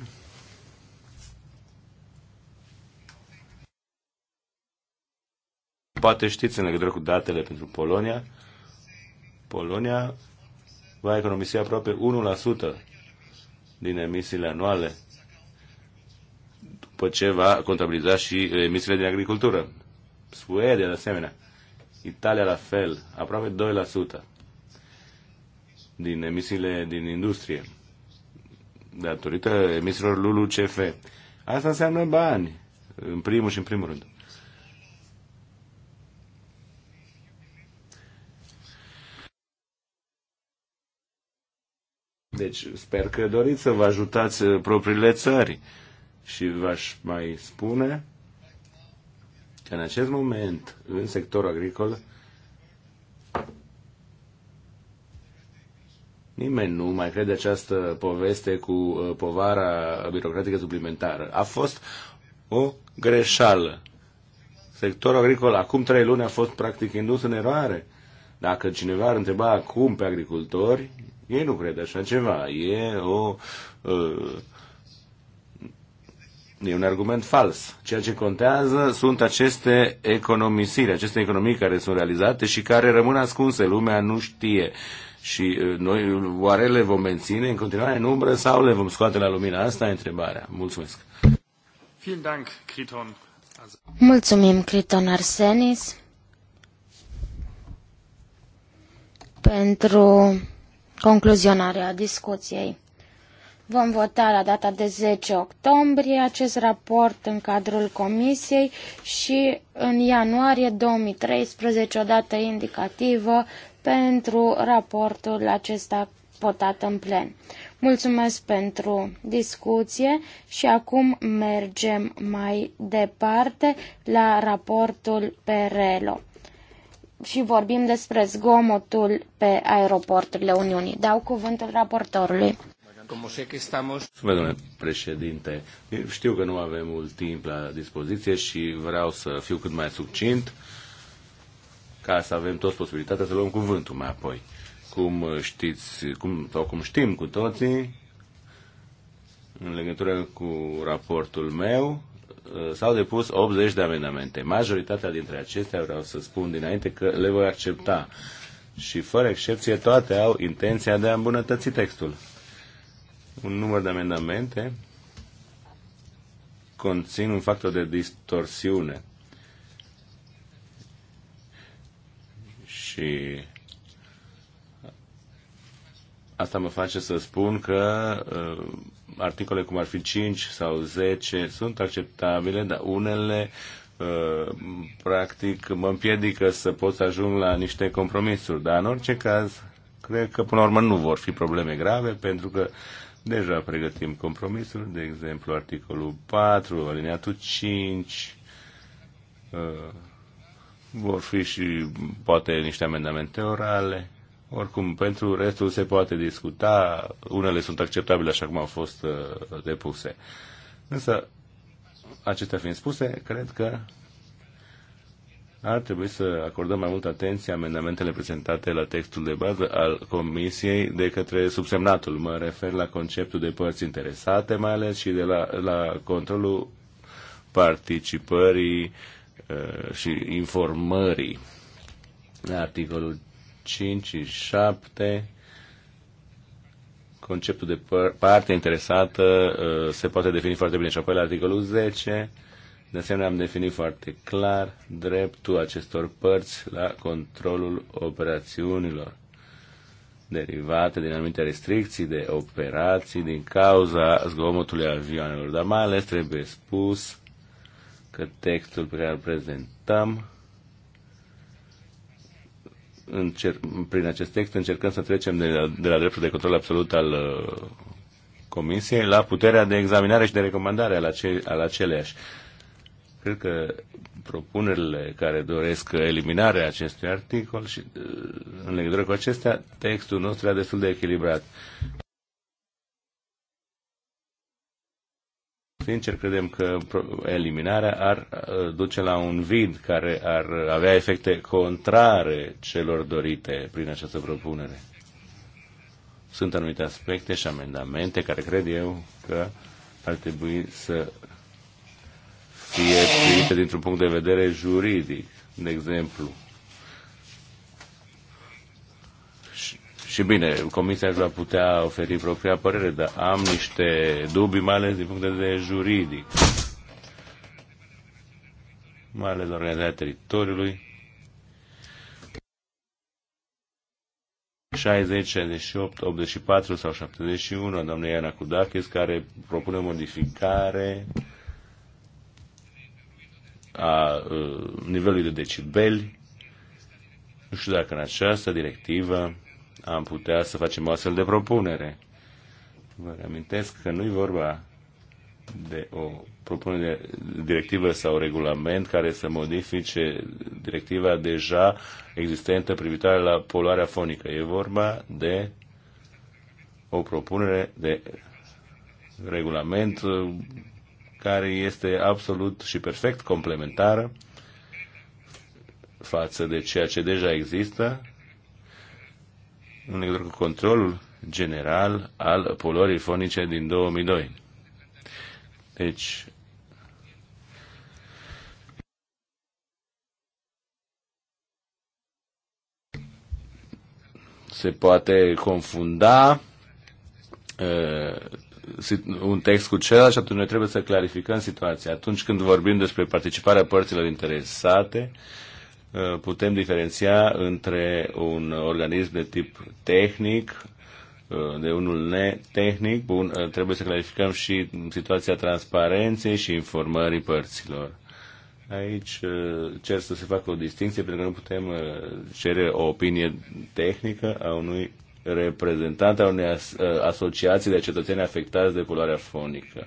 Poate știți în legătură cu datele pentru Polonia. Polonia va economisi aproape din emisiile anuale, după ce va contabiliza și emisiile din agricultură. Suedia, de asemenea. Italia, la fel, aproape 2% din emisiile din industrie, datorită emisiilor LULU-CF. Asta înseamnă bani, în primul și în primul rând. Deci sper că doriți să vă ajutați uh, propriile țări și v-aș mai spune că în acest moment, în sectorul agricol, Nimeni nu mai crede această poveste cu uh, povara birocratică suplimentară. A fost o greșeală. Sectorul agricol acum trei luni a fost practic indus în eroare. Dacă cineva ar întreba acum pe agricultori, ei nu cred așa ceva. E o... Uh, e un argument fals. Ceea ce contează sunt aceste economisiri, aceste economii care sunt realizate și care rămân ascunse. Lumea nu știe. Și uh, noi oare le vom menține în continuare în umbră sau le vom scoate la lumină? Asta e întrebarea. Mulțumesc. Mulțumim, Criton Arsenis, pentru concluzionarea discuției. Vom vota la data de 10 octombrie acest raport în cadrul comisiei și în ianuarie 2013 o dată indicativă pentru raportul acesta votat în plen. Mulțumesc pentru discuție și acum mergem mai departe la raportul Perelo și vorbim despre zgomotul pe aeroporturile Uniunii. Dau cuvântul raportorului. domnule președinte. Știu că nu avem mult timp la dispoziție și vreau să fiu cât mai succint ca să avem toți posibilitatea să luăm cuvântul mai apoi. Cum știți, cum, sau cum știm cu toții, în legătură cu raportul meu, Uh, s-au depus 80 de amendamente. Majoritatea dintre acestea, vreau să spun dinainte, că le voi accepta. Și fără excepție, toate au intenția de a îmbunătăți textul. Un număr de amendamente conțin un factor de distorsiune. Și asta mă face să spun că uh, articole cum ar fi 5 sau 10 sunt acceptabile, dar unele uh, practic mă împiedică să pot să ajung la niște compromisuri. Dar în orice caz, cred că până la urmă nu vor fi probleme grave, pentru că deja pregătim compromisuri, de exemplu articolul 4, alineatul 5, vor fi și poate niște amendamente orale oricum, pentru restul se poate discuta, unele sunt acceptabile așa cum au fost uh, depuse. Însă, acestea fiind spuse, cred că ar trebui să acordăm mai multă atenție amendamentele prezentate la textul de bază al Comisiei de către subsemnatul. Mă refer la conceptul de părți interesate, mai ales și de la, la controlul participării uh, și informării. La articolul 5 și 7 conceptul de parte interesată uh, se poate defini foarte bine. Și apoi la articolul 10, de asemenea am definit foarte clar dreptul acestor părți la controlul operațiunilor derivate din anumite restricții de operații din cauza zgomotului avioanelor. Dar mai ales trebuie spus că textul pe care îl prezentăm încer- prin acest text încercăm să trecem de la, de la dreptul de control absolut al uh, Comisiei la puterea de examinare și de recomandare al, ace- al aceleași. Cred că propunerile care doresc eliminarea acestui articol și uh, în legătură cu acestea, textul nostru era destul de echilibrat. Sincer, credem că eliminarea ar uh, duce la un vid care ar avea efecte contrare celor dorite prin această propunere. Sunt anumite aspecte și amendamente care cred eu că ar trebui să fie primite dintr-un punct de vedere juridic. De exemplu, Și bine, Comisia își va putea oferi propria părere, dar am niște dubii, mai ales din punct de vedere juridic. Mai ales organizarea teritoriului. 60, 68, 84 sau 71 doamne Iana Cudachis, care propune modificare a uh, nivelului de decibeli. Nu știu dacă în această directivă am putea să facem o astfel de propunere. Vă reamintesc că nu-i vorba de o propunere de directivă sau regulament care să modifice directiva deja existentă privitoare la poluarea fonică. E vorba de o propunere de regulament uh, care este absolut și perfect complementară față de ceea ce deja există în legătură cu controlul general al poluării fonice din 2002. Deci, se poate confunda uh, un text cu celălalt și atunci noi trebuie să clarificăm situația. Atunci când vorbim despre participarea părților interesate, uh, Uh, putem diferenția între un organism de tip tehnic, uh, de unul netehnic. Bun, uh, trebuie să clarificăm și situația transparenței și informării părților. Aici cer să se facă o distinție pentru că nu putem cere o opinie tehnică a unui reprezentant a unei asociații de cetățeni afectați de culoarea fonică.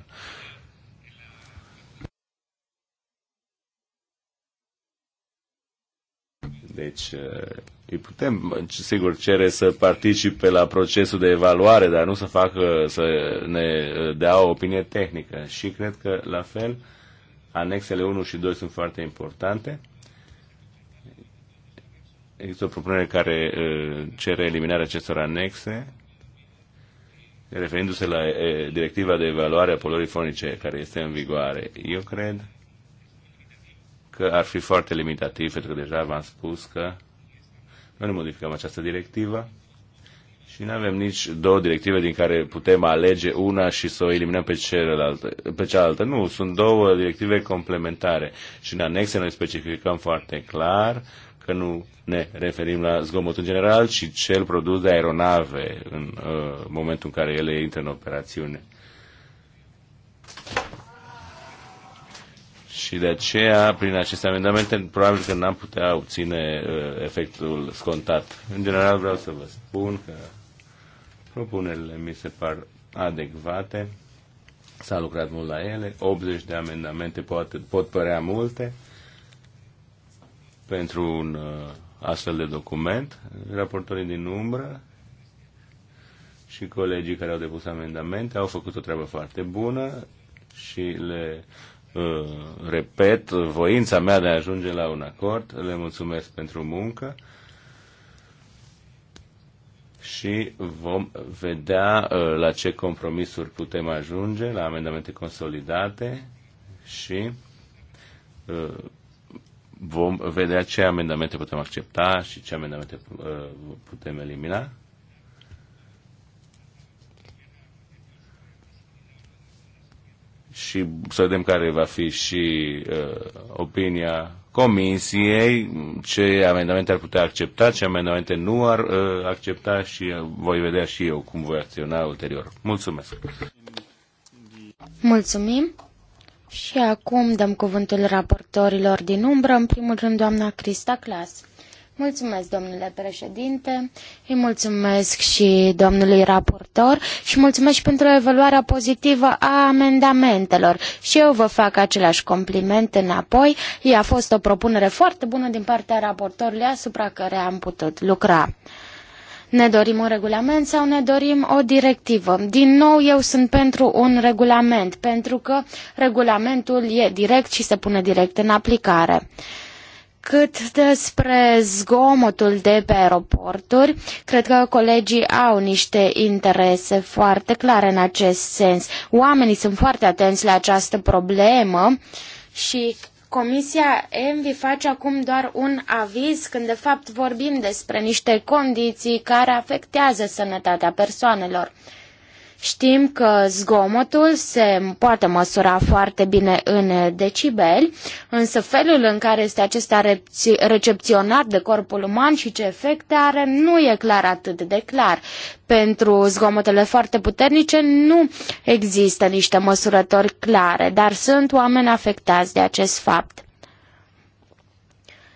Deci uh, îi putem, sigur, cere să participe la procesul de evaluare, dar nu să facă, să ne uh, dea o opinie tehnică. Și cred că, la fel, anexele 1 și 2 sunt foarte importante. Există o propunere care uh, cere eliminarea acestor anexe, referindu-se la directiva de evaluare a polorii fonice care este în vigoare. Eu cred că ar fi foarte limitativ, pentru că deja v-am spus că noi nu modificăm această directivă și nu avem nici două directive din care putem alege una și să o eliminăm pe, cealaltă. pe cealaltă. Nu, sunt două directive complementare și în anexe noi specificăm foarte clar că nu ne referim la zgomot în general, ci cel produs de aeronave în uh, momentul în care ele intră în operațiune. și de aceea, prin aceste amendamente, probabil că n-am putea obține uh, efectul scontat. În general, vreau să vă spun că propunerile mi se par adecvate, s-a lucrat mult la ele, 80 de amendamente pot, pot părea multe pentru un uh, astfel de document. Raportorii din umbră și colegii care au depus amendamente au făcut o treabă foarte bună și le Uh, repet, voința mea de a ajunge la un acord. Le mulțumesc pentru muncă și vom vedea uh, la ce compromisuri putem ajunge, la amendamente consolidate și uh, vom vedea ce amendamente putem accepta și ce amendamente putem elimina. și să vedem care va fi și uh, opinia comisiei, ce amendamente ar putea accepta, ce amendamente nu ar uh, accepta și voi vedea și eu cum voi acționa ulterior. Mulțumesc! Mulțumim! Și acum dăm cuvântul raportorilor din umbră, în primul rând doamna Crista Clas. Mulțumesc, domnule președinte, îi mulțumesc și domnului raportor și mulțumesc pentru evaluarea pozitivă a amendamentelor. Și eu vă fac același compliment înapoi. Ea a fost o propunere foarte bună din partea raportorului asupra care am putut lucra. Ne dorim un regulament sau ne dorim o directivă? Din nou, eu sunt pentru un regulament, pentru că regulamentul e direct și se pune direct în aplicare. Cât despre zgomotul de pe aeroporturi, cred că colegii au niște interese foarte clare în acest sens. Oamenii sunt foarte atenți la această problemă și Comisia ENVI face acum doar un aviz când de fapt vorbim despre niște condiții care afectează sănătatea persoanelor. Știm că zgomotul se poate măsura foarte bine în decibeli, însă felul în care este acesta recepționat de corpul uman și ce efecte are nu e clar atât de clar. Pentru zgomotele foarte puternice nu există niște măsurători clare, dar sunt oameni afectați de acest fapt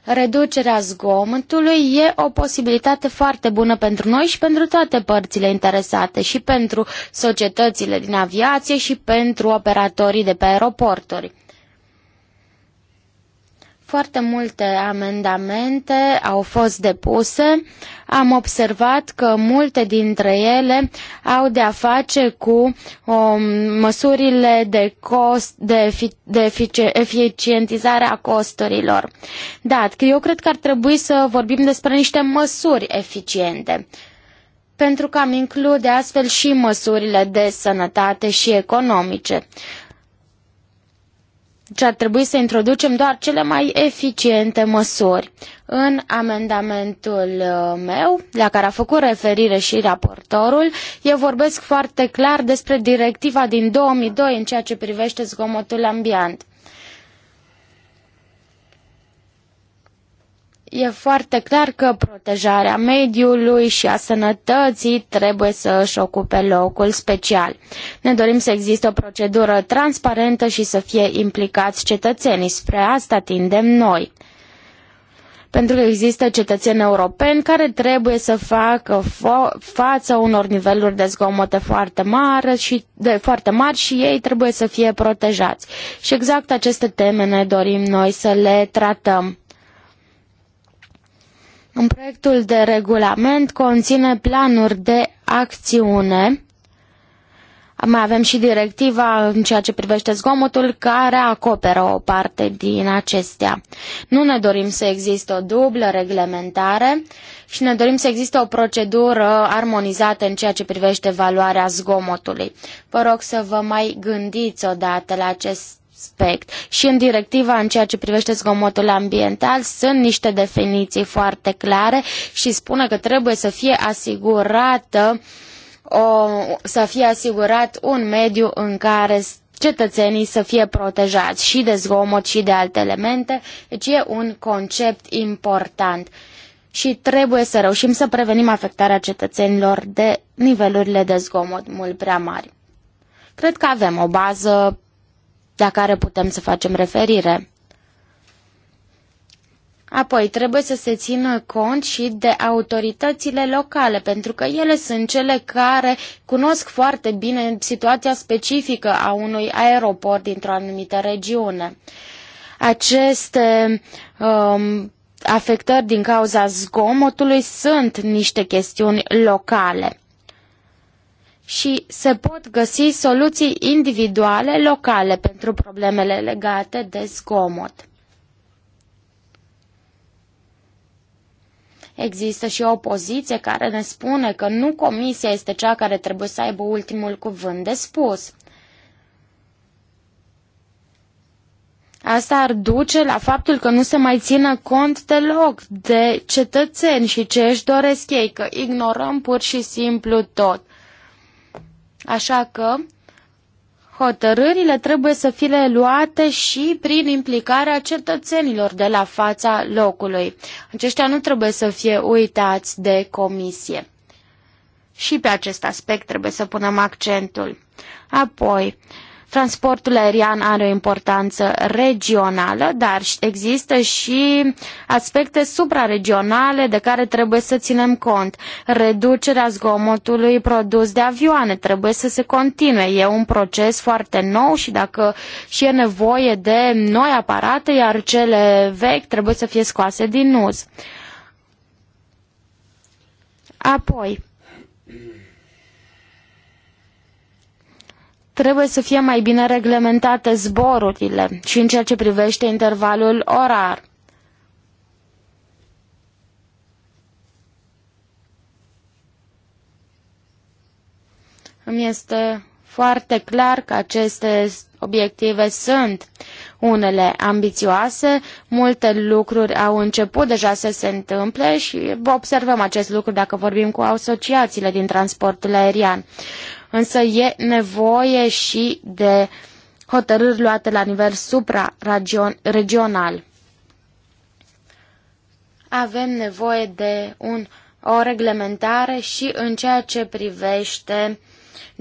reducerea zgomotului e o posibilitate foarte bună pentru noi și pentru toate părțile interesate, și pentru societățile din aviație și pentru operatorii de pe aeroporturi. Foarte multe amendamente au fost depuse. Am observat că multe dintre ele au de-a face cu o, um, măsurile de, cost, de, efic- de eficientizare a costurilor. Da, eu cred că ar trebui să vorbim despre niște măsuri eficiente pentru că am include astfel și măsurile de sănătate și economice. Deci ar trebui să introducem doar cele mai eficiente măsuri. În amendamentul uh, meu, la care a făcut referire și raportorul, eu vorbesc foarte clar despre directiva din 2002 în ceea ce privește zgomotul ambient. E foarte clar că protejarea mediului și a sănătății trebuie să își ocupe locul special. Ne dorim să existe o procedură transparentă și să fie implicați cetățenii. Spre asta tindem noi pentru că există cetățeni europeni care trebuie să facă fo- față unor niveluri de zgomote foarte mari și de foarte mari și ei trebuie să fie protejați. Și exact aceste teme ne dorim noi să le tratăm. În proiectul de regulament conține planuri de acțiune. Mai avem și directiva în ceea ce privește zgomotul, care acoperă o parte din acestea. Nu ne dorim să existe o dublă reglementare și ne dorim să existe o procedură armonizată în ceea ce privește valoarea zgomotului. Vă rog să vă mai gândiți odată la acest aspect. Și în directiva, în ceea ce privește zgomotul ambiental, sunt niște definiții foarte clare și spune că trebuie să fie asigurată o, să fie asigurat un mediu în care cetățenii să fie protejați și de zgomot și de alte elemente, deci e un concept important și trebuie să reușim să prevenim afectarea cetățenilor de nivelurile de zgomot mult prea mari. Cred că avem o bază la care putem să facem referire. Apoi, trebuie să se țină cont și de autoritățile locale, pentru că ele sunt cele care cunosc foarte bine situația specifică a unui aeroport dintr-o anumită regiune. Aceste um, afectări din cauza zgomotului sunt niște chestiuni locale și se pot găsi soluții individuale, locale, pentru problemele legate de zgomot. Există și o opoziție care ne spune că nu comisia este cea care trebuie să aibă ultimul cuvânt de spus. Asta ar duce la faptul că nu se mai țină cont deloc de cetățeni și ce își doresc ei, că ignorăm pur și simplu tot. Așa că hotărârile trebuie să fie luate și prin implicarea cetățenilor de la fața locului. Aceștia nu trebuie să fie uitați de comisie. Și pe acest aspect trebuie să punem accentul. Apoi, Transportul aerian are o importanță regională, dar există și aspecte supraregionale de care trebuie să ținem cont. Reducerea zgomotului produs de avioane trebuie să se continue. E un proces foarte nou și dacă și e nevoie de noi aparate, iar cele vechi trebuie să fie scoase din uz. Apoi, trebuie să fie mai bine reglementate zborurile și în ceea ce privește intervalul orar. Îmi este foarte clar că aceste obiective sunt unele ambițioase, multe lucruri au început deja să se întâmple și observăm acest lucru dacă vorbim cu asociațiile din transportul aerian însă e nevoie și de hotărâri luate la nivel supra-regional. Avem nevoie de un, o reglementare și în ceea ce privește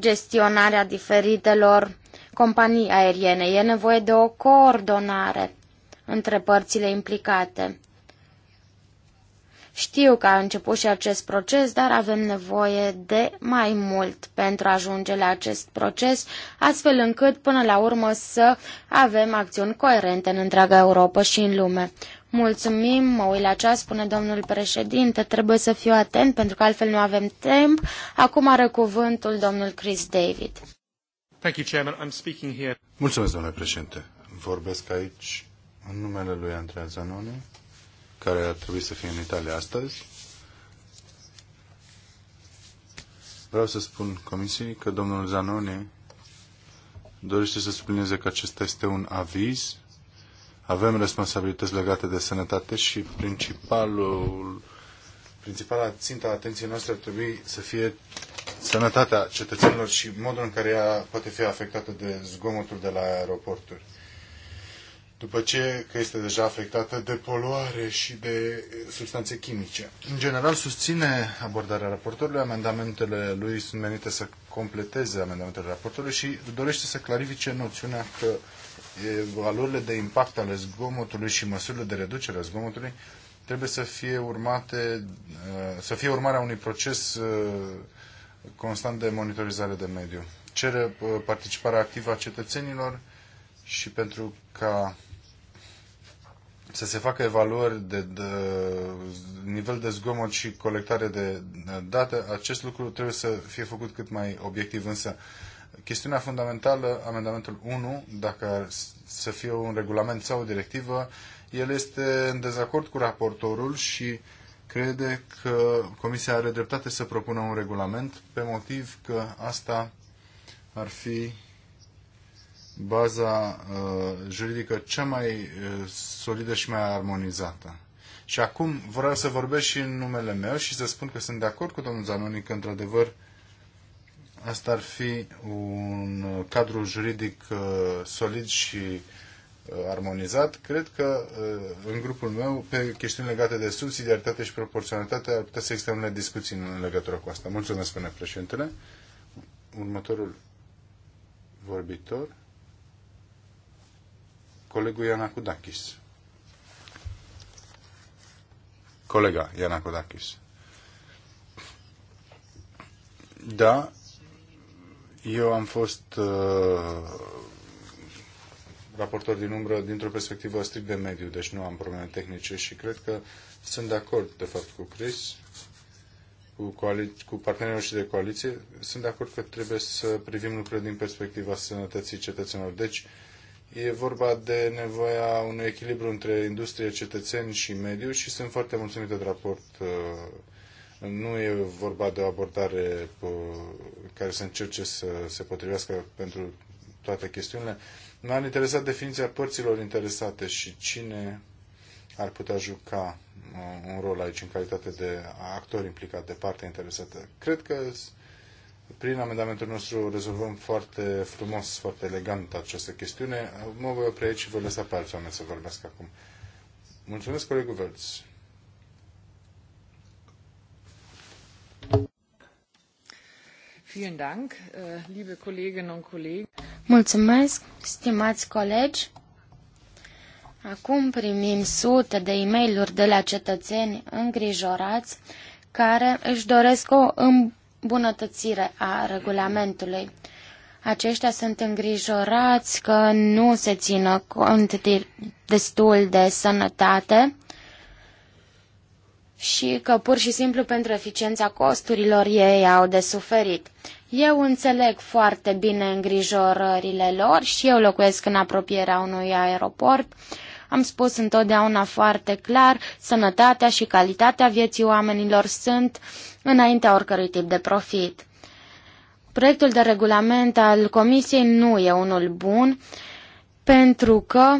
gestionarea diferitelor companii aeriene. E nevoie de o coordonare între părțile implicate. Știu că a început și acest proces, dar avem nevoie de mai mult pentru a ajunge la acest proces, astfel încât până la urmă să avem acțiuni coerente în întreaga Europa și în lume. Mulțumim, mă uit la ceas, spune domnul președinte, trebuie să fiu atent pentru că altfel nu avem timp. Acum are cuvântul domnul Chris David. Thank you, Chairman. I'm speaking here. Mulțumesc, domnule președinte. Vorbesc aici în numele lui Andreea Zanone care ar trebui să fie în Italia astăzi. Vreau să spun comisiei că domnul Zanone dorește să sublinieze că acesta este un aviz. Avem responsabilități legate de sănătate și principalul, principala țintă a atenției noastre ar trebui să fie sănătatea cetățenilor și modul în care ea poate fi afectată de zgomotul de la aeroporturi după ce că este deja afectată de poluare și de eh, substanțe chimice. În general, susține abordarea raportorului, amendamentele lui sunt menite să completeze amendamentele raportorului și dorește să clarifice noțiunea că eh, valorile de impact ale zgomotului și măsurile de reducere a zgomotului trebuie să fie urmate, eh, să fie urmarea unui proces constant de monitorizare de mediu. Cere participarea activă a cetățenilor și pentru ca să se facă evaluări de, de nivel de zgomot și colectare de date, acest lucru trebuie să fie făcut cât mai obiectiv. Însă, chestiunea fundamentală, amendamentul 1, dacă să fie un regulament sau o directivă, el este în dezacord cu raportorul și crede că Comisia are dreptate să propună un regulament pe motiv că asta ar fi baza uh, juridică cea mai uh, solidă și mai armonizată. Și acum vreau să vorbesc și în numele meu și să spun că sunt de acord cu domnul Zanoni că, într-adevăr, asta ar fi un uh, cadru juridic solid și armonizat. Cred că în grupul meu, pe chestiuni legate de subsidiaritate și proporționalitate, ar putea să existe unele discuții în legătură cu asta. Mulțumesc, spune președintele. Următorul vorbitor colegul Iana Kudakis. Colega Iana Kudakis. Da, eu am fost uh, raportor din umbră dintr-o perspectivă strict de mediu, deci nu am probleme tehnice și cred că sunt de acord, de fapt, cu Chris, cu, cu partenerii și de coaliție. Sunt de acord că trebuie să privim lucrurile din perspectiva sănătății cetățenilor. Deci, uh, E vorba de nevoia unui echilibru între industrie, cetățeni și mediu și sunt foarte mulțumită de raport. Uh, nu e vorba de o abordare uh, care să încerce să se potrivească pentru toate chestiunile. m a interesat definiția părților interesate și cine ar putea juca uh, un rol aici în calitate de actor implicat, de parte interesată. Cred că prin amendamentul nostru rezolvăm foarte frumos, foarte elegant această chestiune. Mă voi opri aici și voi lăsa pe alți oameni să vorbească acum. Mulțumesc, colegul Vălț. Äh, Mulțumesc, stimați colegi. Acum primim sute de e-mail-uri de la cetățeni îngrijorați care își doresc o îmbunătățire bunătățire a regulamentului. Aceștia sunt îngrijorați că nu se țină cont de destul de sănătate și că pur și simplu pentru eficiența costurilor ei au de suferit. Eu înțeleg foarte bine îngrijorările lor și eu locuiesc în apropierea unui aeroport. Uh, am spus întotdeauna foarte clar, sănătatea și calitatea vieții oamenilor sunt înaintea oricărui tip de profit. Proiectul de regulament al Comisiei nu e unul bun pentru că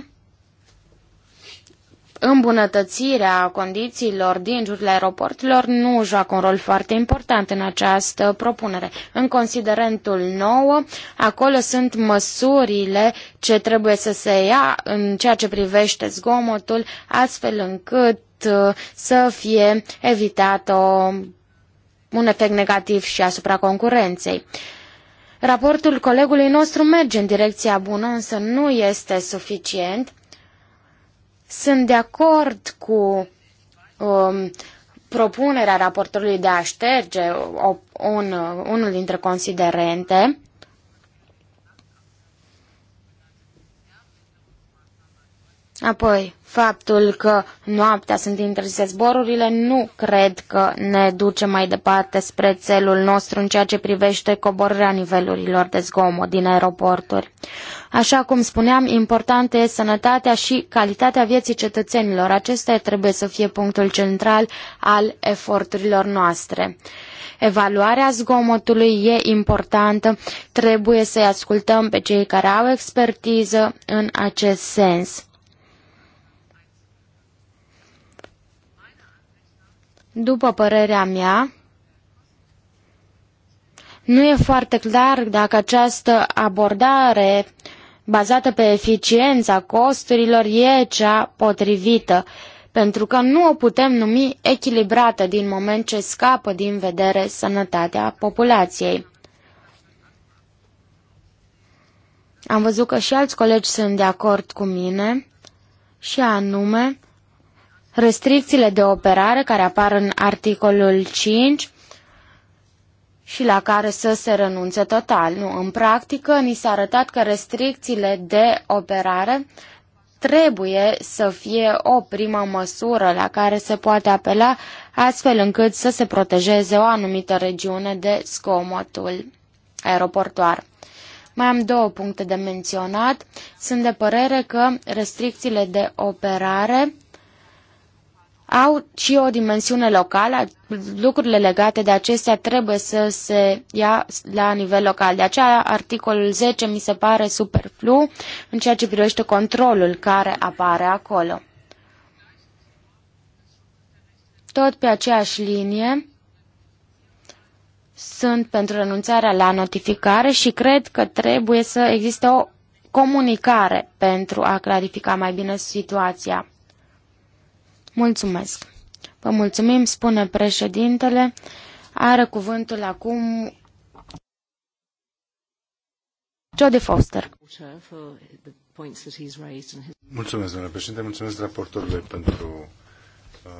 îmbunătățirea condițiilor din jurul aeroporturilor nu joacă un rol foarte important în această propunere. În considerentul 9, acolo sunt măsurile ce trebuie să se ia în ceea ce privește zgomotul, astfel încât uh, să fie evitat o, un efect negativ și asupra concurenței. Raportul colegului nostru merge în direcția bună, însă nu este suficient sunt de acord cu um, propunerea raportorului de a șterge o, un, unul dintre considerente Apoi, faptul că noaptea sunt interzise zborurile nu cred că ne duce mai departe spre țelul nostru în ceea ce privește coborârea nivelurilor de zgomot din aeroporturi. Așa cum spuneam, importantă e sănătatea și calitatea vieții cetățenilor. Acesta trebuie să fie punctul central al eforturilor noastre. Evaluarea zgomotului e importantă, trebuie să-i ascultăm pe cei care au expertiză în acest sens. După părerea mea, nu e foarte clar dacă această abordare bazată pe eficiența costurilor e cea potrivită, pentru că nu o putem numi echilibrată din moment ce scapă din vedere sănătatea populației. Am văzut că și alți colegi sunt de acord cu mine, și anume restricțiile de operare care apar în articolul 5 și la care să se renunțe total. Nu, în practică ni s-a arătat că restricțiile de operare trebuie să fie o primă măsură la care se poate apela astfel încât să se protejeze o anumită regiune de scomotul aeroportuar. Mai am două puncte de menționat. Sunt de părere că restricțiile de operare au și o dimensiune locală, lucrurile legate de acestea trebuie să se ia la nivel local. De aceea articolul 10 mi se pare superflu în ceea ce privește controlul care apare acolo. Tot pe aceeași linie sunt pentru renunțarea la notificare și cred că trebuie să existe o comunicare pentru a clarifica mai bine situația. Mulțumesc. Vă mulțumim, spune președintele. Are cuvântul acum Jodie Foster. Mulțumesc, domnule președinte, mulțumesc raportorului pentru uh,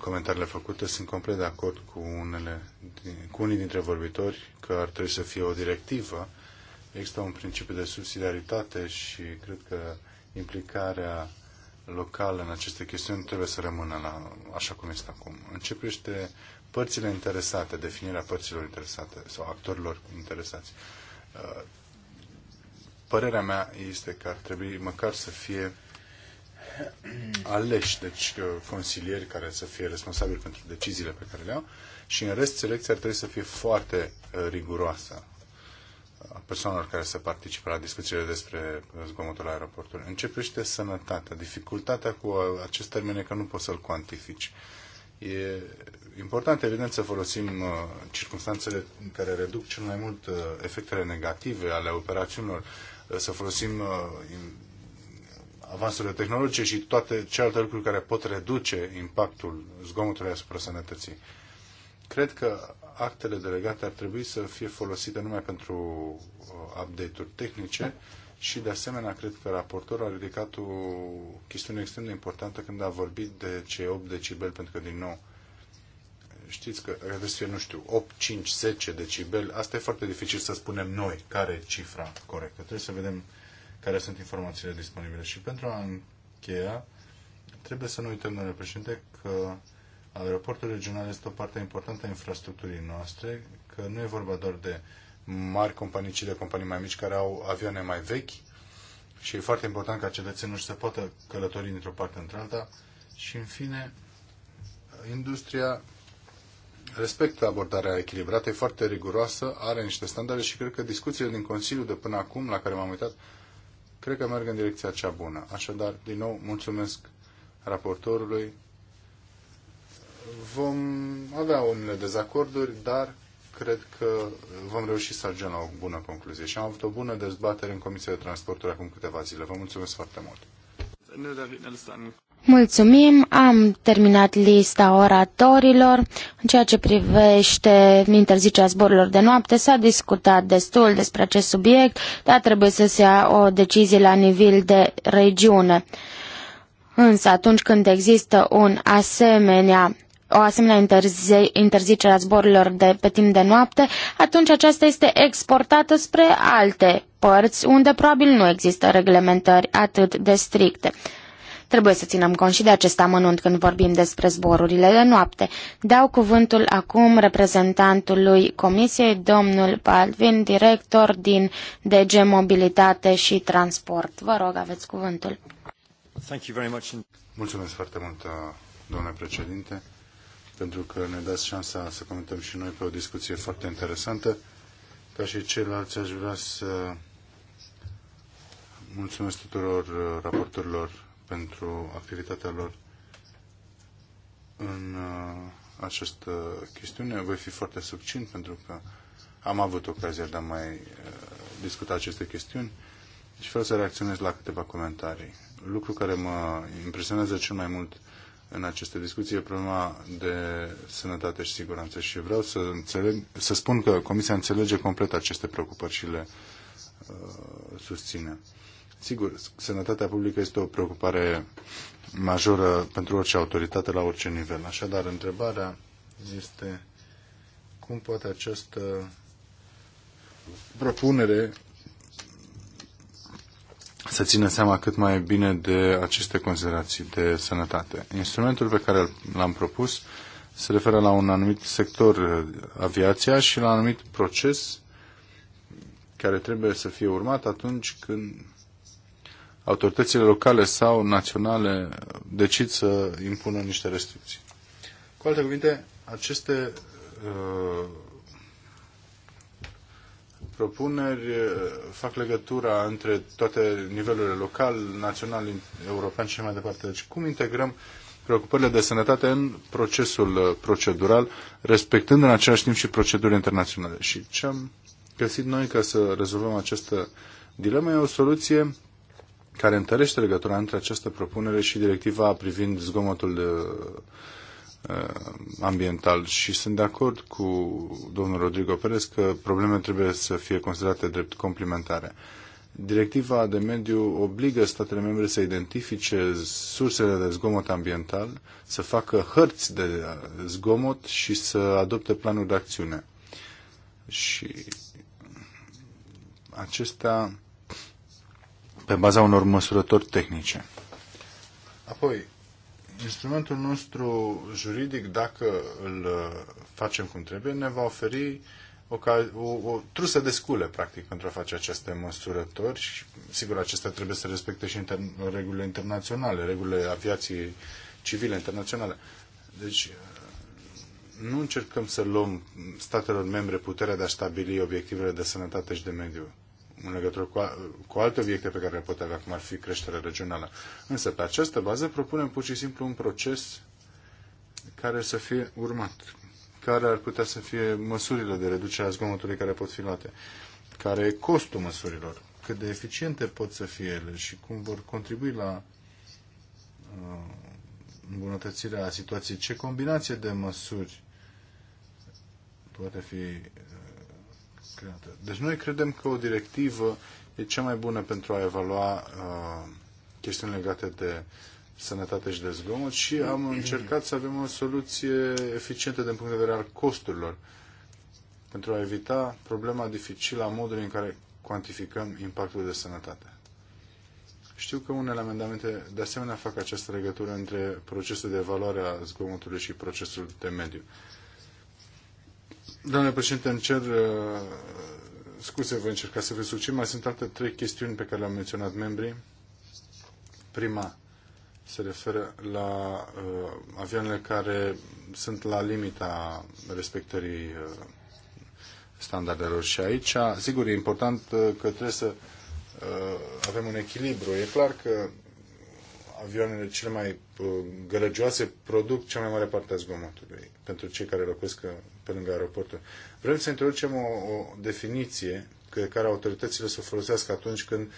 comentariile făcute. Sunt complet de acord cu, unele, cu unii dintre vorbitori că ar trebui să fie o directivă. Există un principiu de subsidiaritate și cred că implicarea local în aceste chestiuni trebuie să rămână la, așa cum este acum. Începește părțile interesate, definirea părților interesate sau actorilor interesați. Uh, părerea mea este că ar trebui măcar să fie aleși, deci uh, consilieri care să fie responsabili pentru deciziile pe care le au și în rest selecția ar trebui să fie foarte uh, riguroasă a persoanelor care se participă la discuțiile despre zgomotul aeroportului. privește sănătatea, dificultatea cu acest termen că nu poți să-l cuantifici. E important, evident, să folosim uh, circunstanțele care reduc cel mai mult uh, efectele negative ale operațiunilor, uh, să folosim avansurile tehnologice și toate celelalte lucruri care pot reduce impactul zgomotului asupra sănătății. Cred că actele delegate ar trebui să fie folosite numai pentru uh, update-uri tehnice și, de asemenea, cred că raportorul a ridicat o chestiune extrem de importantă când a vorbit de cei 8 decibel, pentru că, din nou, știți că trebuie să fie, nu știu, 8, 5, 10 decibel. Asta e foarte dificil să spunem noi care e cifra corectă. Trebuie să vedem care sunt informațiile disponibile. Și pentru a încheia, trebuie să nu uităm, domnule președinte, că Aeroportul regional este o parte importantă a infrastructurii noastre, că nu e vorba doar de mari companii, ci de companii mai mici care au avioane mai vechi și e foarte important ca cetățenii să poată călători dintr-o parte într-alta și, în fine, industria respectă abordarea echilibrată, e foarte riguroasă, are niște standarde și cred că discuțiile din Consiliu de până acum, la care m-am uitat, cred că merg în direcția cea bună. Așadar, din nou, mulțumesc raportorului vom avea unele dezacorduri, dar cred că vom reuși să ajungem la o bună concluzie. Și am avut o bună dezbatere în Comisia de Transporturi acum câteva zile. Vă mulțumesc foarte mult! Mulțumim, am terminat lista oratorilor. În ceea ce privește interzicerea zborurilor de noapte, s-a discutat destul despre acest subiect, dar trebuie să se ia o decizie la nivel de regiune. Însă atunci când există un asemenea o asemenea interzicere a zborurilor de, pe timp de noapte, atunci aceasta este exportată spre alte părți unde probabil nu există reglementări atât de stricte. Trebuie să ținem cont și de acest amănunt când vorbim despre zborurile de noapte. Dau cuvântul acum reprezentantului Comisiei, domnul Palvin, director din DG Mobilitate și Transport. Vă rog, aveți cuvântul. Mulțumesc foarte mult, uh, domnule președinte pentru că ne dați șansa să comentăm și noi pe o discuție foarte interesantă. Ca și ceilalți, aș vrea să mulțumesc tuturor uh, raportorilor pentru activitatea lor în uh, această chestiune. Voi fi foarte subțin pentru că am avut ocazia de a mai uh, discuta aceste chestiuni și vreau să reacționez la câteva comentarii. Lucru care mă impresionează cel mai mult în aceste discuții e problema de sănătate și siguranță și vreau să, înțeleg, să spun că Comisia înțelege complet aceste preocupări și le uh, susține. Sigur, sănătatea publică este o preocupare majoră pentru orice autoritate la orice nivel. Așadar, întrebarea este cum poate această propunere să țină seama cât mai bine de aceste considerații de sănătate. Instrumentul pe care l-am propus se referă la un anumit sector, uh, aviația, și la un anumit proces care trebuie să fie urmat atunci când autoritățile locale sau naționale decid să impună niște restricții. Cu alte cuvinte, aceste uh, propuneri eh, fac legătura între toate nivelurile local, național, european și mai departe. Deci cum integrăm preocupările de sănătate în procesul eh, procedural, respectând în același timp și procedurile internaționale. Și ce am găsit noi ca să rezolvăm această dilemă e o soluție care întărește legătura între această propunere și directiva privind zgomotul de Uh, ambiental și sunt de acord cu domnul Rodrigo Perez că problemele trebuie să fie considerate drept complementare. Directiva de mediu obligă statele membre să identifice sursele de zgomot ambiental, să facă hărți de zgomot și să adopte planuri de acțiune. Și acestea pe baza unor măsurători tehnice. Apoi, instrumentul nostru juridic, dacă îl uh, facem cum trebuie, ne va oferi o, o, o trusă de scule, practic, pentru a face aceste măsurători și, sigur, acestea trebuie să respecte și inter- regulile internaționale, regulile aviației civile internaționale. Deci, uh, nu încercăm să luăm statelor membre puterea de a stabili obiectivele de sănătate și de mediu în legătură cu, cu alte obiecte pe care le pot avea, cum ar fi creșterea regională. Însă, pe această bază, propunem pur și simplu un proces care să fie urmat, care ar putea să fie măsurile de reducere a zgomotului care pot fi luate, care e costul măsurilor, cât de eficiente pot să fie ele și cum vor contribui la uh, îmbunătățirea situației, ce combinație de măsuri poate fi creată. Deci noi credem că o directivă e cea mai bună pentru a evalua uh, chestiuni legate de sănătate și de zgomot și am mhm. încercat să avem o soluție eficientă din punct de vedere al costurilor pentru a evita problema dificilă a modului în care cuantificăm impactul de sănătate. Știu că unele amendamente de asemenea fac această legătură între procesul de evaluare a zgomotului și procesul de mediu. Uh, Domnule președinte, îmi cer uh, scuze, voi încerca să vă sucim. Mai sunt alte trei chestiuni pe care le-au menționat membrii. Prima se referă la uh, avioanele care sunt la limita respectării uh, standardelor. Și aici, sigur, e important uh, că trebuie să uh, avem un echilibru. E clar că avioanele cele mai uh, gălăgioase produc cea mai mare parte a zgomotului pentru cei care locuiesc uh, pe lângă aeroportul. Vrem să introducem o, o definiție pe care autoritățile să o folosească atunci când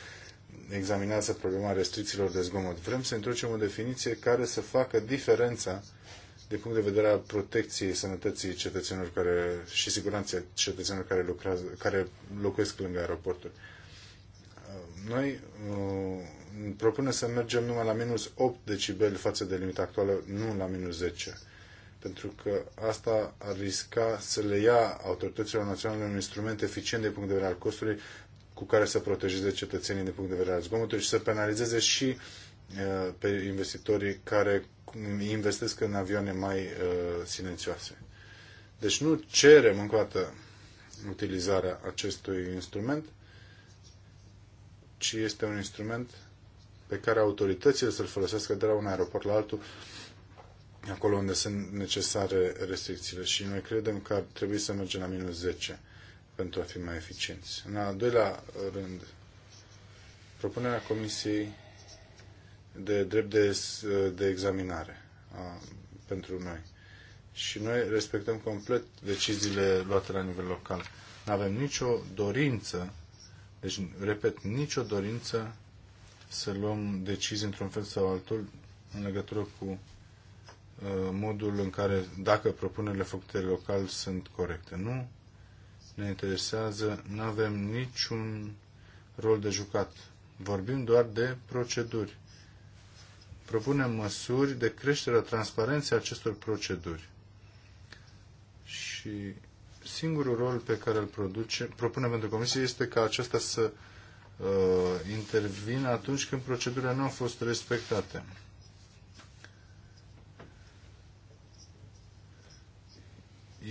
examinează problema restricțiilor de zgomot. Vrem să introducem o definiție care să facă diferența de punct de vedere al protecției sănătății cetățenilor care, și siguranței cetățenilor care, lucrează, care locuiesc lângă aeroporturi. Uh, noi propune să mergem numai la minus 8 decibeli față de limita actuală, nu la minus 10. Pentru că asta ar risca să le ia autorităților naționale un instrument eficient de punct de vedere al costului cu care să protejeze cetățenii de punct de vedere al zgomotului și să penalizeze și uh, pe investitorii care investesc în avioane mai uh, silențioase. Deci nu cerem încă o dată utilizarea acestui instrument, ci este un instrument pe care autoritățile să-l folosească de la un aeroport la altul, acolo unde sunt necesare restricțiile. Și noi credem că ar trebui să mergem la minus 10 pentru a fi mai eficienți. În al doilea rând, propunerea Comisiei de drept de, de examinare a, pentru noi. Și noi respectăm complet deciziile luate la nivel local. Nu avem nicio dorință, deci, repet, nicio dorință să luăm decizii într-un fel sau altul în legătură cu uh, modul în care, dacă propunerile făcute local sunt corecte. Nu ne interesează, nu avem niciun rol de jucat. Vorbim doar de proceduri. Propunem măsuri de creștere a transparenței acestor proceduri. Și singurul rol pe care îl produce, propunem pentru Comisie este ca acesta să uh, intervin atunci când procedurile nu au fost respectate.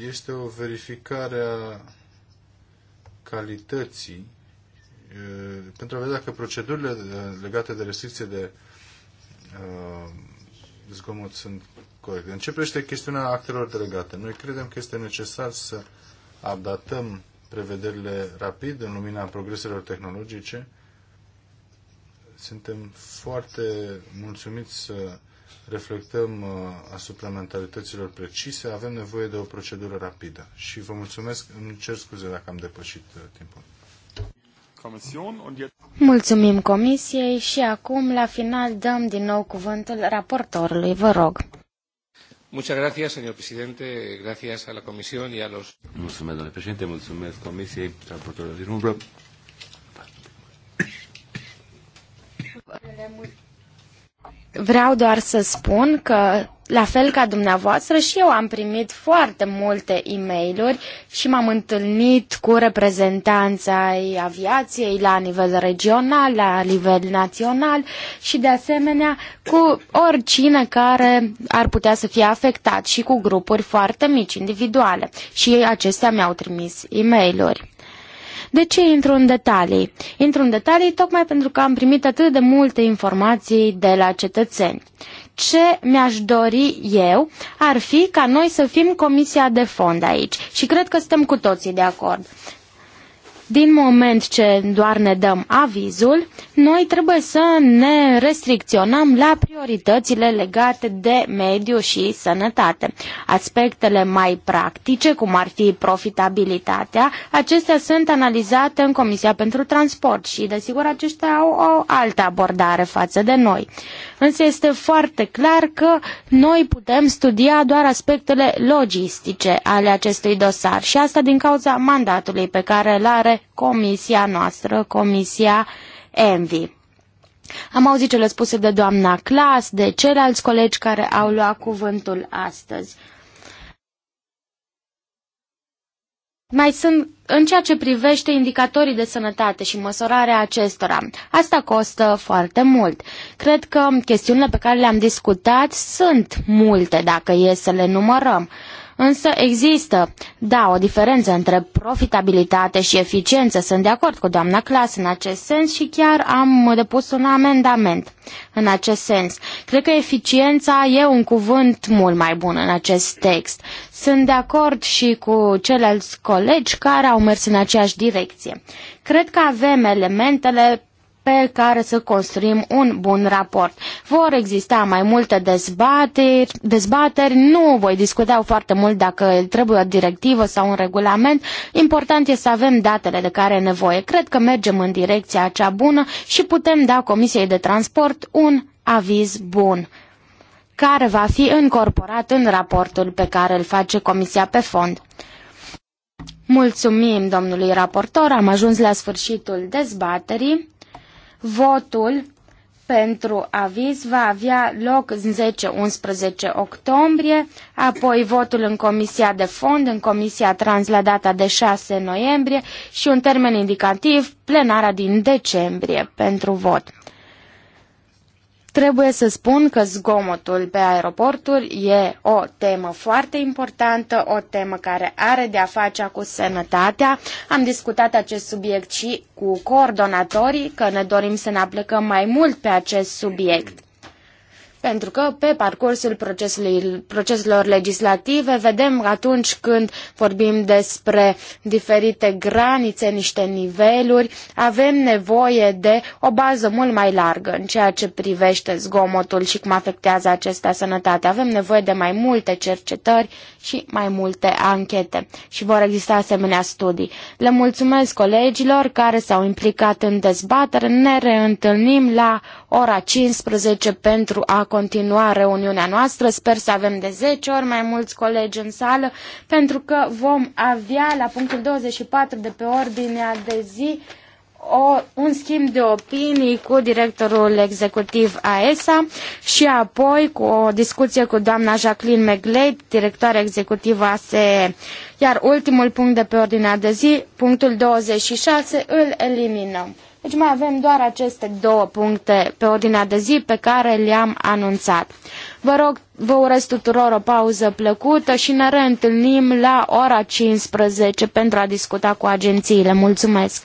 Este o verificare a calității uh, pentru a vedea dacă procedurile uh, legate de restricție de uh, zgomot sunt corecte. În ce privește chestiunea actelor delegate, noi credem că este necesar să adaptăm prevederile rapid în lumina progreselor tehnologice. Suntem foarte mulțumiți să reflectăm uh, asupra mentalităților precise. Avem nevoie de o procedură rapidă. Și vă mulțumesc, îmi cer scuze dacă am depășit uh, timpul. Mulțumim Comisiei și acum, la final, dăm din nou cuvântul raportorului. Vă rog. Muchas gracias, señor presidente. Gracias a la comisión y a los... Mulțumesc, domnule președinte. Mulțumesc comisiei, raportorilor din umbră. Vreau doar să spun că la fel ca dumneavoastră și eu am primit foarte multe e mail și m-am întâlnit cu reprezentanța ai aviației la nivel regional, la nivel național și de asemenea cu oricine care ar putea să fie afectat și cu grupuri foarte mici, individuale. Și acestea mi-au trimis e mail de ce intru în detalii? Intru în detalii tocmai pentru că am primit atât de multe informații de la cetățeni. Ce mi-aș dori eu ar fi ca noi să fim comisia de fond aici și cred că suntem cu toții de acord. Din moment ce doar ne dăm avizul, noi trebuie să ne restricționăm la prioritățile legate de mediu și sănătate. Aspectele mai practice, cum ar fi profitabilitatea, acestea sunt analizate în Comisia pentru Transport și, desigur, aceștia au o altă abordare față de noi. Însă este foarte clar că noi putem studia doar aspectele logistice ale acestui dosar și asta din cauza mandatului pe care îl are comisia noastră, comisia ENVI. Am auzit cele spuse de doamna Clas, de ceilalți colegi care au luat cuvântul astăzi. Mai sunt în ceea ce privește indicatorii de sănătate și măsurarea acestora. Asta costă foarte mult. Cred că chestiunile pe care le-am discutat sunt multe dacă e să le numărăm. Însă există, da, o diferență între profitabilitate și eficiență. Sunt de acord cu doamna Clas în acest sens și chiar am depus un amendament în acest sens. Cred că eficiența e un cuvânt mult mai bun în acest text. Sunt de acord și cu ceilalți colegi care au mers în aceeași direcție. Cred că avem elementele pe care să construim un bun raport. Vor exista mai multe dezbateri, dezbateri, nu voi discuta foarte mult dacă trebuie o directivă sau un regulament. Important este să avem datele de care e nevoie. Cred că mergem în direcția cea bună și putem da Comisiei de Transport un aviz bun care va fi încorporat în raportul pe care îl face Comisia pe fond. Mulțumim domnului raportor, am ajuns la sfârșitul dezbaterii. Votul pentru aviz va avea loc în 10-11 octombrie, apoi votul în Comisia de Fond, în Comisia Trans la data de 6 noiembrie și un termen indicativ, plenara din decembrie pentru vot. Trebuie să spun că zgomotul pe aeroporturi e o temă foarte importantă, o temă care are de-a face cu sănătatea. Am discutat acest subiect și cu coordonatorii, că ne dorim să ne aplicăm mai mult pe acest subiect. Pentru că pe parcursul proceselor legislative vedem atunci când vorbim despre diferite granițe, niște niveluri, avem nevoie de o bază mult mai largă în ceea ce privește zgomotul și cum afectează acesta sănătatea. Avem nevoie de mai multe cercetări și mai multe anchete și vor exista asemenea studii. Le mulțumesc colegilor care s-au implicat în dezbatere. Ne reîntâlnim la ora 15 pentru a continua reuniunea noastră. Sper să avem de 10 ori mai mulți colegi în sală, pentru că vom avea la punctul 24 de pe ordinea de zi o, un schimb de opinii cu directorul executiv AESA și apoi cu o discuție cu doamna Jacqueline Megleit, directoare executivă ASE. Iar ultimul punct de pe ordinea de zi, punctul 26, îl eliminăm. Deci mai avem doar aceste două puncte pe ordinea de zi pe care le-am anunțat. Vă rog, vă urez tuturor o pauză plăcută și ne reîntâlnim la ora 15 pentru a discuta cu agențiile. Mulțumesc!